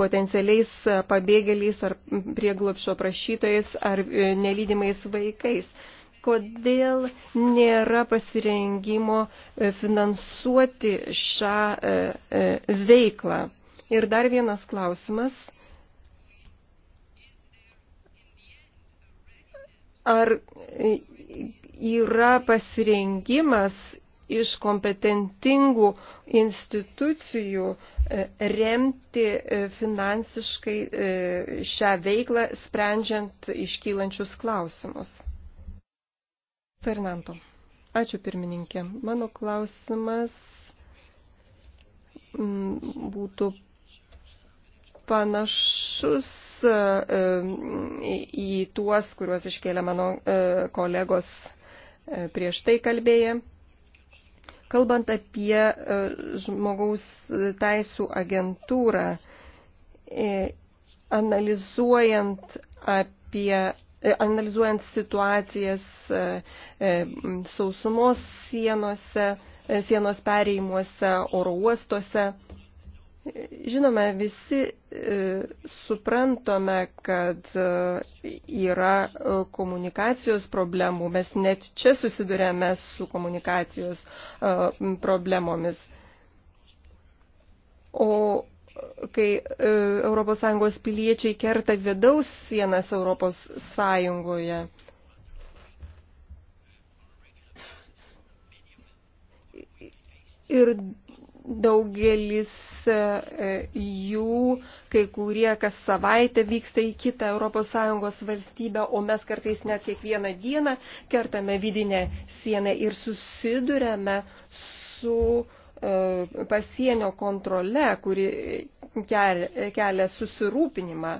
S3: potencialiais pabėgėliais ar prieglopšio prašytojais ar e, nelydimais vaikais. Kodėl nėra pasirengimo e, finansuoti šią e, e, veiklą? Ir dar vienas klausimas. Ar yra pasirengimas iš kompetentingų institucijų e, remti e, finansiškai e, šią veiklą, sprendžiant iškylančius klausimus. Fernando. Ačiū pirmininkė. Mano klausimas būtų panašus e, e, į tuos, kuriuos iškėlė mano e, kolegos prieš tai kalbėję. Kalbant apie žmogaus teisų agentūrą, analizuojant, apie, analizuojant situacijas sausumos sienose, sienos pereimuose, oro uostuose, Žinome, visi e, suprantame, kad e, yra e, komunikacijos problemų. Mes net čia susidurėme su komunikacijos problemomis. O kai ES piliečiai kerta vidaus sienas ES. Ir daugelis E, jų kai kurie kas savaitę vyksta į kitą ES valstybę, o mes kartais net kiekvieną dieną kertame vidinę sieną ir susidurėme su e, pasienio kontrole, kuri kelia susirūpinimą.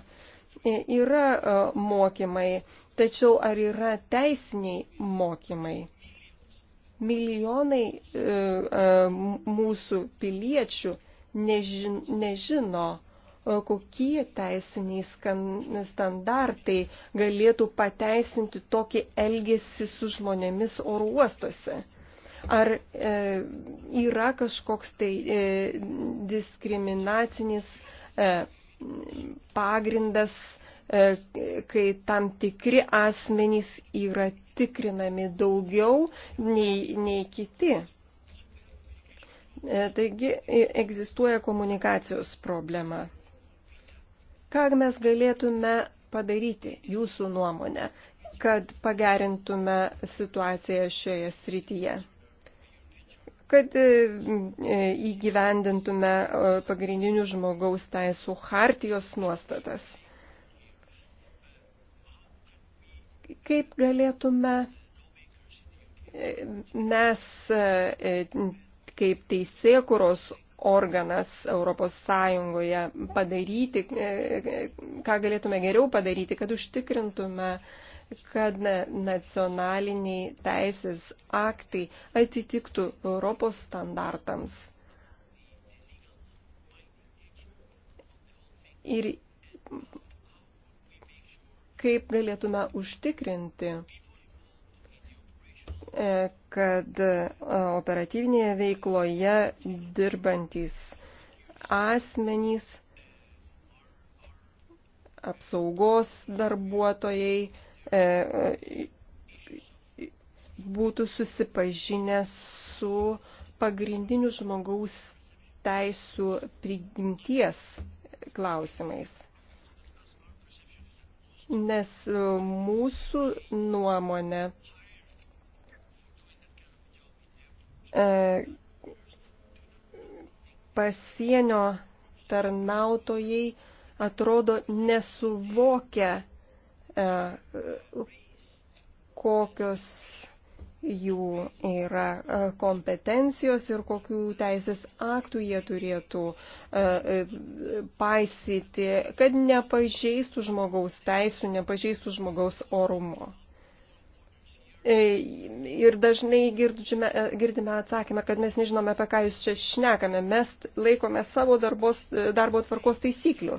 S3: E, yra mokymai, tačiau ar yra teisiniai mokymai? milijonai e, e, mūsų piliečių nežin, nežino, e, kokie teisiniai standartai galėtų pateisinti tokį elgesį su žmonėmis oro uostuose. Ar e, yra kažkoks tai e, diskriminacinis e, pagrindas, e, kai tam tikri asmenys yra tikrinami daugiau nei, nei kiti? E, taigi e, egzistuoja komunikacijos problema. Ką mes galėtume padaryti jūsų nuomonę, kad pagerintume situaciją šioje srityje? Kad e, įgyvendintume pagrindinių žmogaus teisų hartijos nuostatas. Kaip galėtume mes kaip teisėkuros organas Europos Sąjungoje padaryti, e, e, ką galėtume geriau padaryti, kad užtikrintume, kad nacionaliniai teisės aktai atitiktų Europos standartams. Ir kaip galėtume užtikrinti, E, kad e, operatyvinėje veikloje dirbantys asmenys, apsaugos darbuotojai e, būtų susipažinę su pagrindiniu žmogaus teisų prigimties klausimais. Nes mūsų nuomonė E, pasienio tarnautojai atrodo nesuvokia, e, kokios jų yra e, kompetencijos ir kokių teisės aktų jie turėtų paisyti, kad nepažeistų žmogaus teisų, nepažeistų žmogaus orumo. E, ir dažnai girdžiame, e, girdime atsakymą, kad mes nežinome, apie ką jūs čia šnekame. Mes laikome savo darbos, e, darbo tvarkos taisyklių.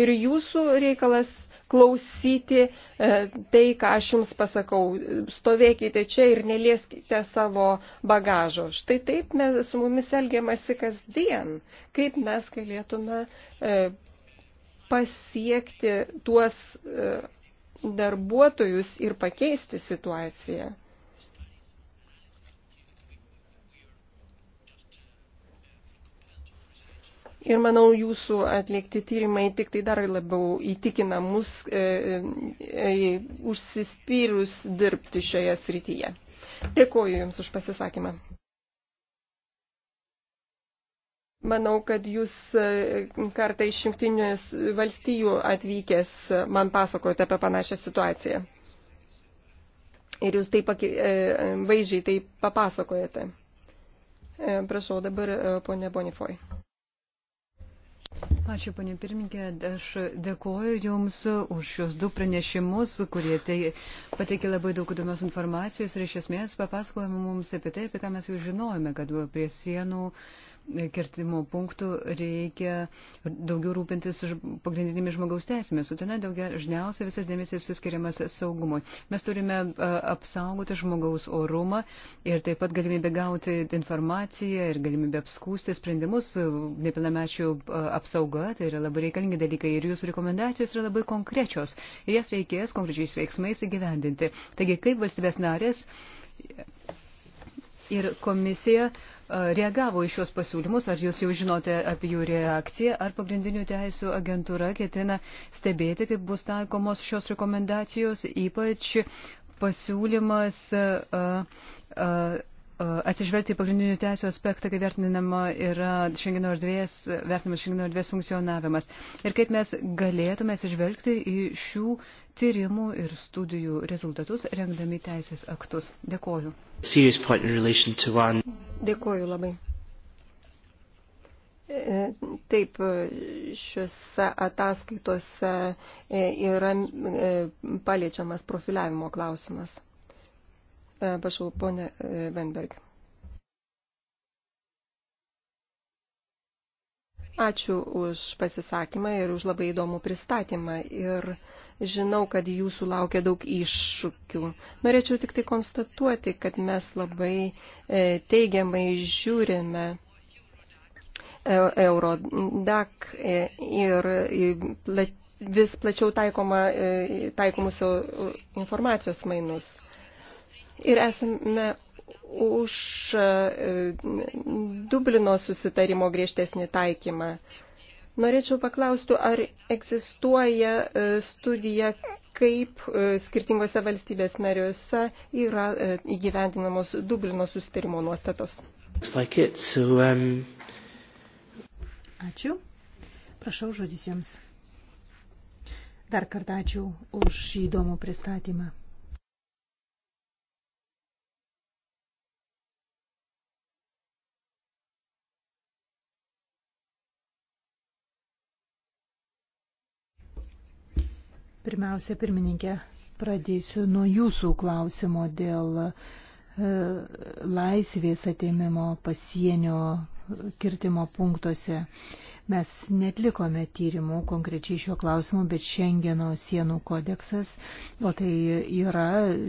S3: Ir jūsų reikalas klausyti tai, ką aš jums pasakau. Stovėkite čia ir nelieskite savo bagažo. Štai taip mes su mumis elgiamasi kasdien. Kaip mes galėtume pasiekti tuos darbuotojus ir pakeisti situaciją. Ir manau, jūsų atlikti tyrimai tik tai dar labiau įtikina mus e, e, e užsispyrus dirbti šioje srityje. Dėkuoju Jums už pasisakymą. Manau, kad jūs e, kartą iš jungtinės valstijų atvykęs e, man pasakojate apie panašią situaciją. Ir jūs taip e, vaizdžiai tai papasakojate. Prašau, dabar ponė Bonifoj.
S2: Ačiū, ponė pirmininkė. Aš dėkoju Jums už šios du pranešimus, kurie tai pateikė labai daug įdomios informacijos ir iš esmės papasakojame mums apie tai, apie ką mes jau žinojame, kad prie sienų uh, kirtimo punktų reikia daugiau rūpintis pagrindinėmis žmogaus teisėmis. O tenai dažniausiai visas dėmesys skiriamas saugumui. Mes turime apsaugoti žmogaus orumą ir taip pat galimybę gauti informaciją ir galimybę apskūsti sprendimus. Nepilnamečių apsauga tai yra labai reikalingi dalykai ir jūsų rekomendacijos yra labai konkrečios ir jas reikės konkrečiais veiksmais įgyvendinti. Taigi, kaip valstybės narės ir komisija uh, E, reagavo į šios pasiūlymus, ar jūs jau žinote apie jų reakciją, ar pagrindinių teisų agentūra ketina stebėti, kaip bus taikomos šios rekomendacijos, ypač pasiūlymas e, e, atsižvelgti į pagrindinių teisų aspektą, kai vertinama yra šengino erdvės, vertinamas šengino erdvės funkcionavimas. Ir kaip mes galėtume atsižvelgti į šių tyrimų ir studijų rezultatus, rengdami teisės aktus. Dėkoju.
S3: Dėkoju labai. E, taip, šiuose ataskaitose e, yra e, paliečiamas profiliavimo klausimas. Prašau, ponė Venberg. Ačiū už pasisakymą ir už labai įdomų pristatymą. Ir uh, Žinau, kad jūsų laukia daug iššūkių. Norėčiau tik tai konstatuoti, kad mes labai e, teigiamai žiūrime e, Eurodac e, ir vis plačiau taikoma, taikomus informacijos mainus. Ir esame už Dublino susitarimo griežtesnį taikymą. Norėčiau paklausti, ar egzistuoja e, studija, kaip e, skirtingose valstybės nariuose yra e, įgyvendinamos Dublino sustarimo nuostatos.
S1: Like it, so, um... Ačiū. Prašau žodis Jums. Dar kartą ačiū už įdomų pristatymą. Pirmiausia, pirmininkė, pradėsiu nuo jūsų klausimo dėl e, laisvės ateimimo pasienio kirtimo punktuose. E, Mes netlikome tyrimų konkrečiai šiuo klausimu, bet Šengeno sienų kodeksas, o tai yra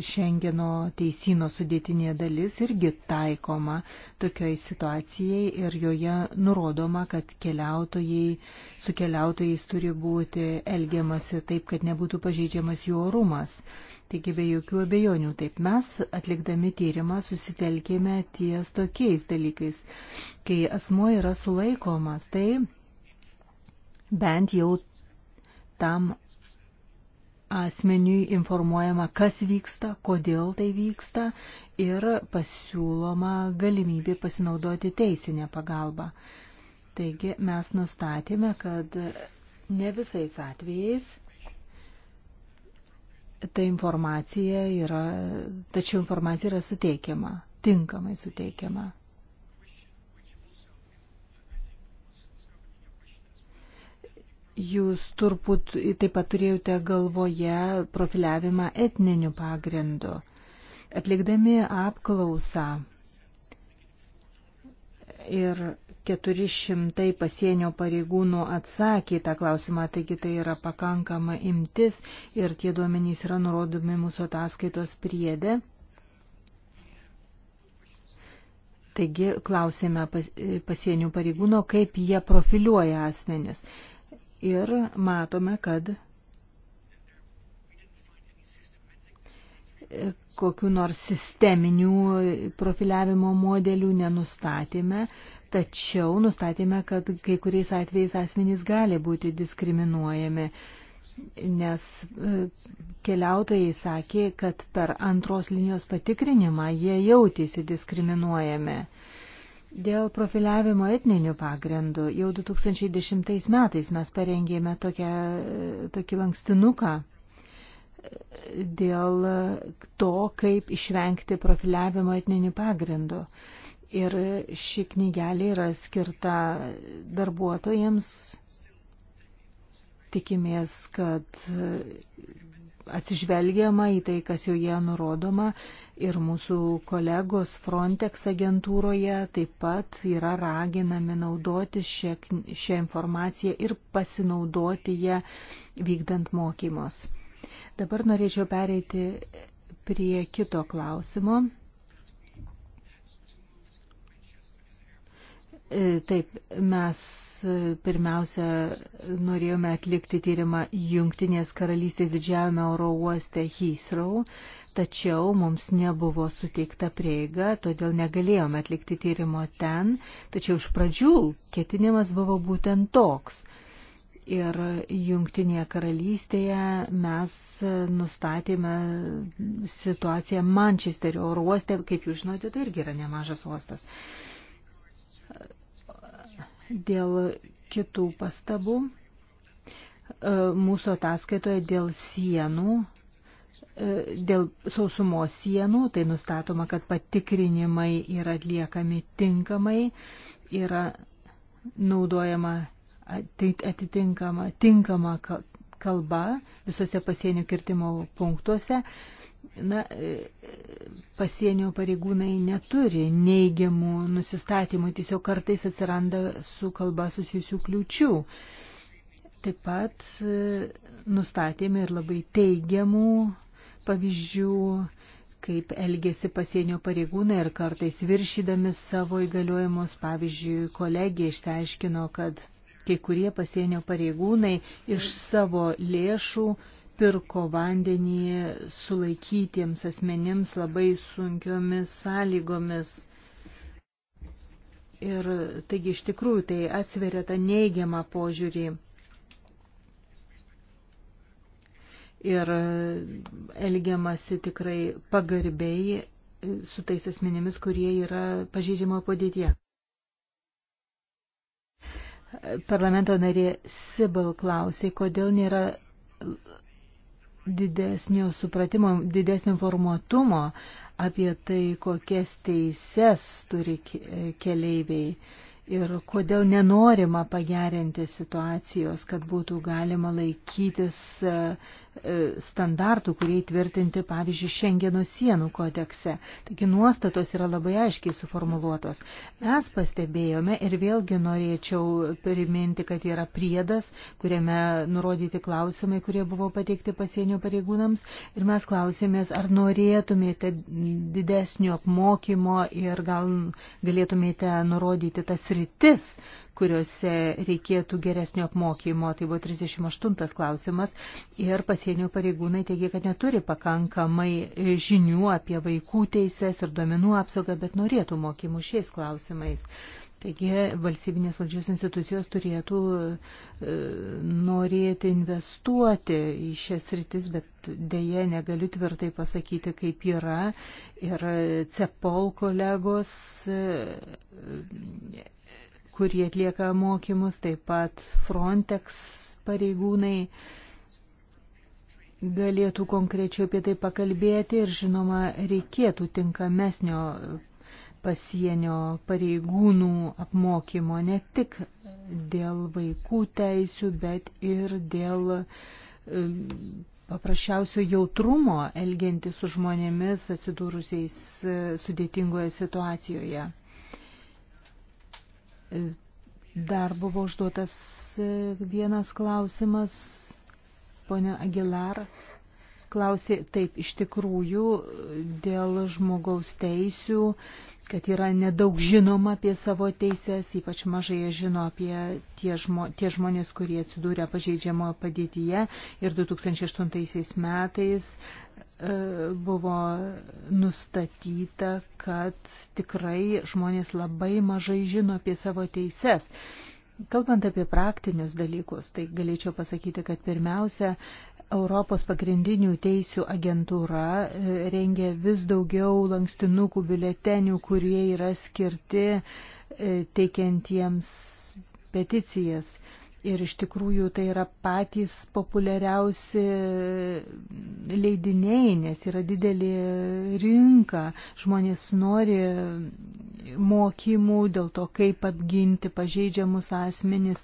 S1: Šengeno teisino sudėtinė dalis irgi taikoma tokioj situacijai ir joje nurodoma, kad keliautojai, su keliautojais turi būti elgiamasi taip, kad nebūtų pažeidžiamas jų orumas. Taigi be jokių abejonių taip mes, atlikdami tyrimą, susitelkėme ties tokiais dalykais. Kai asmo yra sulaikomas, tai bent jau tam asmeniui informuojama, kas vyksta, kodėl tai vyksta ir pasiūloma galimybė pasinaudoti teisinę pagalbą. Taigi mes nustatėme, kad ne visais atvejais ta informacija yra, tačiau informacija yra suteikiama, tinkamai suteikiama. Jūs turbūt taip pat turėjote galvoje profiliavimą etniniu pagrindu. Atlikdami apklausą ir 400 pasienio pareigūnų atsakė tą klausimą, taigi tai yra pakankama imtis ir tie duomenys yra nurodomi mūsų ataskaitos priedė. Taigi klausėme pasienio pareigūno, kaip jie profiliuoja asmenis ir matome, kad kokiu nors sisteminių profiliavimo modelių nenustatėme, tačiau nustatėme, kad kai kuriais atvejais asmenys gali būti diskriminuojami, nes e, keliautojai sakė, kad per antros linijos patikrinimą jie jautėsi diskriminuojami. Dėl profiliavimo etninių pagrindų jau 2010 metais mes parengėme tokią, tokį lankstinuką dėl to, kaip išvengti profiliavimo etninių pagrindų. Ir ši knygelė yra skirta darbuotojams, Tikimės, kad atsižvelgiama į tai, kas joje nurodoma ir mūsų kolegos Frontex agentūroje taip pat yra raginami naudoti šią, šią informaciją ir pasinaudoti ją vykdant mokymus. Dabar norėčiau pereiti prie kito klausimo. E, taip, mes e, pirmiausia norėjome atlikti tyrimą Junktinės karalystės didžiajame oro uoste Heathrow, tačiau mums nebuvo suteikta prieiga, todėl negalėjome atlikti tyrimo ten, tačiau iš pradžių ketinimas buvo būtent toks. Ir Junktinėje karalystėje mes nustatėme situaciją Mančesterio oro uoste, kaip jūs žinote, tai irgi yra nemažas uostas. Dėl kitų pastabų e, mūsų ataskaitoje dėl sienų, e, dėl sausumo sienų, tai nustatoma, kad patikrinimai yra atliekami tinkamai, yra naudojama atitinkama tinkama kalba visose pasienio kirtimo punktuose Na, e, pasienio pareigūnai neturi neigiamų nusistatymų, tiesiog kartais atsiranda su kalba susijusių kliučių. Taip pat e, nustatėme ir labai teigiamų pavyzdžių, kaip elgėsi pasienio pareigūnai ir kartais viršydami savo įgaliojimus. Pavyzdžiui, kolegija išteiškino, kad kai kurie pasienio pareigūnai iš savo lėšų pirko vandenį sulaikytiems asmenims labai sunkiomis sąlygomis. Ir taigi iš tikrųjų tai atsveria tą neigiamą požiūrį. Ir elgiamasi tikrai pagarbiai su tais asmenimis, kurie yra pažeidžiamo padėtie. Parlamento narė Sibal klausė, kodėl nėra didesnio supratimo, didesnio formuotumo apie tai, kokias teises turi keleiviai ir kodėl nenorima pagerinti situacijos, kad būtų galima laikytis E, standartų, kurie įtvirtinti, pavyzdžiui, Šengeno sienų kodekse. Taigi nuostatos yra labai aiškiai suformuluotos. Mes pastebėjome ir vėlgi norėčiau priminti, kad yra priedas, kuriame nurodyti klausimai, kurie buvo pateikti pasienio pareigūnams. Ir mes klausėmės, ar norėtumėte didesnio apmokymo ir gal galėtumėte nurodyti tas rytis, kuriuose reikėtų geresnio apmokymo. Tai buvo 38 klausimas ir pasienio pareigūnai teigia, kad neturi pakankamai žinių apie vaikų teises ir duomenų apsaugą, bet norėtų mokymų šiais klausimais. Taigi valstybinės valdžios institucijos turėtų e, norėti investuoti į šias rytis, bet dėje negaliu tvirtai pasakyti, kaip yra. Ir e, CEPOL kolegos e, kurie atlieka mokymus, taip pat Frontex pareigūnai galėtų konkrečiau apie tai pakalbėti ir, žinoma, reikėtų tinkamesnio pasienio pareigūnų apmokymo ne tik dėl vaikų teisių, bet ir dėl e, paprasčiausio jautrumo elgianti su žmonėmis atsidūrusiais e, sudėtingoje situacijoje. Dar buvo užduotas e, vienas klausimas, ponia Aguilar. Klausė, taip, iš tikrųjų, dėl žmogaus teisių kad yra nedaug žinoma apie savo teises, ypač mažai žino apie tie, žmo, tie žmonės, kurie atsidūrė pažeidžiamoje padėtyje ir 2008 metais e, buvo nustatyta, kad tikrai žmonės labai mažai žino apie savo teises. Kalbant apie praktinius dalykus, tai galėčiau pasakyti, kad pirmiausia, Europos pagrindinių teisių agentūra e, rengia vis daugiau lankstinukų biuletenių, kurie yra skirti e, teikiantiems peticijas. Ir iš tikrųjų tai yra patys populiariausi leidiniai, nes yra didelė rinka. Žmonės nori mokymų dėl to, kaip apginti pažeidžiamus asmenis.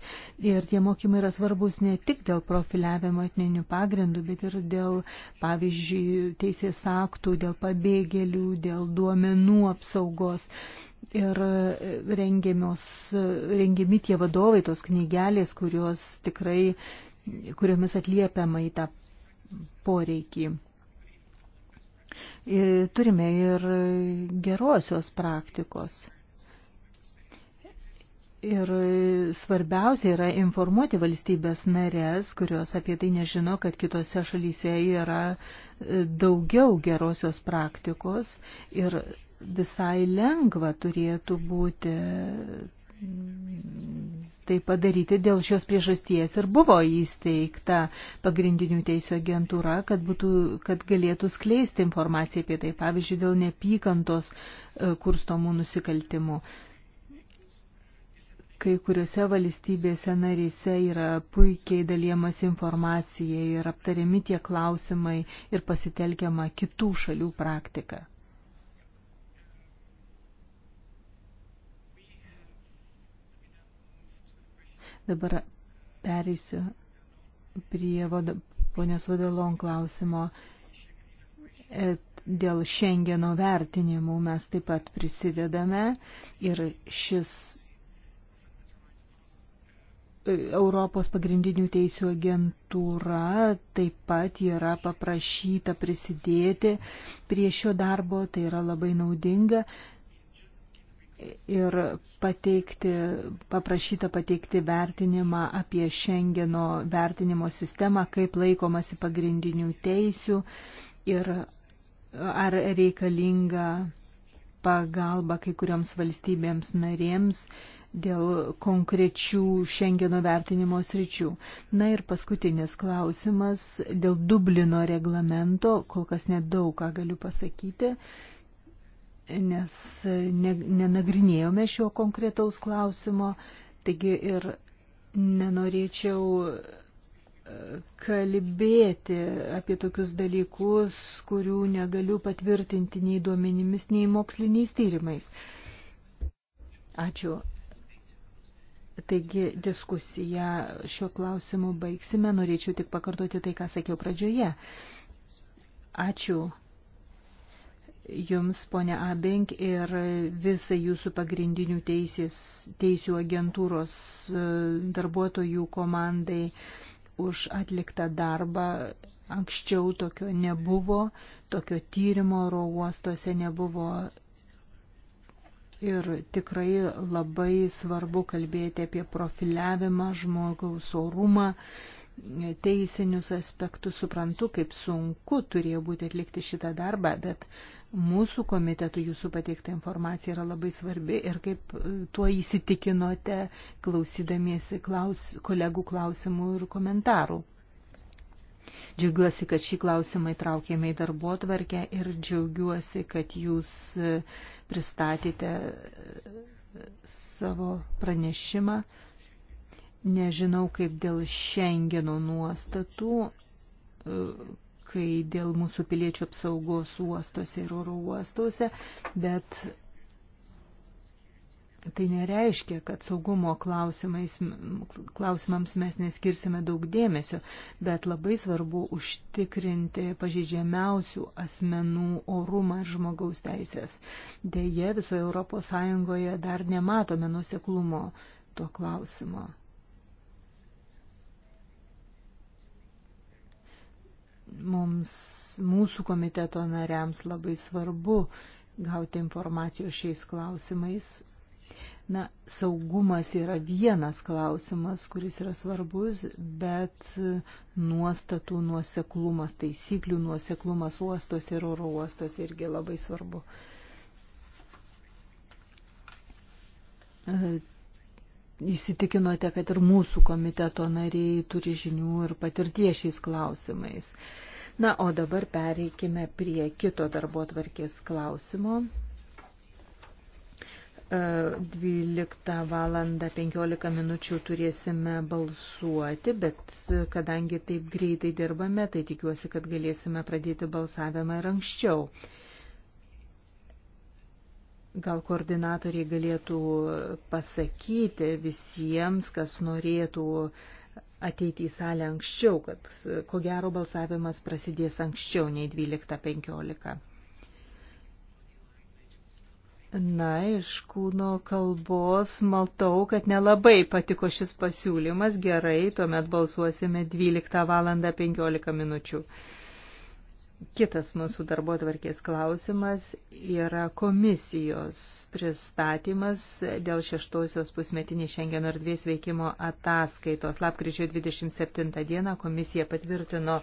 S1: Ir tie mokymai yra svarbus ne tik dėl profiliavimo etninių pagrindų, bet ir dėl, pavyzdžiui, teisės aktų, dėl pabėgėlių, dėl duomenų apsaugos. Ir rengiamos, rengiami tie vadovai, tos knygelės, kurios tikrai, kuriomis atliepiama į tą poreikį. Turime ir gerosios praktikos. Ir svarbiausia yra informuoti valstybės narės, kurios apie tai nežino, kad kitose šalyse yra daugiau gerosios praktikos ir visai lengva turėtų būti mm, tai padaryti. Dėl šios priežasties ir buvo įsteigta pagrindinių teisų agentūra, kad, būtų, kad galėtų skleisti informaciją apie tai, pavyzdžiui, dėl nepykantos e, kurstomų nusikaltimų. Kai kuriuose valstybėse narise yra puikiai dalyjamas informacija ir aptariami tie klausimai ir pasitelkiama kitų šalių praktika. Dabar pereisiu prie vada, ponios Vadalon klausimo. Et dėl Šengeno vertinimų mes taip pat prisidedame ir šis e, Europos pagrindinių teisų agentūra taip pat yra paprašyta prisidėti prie šio darbo, tai yra labai naudinga, ir pateikti, paprašyta pateikti vertinimą apie Šengeno vertinimo sistemą, kaip laikomasi pagrindinių teisių ir ar reikalinga pagalba kai kurioms valstybėms narėms dėl konkrečių Šengeno vertinimo sričių. Na ir paskutinis klausimas dėl Dublino reglamento, kol kas nedaug ką galiu pasakyti nes e, ne, nenagrinėjome šio konkretaus klausimo, taigi ir nenorėčiau e, kalbėti apie tokius dalykus, kurių negaliu patvirtinti nei duomenimis, nei moksliniais tyrimais. Ačiū. Taigi diskusiją šiuo klausimu baigsime. Norėčiau tik pakartoti tai, ką sakiau pradžioje. Ačiū Jums, ponia Abink, ir visai jūsų pagrindinių teisės, teisių agentūros e, darbuotojų komandai už atliktą darbą. Anksčiau tokio nebuvo, tokio tyrimo oro uostuose nebuvo. Ir tikrai labai svarbu kalbėti apie profiliavimą, žmogaus orumą, teisinius aspektus. Suprantu, kaip sunku turėjo būti atlikti šitą darbą, bet mūsų komitetų jūsų pateikta informacija yra labai svarbi ir kaip e, tuo įsitikinote, klausydamiesi klaus, kolegų klausimų ir komentarų. Džiaugiuosi, kad šį klausimą įtraukėme į darbo tvarkę ir džiaugiuosi, kad jūs e, pristatėte e, savo pranešimą. Nežinau, kaip dėl šengeno nuostatų dalykai dėl mūsų piliečių apsaugos uostose ir oro uostuose, bet tai nereiškia, kad saugumo klausimams mes neskirsime daug dėmesio, bet labai svarbu užtikrinti pažydžiamiausių asmenų orumą ir žmogaus teisės. Deja, visoje ES dar nematome nuseklumo to klausimo. mums, mūsų komiteto nariams labai svarbu gauti informacijos šiais klausimais. Na, saugumas yra vienas klausimas, kuris yra svarbus, bet nuostatų nuoseklumas, taisyklių nuoseklumas uostos ir oro uostos irgi labai svarbu įsitikinote, kad ir mūsų komiteto nariai turi žinių ir patirties šiais klausimais. Na, o dabar pereikime prie kito darbo tvarkės klausimo. 12 val. 15 minučių turėsime balsuoti, bet kadangi taip greitai dirbame, tai tikiuosi, kad galėsime pradėti balsavimą ir anksčiau. Gal koordinatoriai galėtų pasakyti visiems, kas norėtų ateiti į salę anksčiau, kad ko gero balsavimas prasidės anksčiau nei 12.15. Na, iš kūno kalbos maltau, kad nelabai patiko šis pasiūlymas. Gerai, tuomet balsuosime 12 val. 15 minučių. Kitas mūsų darbo tvarkės klausimas yra komisijos pristatymas dėl šeštosios pusmetinės Šengeno erdvės veikimo ataskaitos. Lapkričio 27 dieną komisija patvirtino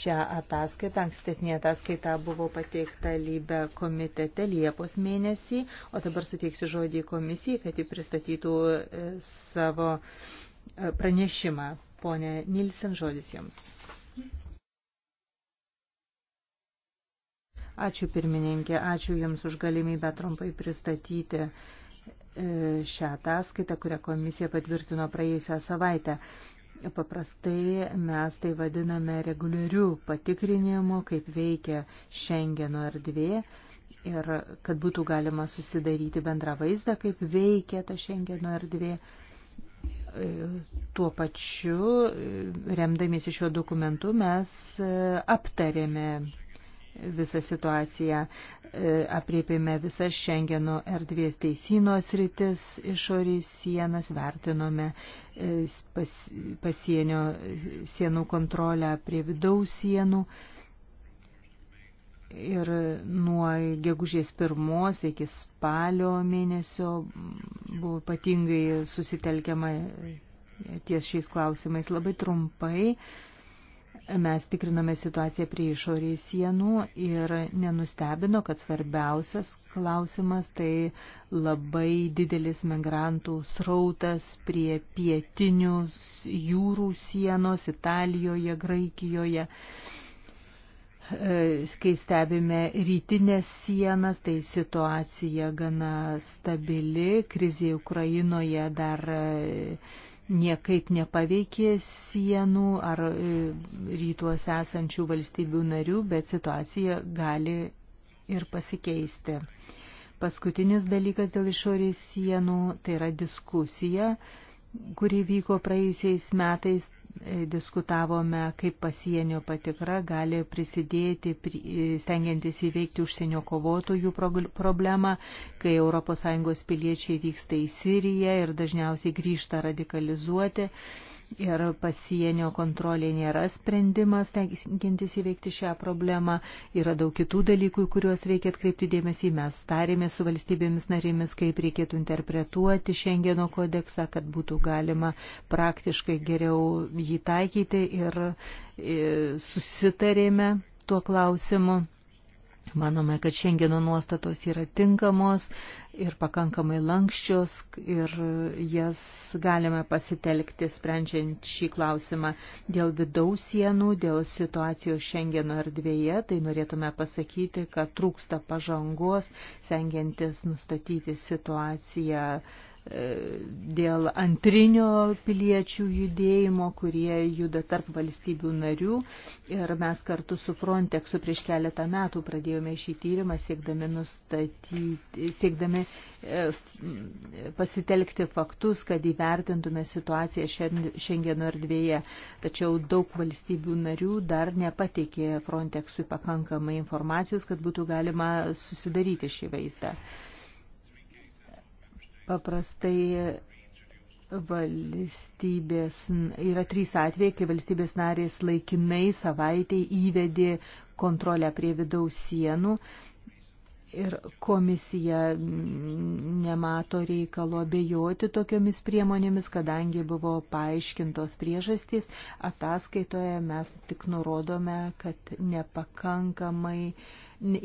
S1: šią ataskaitą. Ankstesnė ataskaita buvo pateikta lybe komitete Liepos mėnesį, o dabar suteiksiu žodį komisijai, kad ji pristatytų e, savo e, pranešimą. Pone Nilsen, žodis jums. Ačiū pirmininkė, ačiū Jums už galimybę trumpai pristatyti e, šią ataskaitą, kurią komisija patvirtino praėjusią savaitę. Paprastai mes tai vadiname reguliarių patikrinimų, kaip veikia Šengeno erdvė ir kad būtų galima susidaryti bendrą vaizdą, kaip veikia ta Šengeno erdvė. E, tuo pačiu, remdamiesi šiuo dokumentu, mes e, aptarėme visą situaciją. E, apriepėme visas Šengeno erdvės teisinos rytis, išorės sienas, vertinome e, pas, pasienio e, sienų kontrolę prie vidaus sienų. Ir nuo gegužės pirmos iki spalio mėnesio buvo ypatingai susitelkiama ties šiais klausimais labai trumpai. E, Mes tikrinome situaciją prie išorį sienų ir nenustebino, kad svarbiausias klausimas tai labai didelis migrantų srautas prie pietinių jūrų sienos Italijoje, Graikijoje. E, kai stebime rytinės sienas, tai situacija gana stabili, krizė Ukrainoje dar niekaip nepaveikė sienų ar e, rytuose esančių valstybių narių, bet situacija gali ir pasikeisti. Paskutinis dalykas dėl išorės sienų tai yra diskusija, kuri vyko praėjusiais metais diskutavome, kaip pasienio patikra gali prisidėti, stengiantis įveikti užsienio kovotojų problemą, kai ES piliečiai vyksta į Siriją ir dažniausiai grįžta radikalizuoti ir pasienio kontrolė nėra sprendimas, tenkintis įveikti šią problemą. Yra daug kitų dalykų, kuriuos reikia atkreipti dėmesį. Mes tarėme su valstybėmis narėmis, kaip reikėtų interpretuoti Šengeno kodeksą, kad būtų galima praktiškai geriau jį taikyti ir e, susitarėme tuo klausimu. Manome, kad šiandieno nuostatos yra tinkamos ir pakankamai lankščios ir jas galime pasitelkti sprendžiant šį klausimą dėl vidaus sienų, dėl situacijos šiandieno erdvėje. Tai norėtume pasakyti, kad trūksta pažangos, sengiantis nustatyti situaciją E, dėl antrinio piliečių judėjimo, kurie juda tarp valstybių narių. Ir mes kartu su Frontexu prieš keletą metų pradėjome šį tyrimą, siekdami, nustatyti, siekdami e, pasitelkti faktus, kad įvertintume situaciją Šengeno erdvėje. Tačiau daug valstybių narių dar nepateikė Frontexui pakankamai informacijos, kad būtų galima susidaryti šį vaizdą. Paprastai valstybės, yra trys atvejai, kai valstybės narės laikinai savaitėj įvedė kontrolę prie vidaus sienų Ir komisija nemato reikalo abejoti tokiomis priemonėmis, kadangi buvo paaiškintos priežastys. Ataskaitoje mes tik nurodome, kad nepakankamai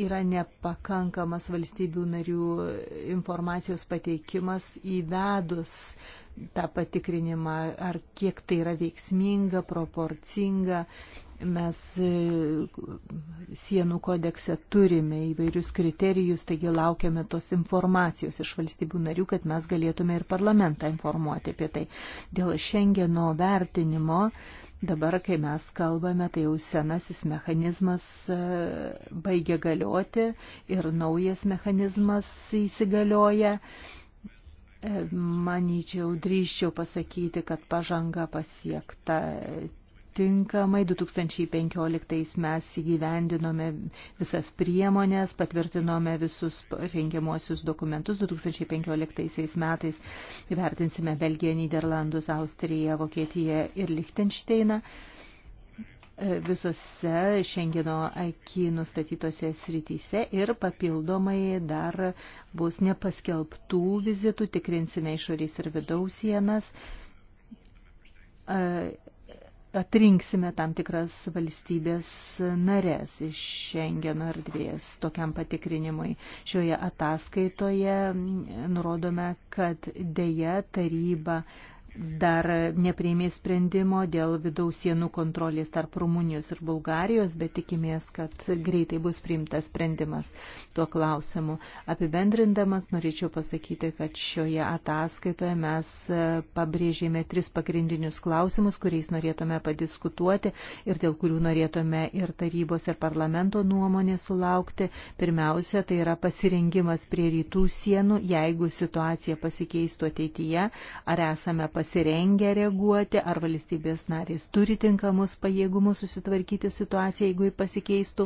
S1: yra nepakankamas valstybių narių informacijos pateikimas įvedus tą patikrinimą, ar kiek tai yra veiksminga, proporcinga Mes e, sienų kodekse turime įvairius kriterijus, taigi laukiame tos informacijos iš valstybių narių, kad mes galėtume ir parlamentą informuoti apie tai. Dėl Šengeno vertinimo Dabar, kai mes kalbame, tai jau senasis mechanizmas e, baigia galioti ir naujas mechanizmas įsigalioja. E, manyčiau, drįščiau pasakyti, kad pažanga pasiekta tinkamai. 2015 mes įgyvendinome visas priemonės, patvirtinome visus rengiamuosius dokumentus. 2015 metais įvertinsime Belgiją, Niderlandus, Austriją, Vokietiją ir Lichtensteiną. E, visose Šengino aiki nustatytose srityse ir papildomai dar bus nepaskelbtų vizitų, tikrinsime išorės ir vidaus sienas e, atrinksime tam tikras valstybės narės iš Schengeno erdvės tokiam patikrinimui. Šioje ataskaitoje nurodome, kad dėja taryba dar neprieimė sprendimo dėl vidaus sienų kontrolės tarp Rumunijos ir Bulgarijos, bet tikimės, kad greitai bus priimtas sprendimas tuo klausimu. Apibendrindamas norėčiau pasakyti, kad šioje ataskaitoje mes e, pabrėžėme tris pagrindinius klausimus, kuriais norėtume padiskutuoti ir dėl kurių norėtume ir tarybos ir parlamento nuomonė sulaukti. Pirmiausia, tai yra pasirengimas prie rytų sienų, jeigu situacija pasikeistų ateityje, ar esame pasirengę pasirengę reaguoti, ar valstybės narės turi tinkamus pajėgumus susitvarkyti situaciją, jeigu jį pasikeistų.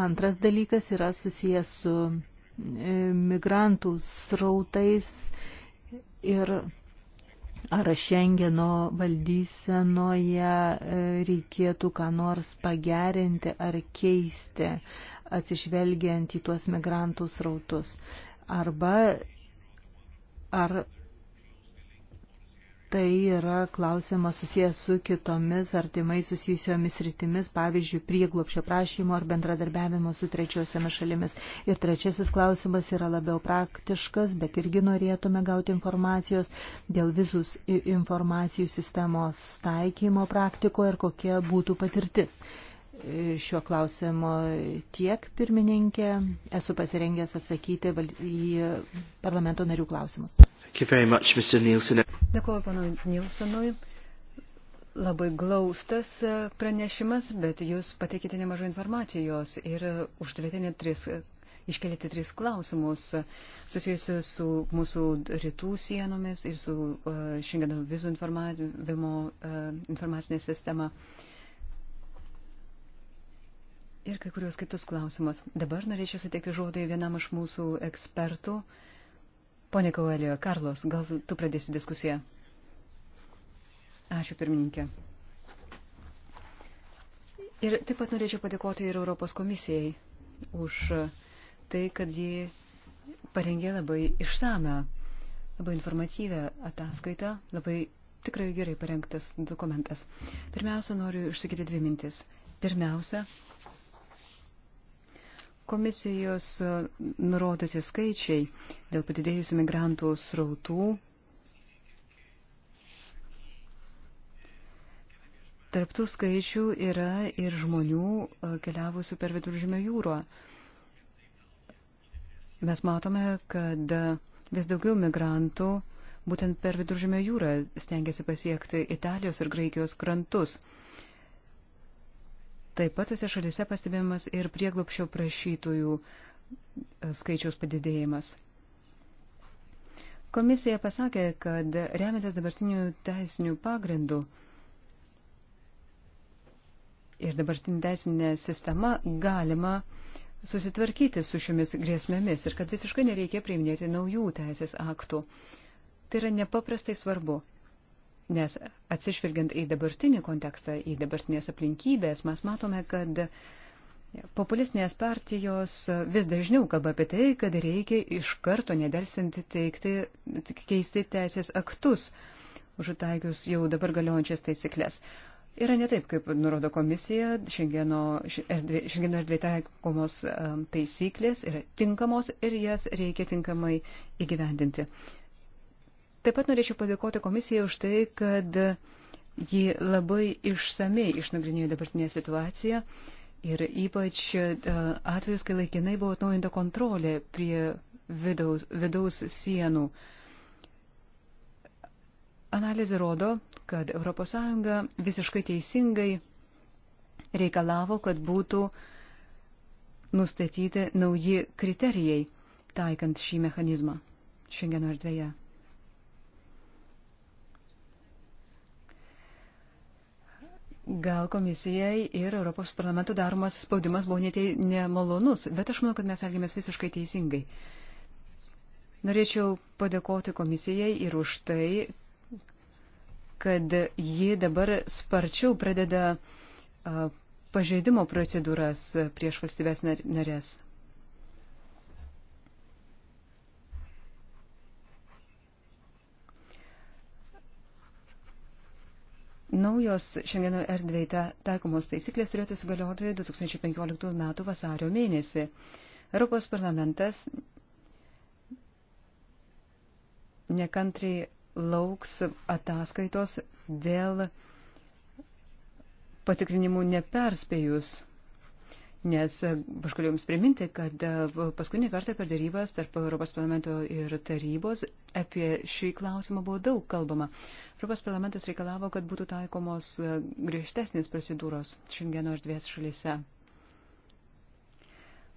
S1: Antras dalykas yra susijęs su e, migrantų srautais ir ar Šengeno valdysenoje e, reikėtų ką nors pagerinti ar keisti, atsižvelgiant į tuos migrantų srautus. Arba ar tai yra klausimas susijęs su kitomis artimai susijusiomis rytimis, pavyzdžiui, prieglopšio prašymo ar bendradarbiavimo su trečiosiomis šalimis. Ir trečiasis klausimas yra labiau praktiškas, bet irgi norėtume gauti informacijos dėl visus informacijų sistemos taikymo praktikoje ir kokia būtų patirtis šiuo klausimu tiek, pirmininkė. Esu pasirengęs atsakyti į parlamento narių klausimus. Much,
S2: Dėkuoju, panu Nilsonui. Labai glaustas e, pranešimas, bet jūs pateikite nemažai informacijos ir uždavėte net tris, iškelėte tris klausimus susijusius su mūsų rytų sienomis ir su e, Šengeno vizų informavimo e, informacinė sistema. Uh, ir kai kurios kitus klausimus. Dabar norėčiau suteikti žodį vienam iš mūsų ekspertų. Pone Kauelio, Karlos, gal tu pradėsi diskusiją? Ačiū pirmininkė. Ir taip pat norėčiau padėkoti ir Europos komisijai už tai, kad ji parengė labai išsame, labai informatyvę ataskaitą, labai tikrai gerai parengtas dokumentas. Pirmiausia, noriu išsakyti dvi mintis. Pirmiausia, Komisijos e, nurodyti skaičiai dėl padidėjusių migrantų srautų Tarptų skaičių yra ir žmonių e, keliavusių per viduržymio jūrą. Mes matome, kad vis daugiau migrantų būtent per viduržymio jūrą stengiasi pasiekti Italijos ir Graikijos krantus. Taip pat tose šalise pastebėjimas ir prieglopšio prašytojų e, skaičiaus padidėjimas. Komisija pasakė, kad remiantis dabartinių teisinių pagrindų ir dabartinė teisinė sistema galima susitvarkyti su šiomis grėsmėmis ir kad visiškai nereikia priiminėti naujų teisės aktų. Tai yra nepaprastai svarbu. Nes atsižvelgiant į dabartinį kontekstą, į dabartinės aplinkybės, mes matome, kad populistinės partijos vis dažniau kalba apie tai, kad reikia iš karto nedelsinti teikti, keisti teisės aktus, užtaikius jau dabar galiojančias taisyklės. Yra ne taip, kaip nurodo komisija, šengeno erdvė taikomos um, taisyklės yra tinkamos ir jas reikia tinkamai įgyvendinti. Taip pat norėčiau padėkoti komisijai už tai, kad ji labai išsamei išnagrinėjo dabartinę situaciją ir ypač e, atvejus, kai laikinai buvo atnaujinta kontrolė prie vidaus, vidaus sienų. Analizė rodo, kad ES visiškai teisingai reikalavo, kad būtų nustatyti nauji kriterijai taikant šį mechanizmą Šengeno erdvėje. Gal komisijai ir Europos parlamento daromas spaudimas buvo netei nemalonus, bet aš manau, kad mes elgėmės visiškai teisingai. Norėčiau padėkoti komisijai ir už tai, kad ji dabar sparčiau pradeda pažeidimo procedūras prieš valstybės narės. Naujos šiandieno erdvėje taikomos taisyklės turėtų įsigalioti 2015 m. vasario mėnesį. Europos parlamentas nekantriai lauks ataskaitos dėl patikrinimų neperspėjus Nes e, aš galiu Jums priminti, kad e, paskutinį kartą per darybas tarp Europos parlamento ir tarybos apie šį klausimą buvo daug kalbama. Europos parlamentas reikalavo, kad būtų taikomos e, griežtesnės procedūros Šengeno erdvės šalyse.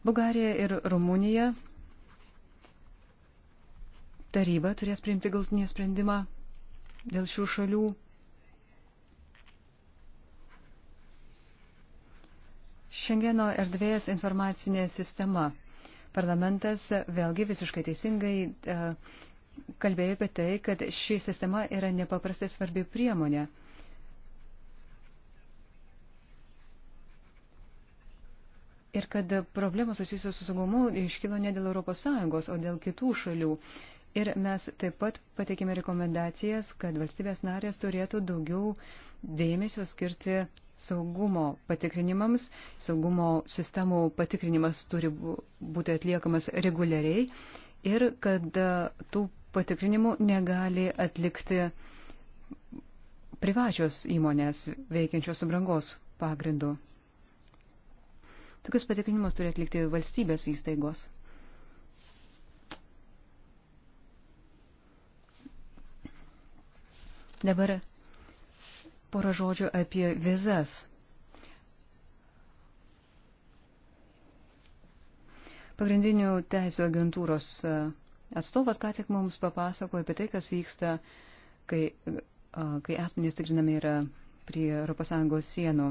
S2: Bulgarija ir Rumunija taryba turės priimti galtinį sprendimą dėl šių šalių Šengeno erdvės informacinė sistema. Parlamentas vėlgi visiškai teisingai e, kalbėjo apie tai, kad ši sistema yra nepaprastai svarbi priemonė. Ir kad problemos susijusios su saugumu iškilo ne dėl ES, o dėl kitų šalių. Ir mes taip pat pateikėme rekomendacijas, kad valstybės narės turėtų daugiau dėmesio skirti saugumo patikrinimams. Saugumo sistemų patikrinimas turi būti atliekamas reguliariai ir kad e, tų patikrinimų negali atlikti privačios įmonės veikiančios subrangos pagrindu. Tokius patikrinimus turi atlikti valstybės įstaigos. Dabar porą žodžių apie vizas. Pagrindinių teisų agentūros e, atstovas ką tik mums papasakojo apie tai, kas vyksta, kai, e, kai asmenys tikrinami yra prie ES sienų.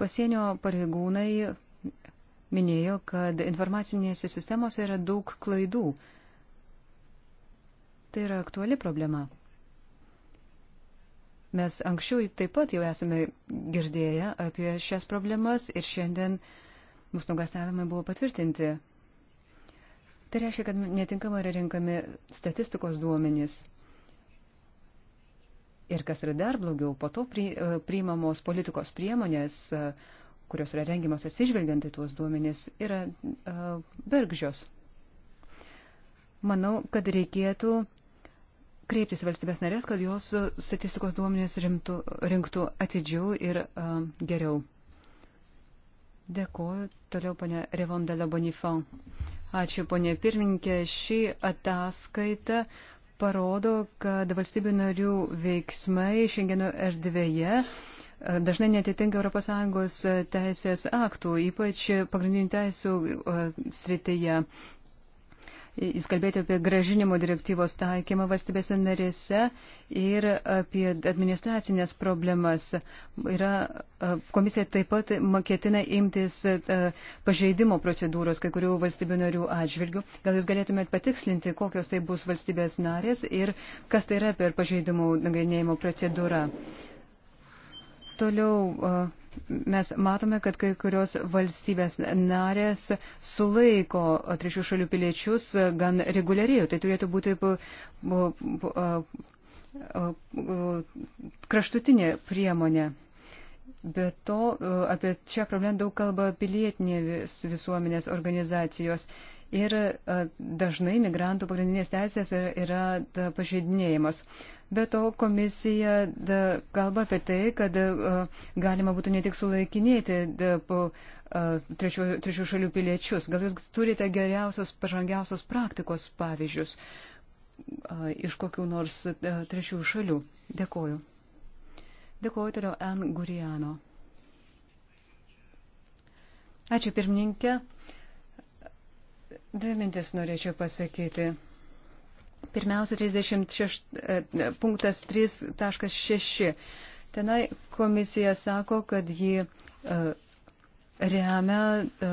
S2: Pasienio pareigūnai minėjo, kad informacinėse sistemose yra daug klaidų. Tai yra aktuali problema. Mes anksčiau taip pat jau esame girdėję apie šias problemas ir šiandien mūsų nugastavimai buvo patvirtinti. Tai reiškia, kad netinkamai yra renkami statistikos duomenys. Ir kas yra dar blogiau, po to e, priimamos politikos priemonės, e, kurios yra rengiamos atsižvelgiant į tuos duomenys, yra e, bergžios. Manau, kad reikėtų kreiptis valstybės narės, kad jos statistikos duomenės rimtų, rinktų atidžiau ir uh, geriau. Dėkuoju. Toliau, ponė Revondela Bonifon. Ačiū, ponė pirmininkė. Ši ataskaita parodo, kad valstybių narių veiksmai šiandieno erdvėje dažnai netitinka ES teisės aktų, ypač pagrindinių teisų srityje. Jūs kalbėjote apie gražinimo direktyvos taikymą valstybėse narėse ir apie administracinės problemas. Yra, komisija taip pat ketina imtis pažeidimo procedūros kai kurių valstybių narių atžvilgių. Gal jūs galėtumėt patikslinti, kokios tai bus valstybės narės ir kas tai yra per pažeidimų nagrinėjimo procedūrą. Toliau mes matome, kad kai kurios valstybės narės sulaiko trečių šalių piliečius gan reguliariai. Tai turėtų būti kraštutinė priemonė. Bet to e, apie šią problemą daug kalba pilietinės visuomenės organizacijos. Ir e, dažnai migrantų pagrindinės teisės yra pažeidinėjimas. Be to komisija da, kalba apie tai, kad a, e, galima būtų ne tik sulaikinėti da, po, a, trečių, trečių šalių piliečius. Gal jūs turite geriausios, pažangiausios praktikos pavyzdžius a, iš kokių nors a, trečių šalių? Dėkoju. Dėkuoju toliau N. Guriano. Ačiū pirmininkė. Dvi mintis norėčiau pasakyti. Pirmiausia, 36, e, punktas 3.6. Tenai komisija sako, kad ji e, remia, e,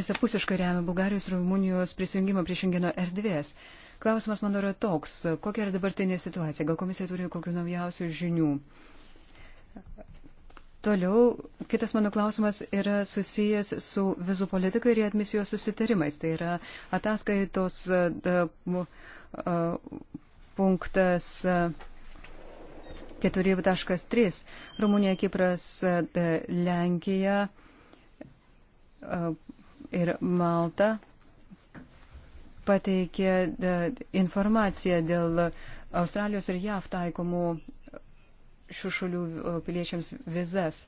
S2: visapusiškai remia Bulgarijos ir Rumunijos prisijungimą prie šengeno erdvės. Uh, Klausimas mano yra toks, kokia yra dabartinė situacija? Gal komisija turi kokių naujausių žinių? Toliau, kitas mano klausimas yra susijęs su vizų politika ir admisijos susitarimais. Tai yra ataskaitos e, da, a, e, punktas 4.3. E, Rumunija, Kipras, da, Lenkija a, ir Malta pateikė e, informaciją dėl Australijos ir JAV taikomų šių šalių e, piliečiams vizas.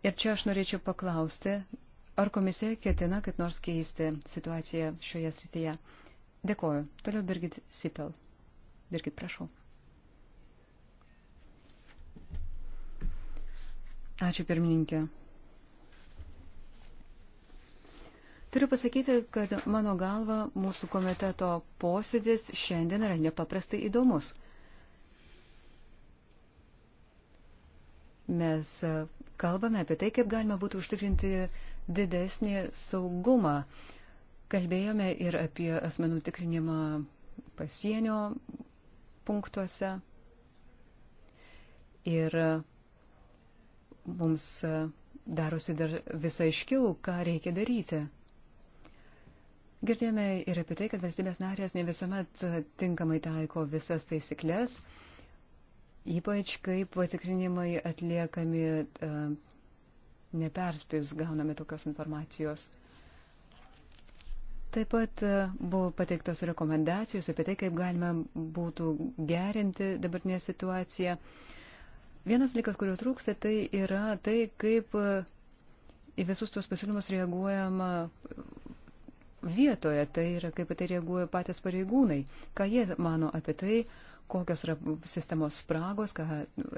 S2: Ir čia aš norėčiau paklausti, ar komisija ketina kaip nors keisti situaciją šioje srityje. Dėkoju. Toliau Birgit Sipel. Birgit, prašau. Ačiū pirmininkė. Turiu pasakyti, kad mano galva mūsų komiteto posėdis šiandien yra nepaprastai įdomus. Mes e, kalbame apie tai, kaip galima būtų užtikrinti didesnį saugumą. Kalbėjome ir apie asmenų tikrinimą pasienio punktuose. Ir e, mums e, darosi dar visai aiškiau, ką reikia daryti. Girdėjome ir apie tai, kad valstybės narės ne visuomet e, tinkamai taiko visas taisyklės, ypač kaip patikrinimai atliekami e, neperspėjus, gauname tokios informacijos. Taip pat e, buvo pateiktos rekomendacijos apie tai, kaip galima būtų gerinti dabartinę situaciją. Vienas dalykas, kurio trūksta, tai yra tai, kaip į visus tuos pasiūlymus reaguojama vietoje, tai yra kaip tai reaguoja patys pareigūnai, ką jie mano apie tai, kokios yra sistemos spragos, ką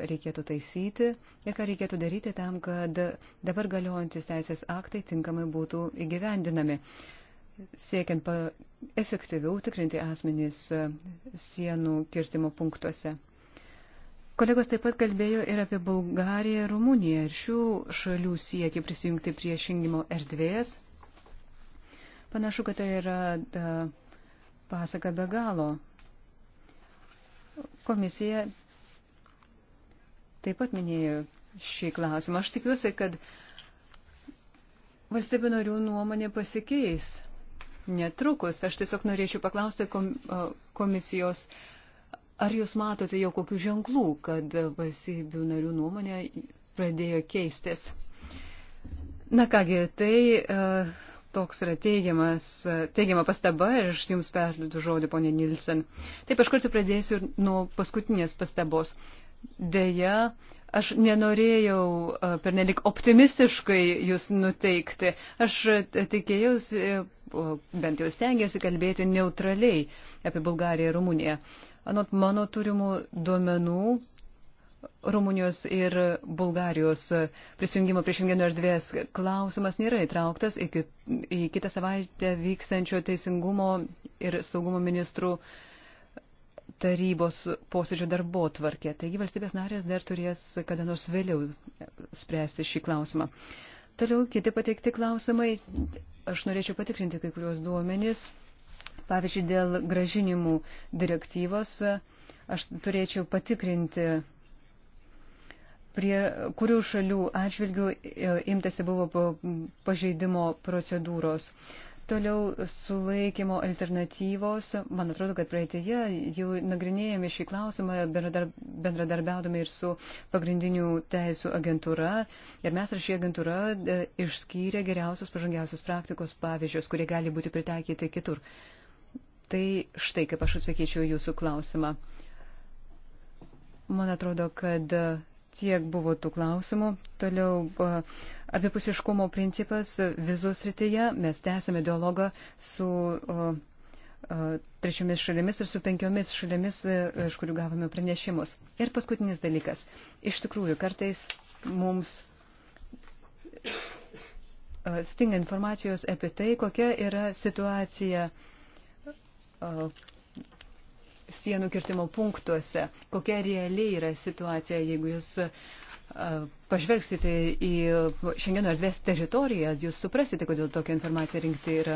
S2: reikėtų taisyti ir ką reikėtų daryti tam, kad dabar galiojantis teisės aktai tinkamai būtų įgyvendinami, siekiant efektyviau tikrinti asmenys e, sienų kirtimo punktuose. Kolegos taip pat kalbėjo ir apie Bulgariją ir Rumuniją ir šių šalių siekį prisijungti prie šingimo erdvės Panašu, kad tai yra da, pasaka be galo. Komisija taip pat minėjo šį klausimą. Aš tikiuosi, kad valstybių narių nuomonė pasikeis netrukus. Aš tiesiog norėčiau paklausti komisijos, ar jūs matote jau kokių ženklų, kad valstybių narių nuomonė pradėjo keistis. Na kągi, tai. Uh, Toks yra teigiamas, teigiama pastaba ir aš jums perduodu žodį, ponė Nilsen. Taip, aš kartu pradėsiu nuo paskutinės pastabos. Deja, aš nenorėjau pernelik optimistiškai jūs nuteikti. Aš tikėjausi, bent jau stengiausi kalbėti neutraliai apie Bulgariją ir Rumuniją. Anot mano turimų duomenų, Rumunijos ir Bulgarijos prisijungimo prie šengeno erdvės klausimas nėra įtrauktas iki, į kitą savaitę vyksančio teisingumo ir saugumo ministrų tarybos posėdžio darbo tvarkė. Taigi valstybės narės dar turės kada nors vėliau spręsti šį klausimą. Toliau kiti pateikti klausimai. Aš norėčiau patikrinti kai kuriuos duomenys. Pavyzdžiui, dėl gražinimų direktyvos aš turėčiau patikrinti prie kurių šalių atžvilgių e, imtasi buvo pažeidimo procedūros. Toliau sulaikymo alternatyvos, man atrodo, kad praeitėje jau nagrinėjame šį klausimą bendradarbiaudami ir su pagrindinių teisų agentūra. Ir mes ir ši agentūra e, išskyrė geriausios pažangiausios praktikos pavyzdžius, kurie gali būti pritaikyti kitur. Tai štai kaip aš atsakyčiau jūsų klausimą. Man atrodo, kad Tiek buvo tų klausimų. Toliau abipusiškumo principas vizų srityje. Mes tęsėme dialogą su trečiomis šalimis ir su penkiomis šalimis, e, iš kurių gavome pranešimus. Ir paskutinis dalykas. Iš tikrųjų, kartais mums stinga informacijos apie tai, kokia yra situacija sienų kirtimo punktuose, kokia realiai yra situacija, jeigu jūs pažvelgsite į šiandieno erdvės teritoriją, jūs suprasite, kodėl tokią informaciją rinkti yra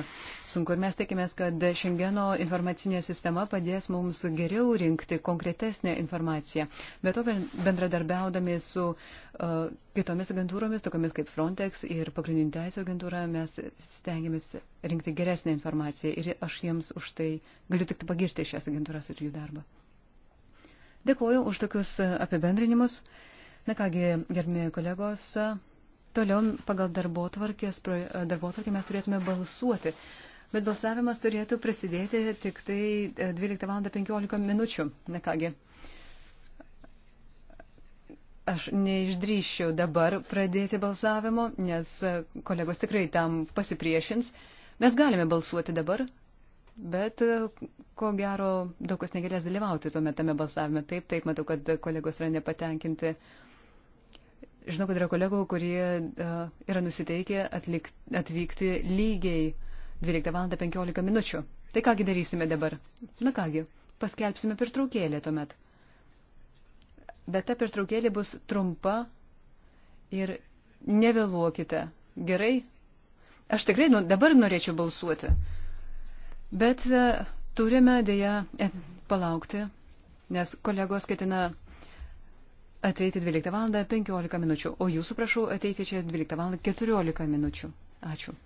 S2: sunku. Ir mes tikimės, kad šiandieno informacinė sistema padės mums geriau rinkti konkretesnę informaciją. Be to, bendradarbiaudami su uh, kitomis agentūromis, tokiamis kaip Frontex ir pagrindinių teisų agentūra, mes stengiamės rinkti geresnę informaciją. Ir aš jiems už tai galiu tik pagirti šias agentūras ir jų darbą. Dėkuoju už tokius apibendrinimus. Uh, Na kągi, gerbimi kolegos, toliau pagal darbo tvarkę mes turėtume balsuoti, bet balsavimas turėtų prasidėti tik tai 12.15 e, minučių. Na kągi, aš neišdryščiau dabar pradėti balsavimo, nes e, kolegos tikrai tam pasipriešins. Mes galime balsuoti dabar, bet e, ko gero daug kas negalės dalyvauti tuomet tame balsavime. Taip, taip, matau, kad kolegos yra nepatenkinti. Uh, Žinau, kad yra kolegų, kurie uh, yra nusiteikę atlik, atvykti lygiai 12 val. 15 minučių. Tai kągi darysime dabar? Na kągi, paskelbsime pertraukėlę tuomet. Bet ta pertraukėlė bus trumpa ir nevėluokite. Gerai? Aš tikrai nu, dabar norėčiau balsuoti. Bet uh, turime dėja e, palaukti, nes kolegos ketina ateiti 12 val. 15 minučių, o jūsų prašau ateiti čia 12 val. 14 minučių. Ačiū.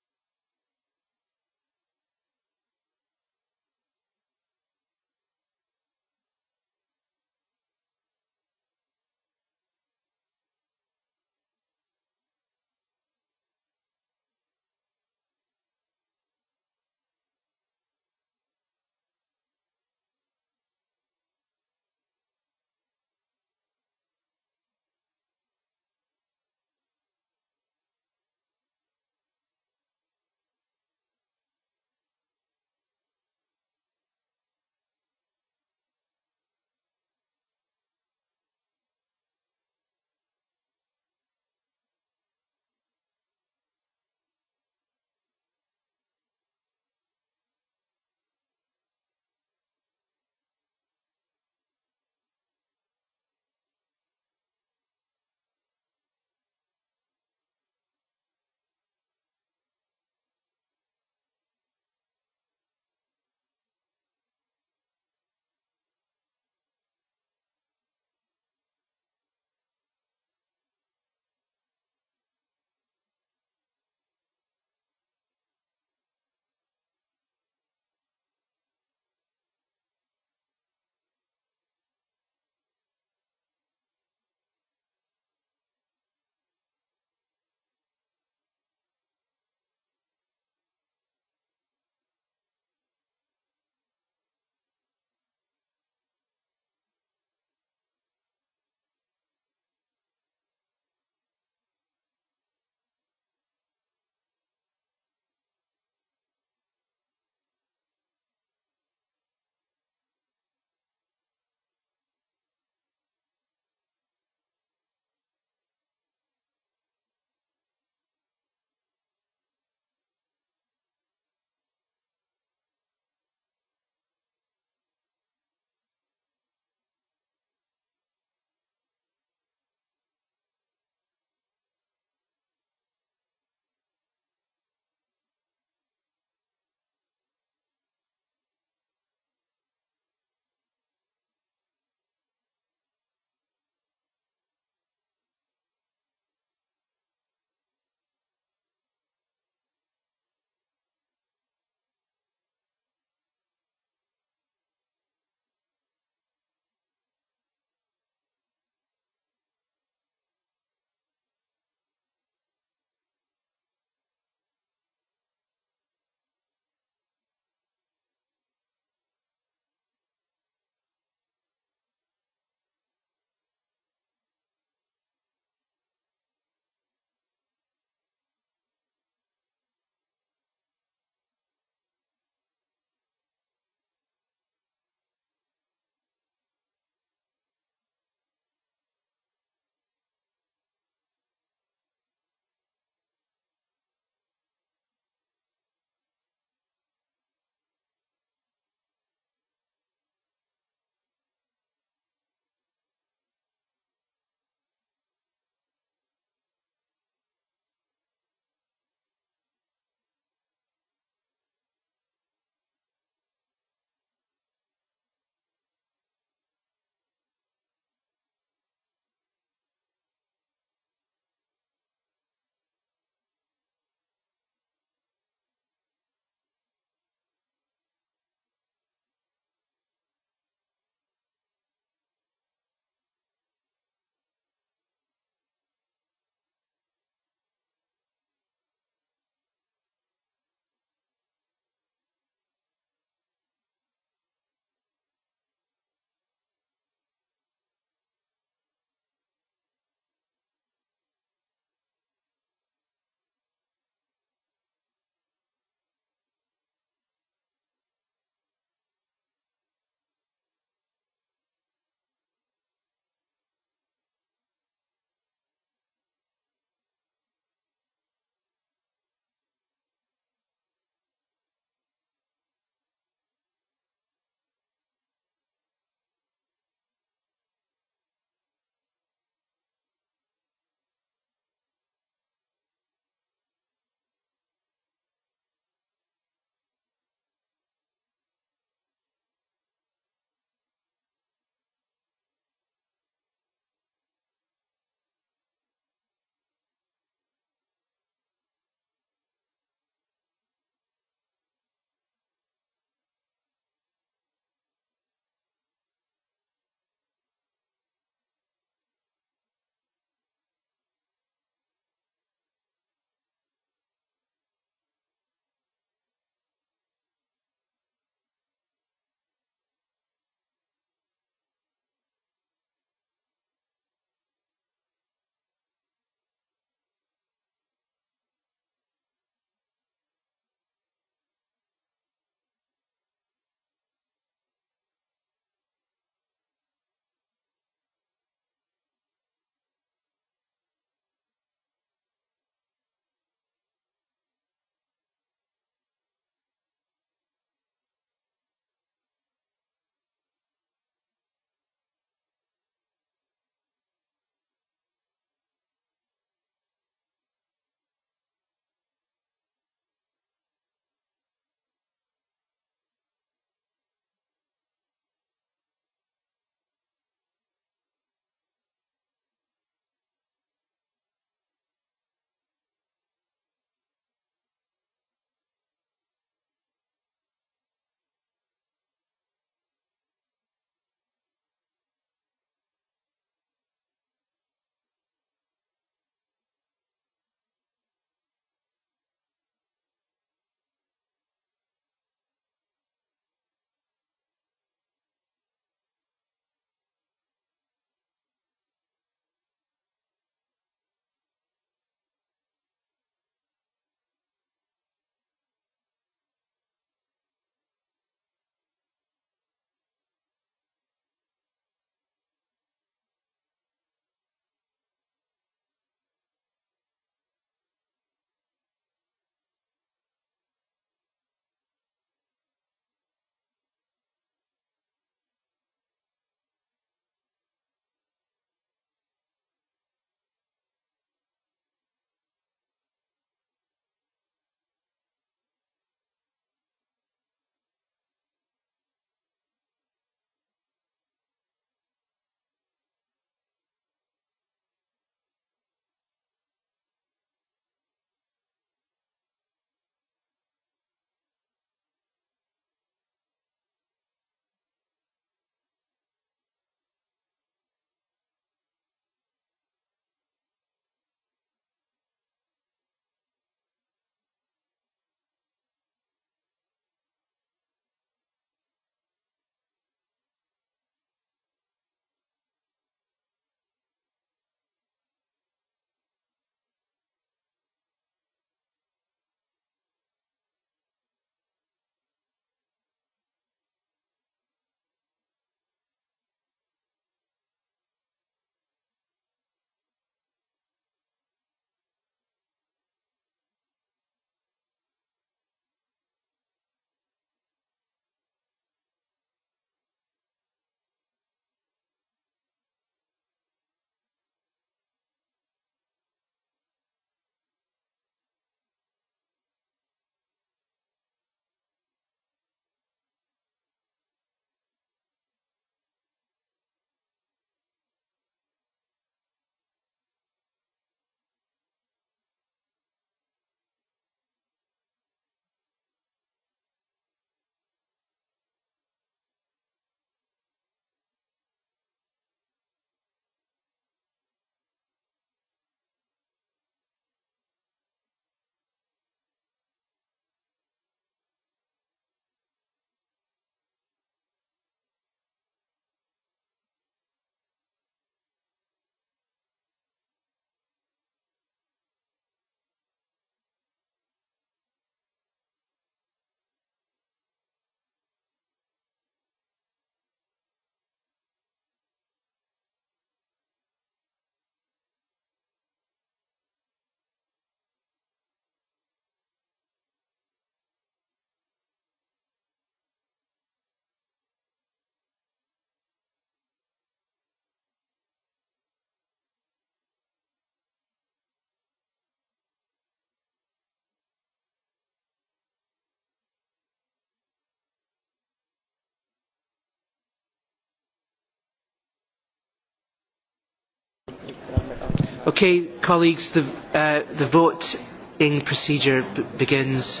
S2: Okay, colleagues, the, uh,
S1: the voting procedure begins.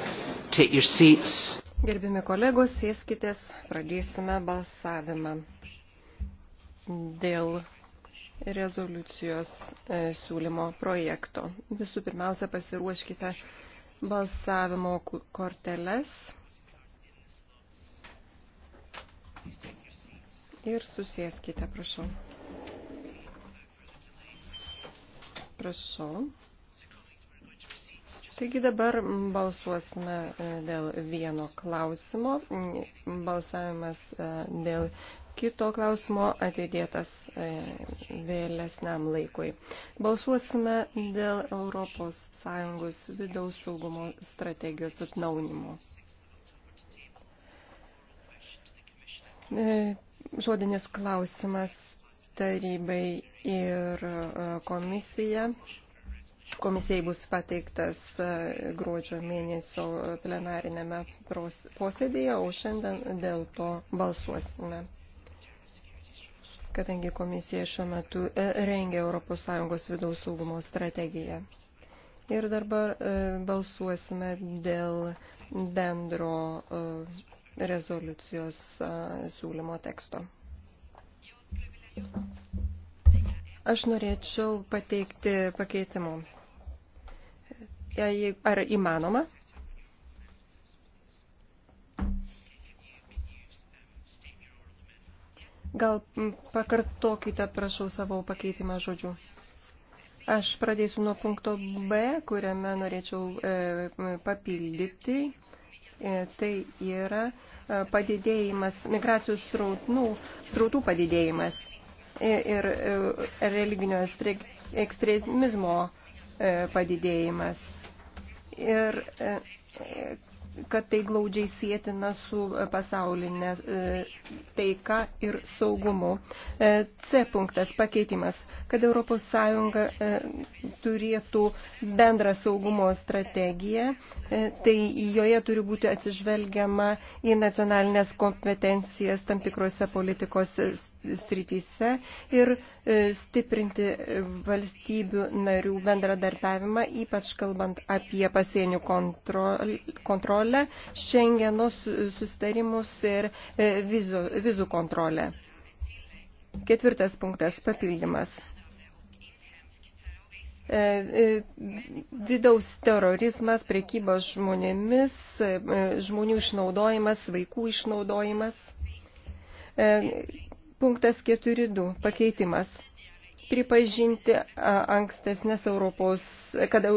S1: Take your seats.
S3: Gerbimi kolegos, sėskitės, pradėsime balsavimą dėl rezoliucijos e, siūlymo projekto. Visų pirmiausia, pasiruoškite balsavimo korteles ir susėskite, prašau. Prašau. Taigi dabar balsuosime e, dėl vieno klausimo. Balsavimas e, dėl kito klausimo atidėtas e, vėlesniam laikui. Balsuosime dėl ES vidaus saugumo strategijos atnaunimo. Žodinis klausimas tarybai ir e, komisija. Komisijai bus pateiktas e, gruodžio mėnesio plenarinėme posėdėje, o šiandien dėl to balsuosime. Kadangi komisija šiuo metu e, rengia ES vidaus saugumo strategiją. Ir dabar balsuosime dėl bendro rezoliucijos siūlymo teksto. Aš norėčiau pateikti pakeitimų. Ar įmanoma? Gal pakartokite, prašau, savo pakeitimą žodžių. Aš pradėsiu nuo punkto B, kuriame norėčiau e, papildyti. E, tai yra e, padidėjimas, migracijos strautnų, strautų padidėjimas ir e, religinio ekstremizmo e, padidėjimas. Ir e, kad tai glaudžiai sėtina su pasaulinė taika ir saugumu. C punktas pakeitimas, kad ES turėtų bendrą saugumo strategiją, tai joje turi būti atsižvelgiama į nacionalinės kompetencijas tam tikrose politikos srityse ir e, stiprinti valstybių narių bendradarbiavimą, ypač kalbant apie pasienių kontrolę, šengeno sustarimus ir e, vizų, vizų kontrolę. Ketvirtas punktas – papildymas e, vidaus terorizmas, prekybos žmonėmis, žmonių išnaudojimas, vaikų išnaudojimas. Punktas 4.2. Pakeitimas. Pripažinti ankstesnės Europos, kad e,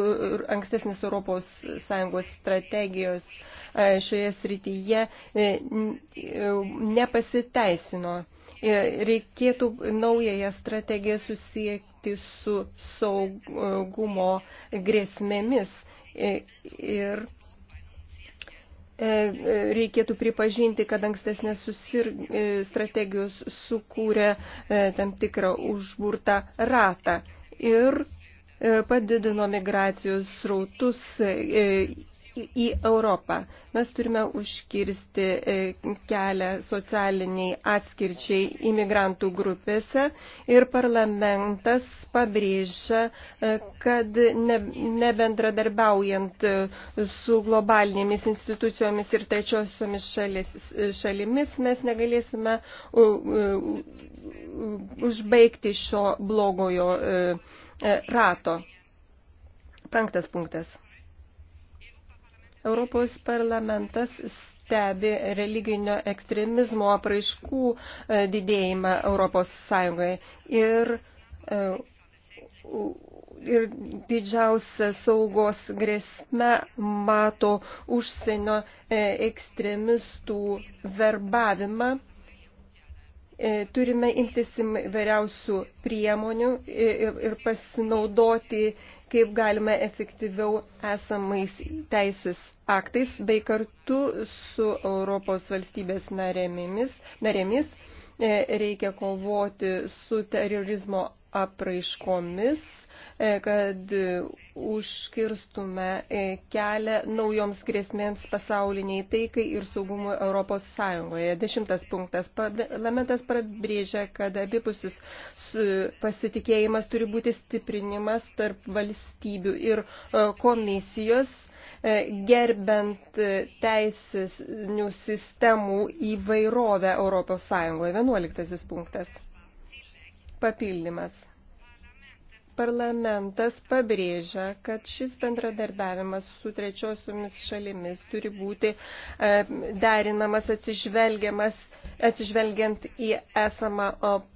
S3: ankstesnės Europos Sąjungos strategijos šioje srityje e, e, nepasiteisino. Reikėtų naująją strategiją susijęti su saugumo grėsmėmis ir E, e, reikėtų pripažinti, kad ankstesnės susir... E, strategijos sukūrė tam tikrą užburtą ratą ir padidino migracijos srautus į Europą. Mes turime užkirsti e, kelią socialiniai atskirčiai imigrantų grupėse ir parlamentas pabrėžia, e, kad nebendradarbiaujant e, su globalinėmis institucijomis ir trečiosiomis šalis, šalimis mes negalėsime užbaigti šio blogojo rato. Penktas punktas. Europos parlamentas stebi religinio ekstremizmo apraiškų e, didėjimą Europos Sąjungoje ir, e, ir didžiausią saugos grėsmę mato užsienio e, ekstremistų verbavimą turime imtis įvairiausių priemonių ir pasinaudoti kaip galima efektyviau esamais teisės aktais, bei kartu su Europos valstybės narėmis, narėmis e, reikia kovoti su terorizmo apraiškomis E, kad užkirstume e, kelią naujoms grėsmėms pasauliniai taikai ir saugumui Europos Sąjungoje. Dešimtas punktas. Parlamentas pabrėžia, kad abipusis pasitikėjimas turi būti stiprinimas tarp valstybių ir e, komisijos gerbent teisinių sistemų įvairovę Europos Sąjungoje. Vienuoliktasis punktas. Papildymas Parlamentas pabrėžia, kad šis bendradarbiavimas su trečiosiomis šalimis turi būti e, derinamas atsižvelgiant į esamą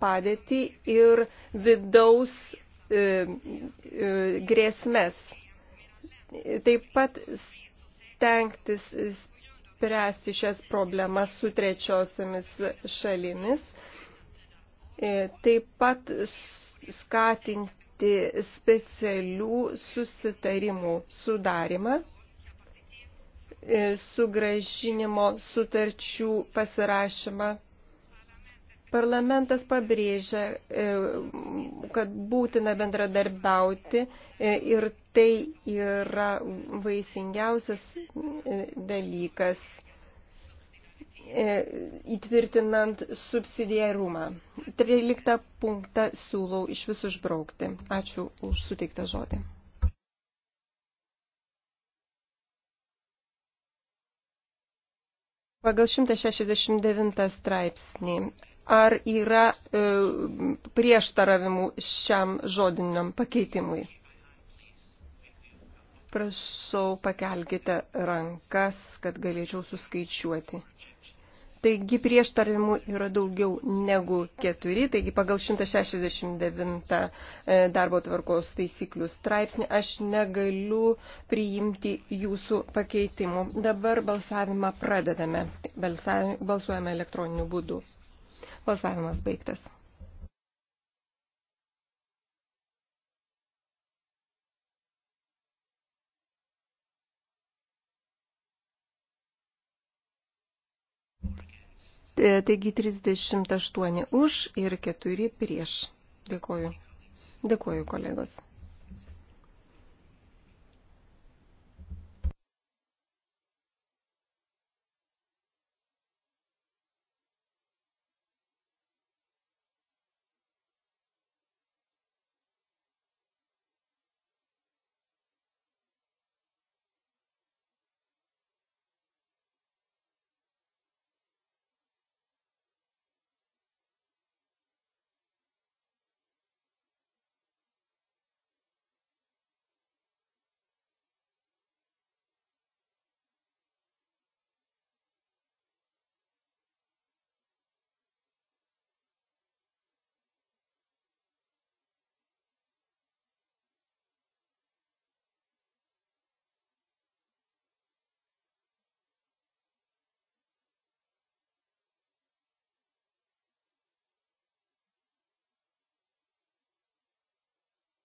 S3: padėtį ir vidaus e, e, grėsmės. Taip pat stengtis spręsti šias problemas su trečiosiamis šalimis, taip pat skatinti skatinti specialių susitarimų sudarimą, e, sugražinimo sutarčių pasirašymą. Parlamentas pabrėžia, e, kad būtina bendradarbiauti e, ir tai yra vaisingiausias dalykas E, įtvirtinant subsidiarumą. 13 punktą siūlau iš visų išbraukti. Ačiū už suteiktą žodį. Pagal 169 straipsnį, ar yra e, prieštaravimų šiam žodiniam pakeitimui? Prašau, pakelkite rankas, kad galėčiau suskaičiuoti. Taigi prieštaravimų yra daugiau negu keturi, taigi pagal 169 e, darbo tvarkos taisyklių straipsnį aš negaliu priimti jūsų pakeitimų. Dabar balsavimą pradedame. Balsuojame elektroniniu būdu. Balsavimas baigtas. E, taigi 38 už ir 4 prieš. Dėkuoju. Dėkuoju, kolegos.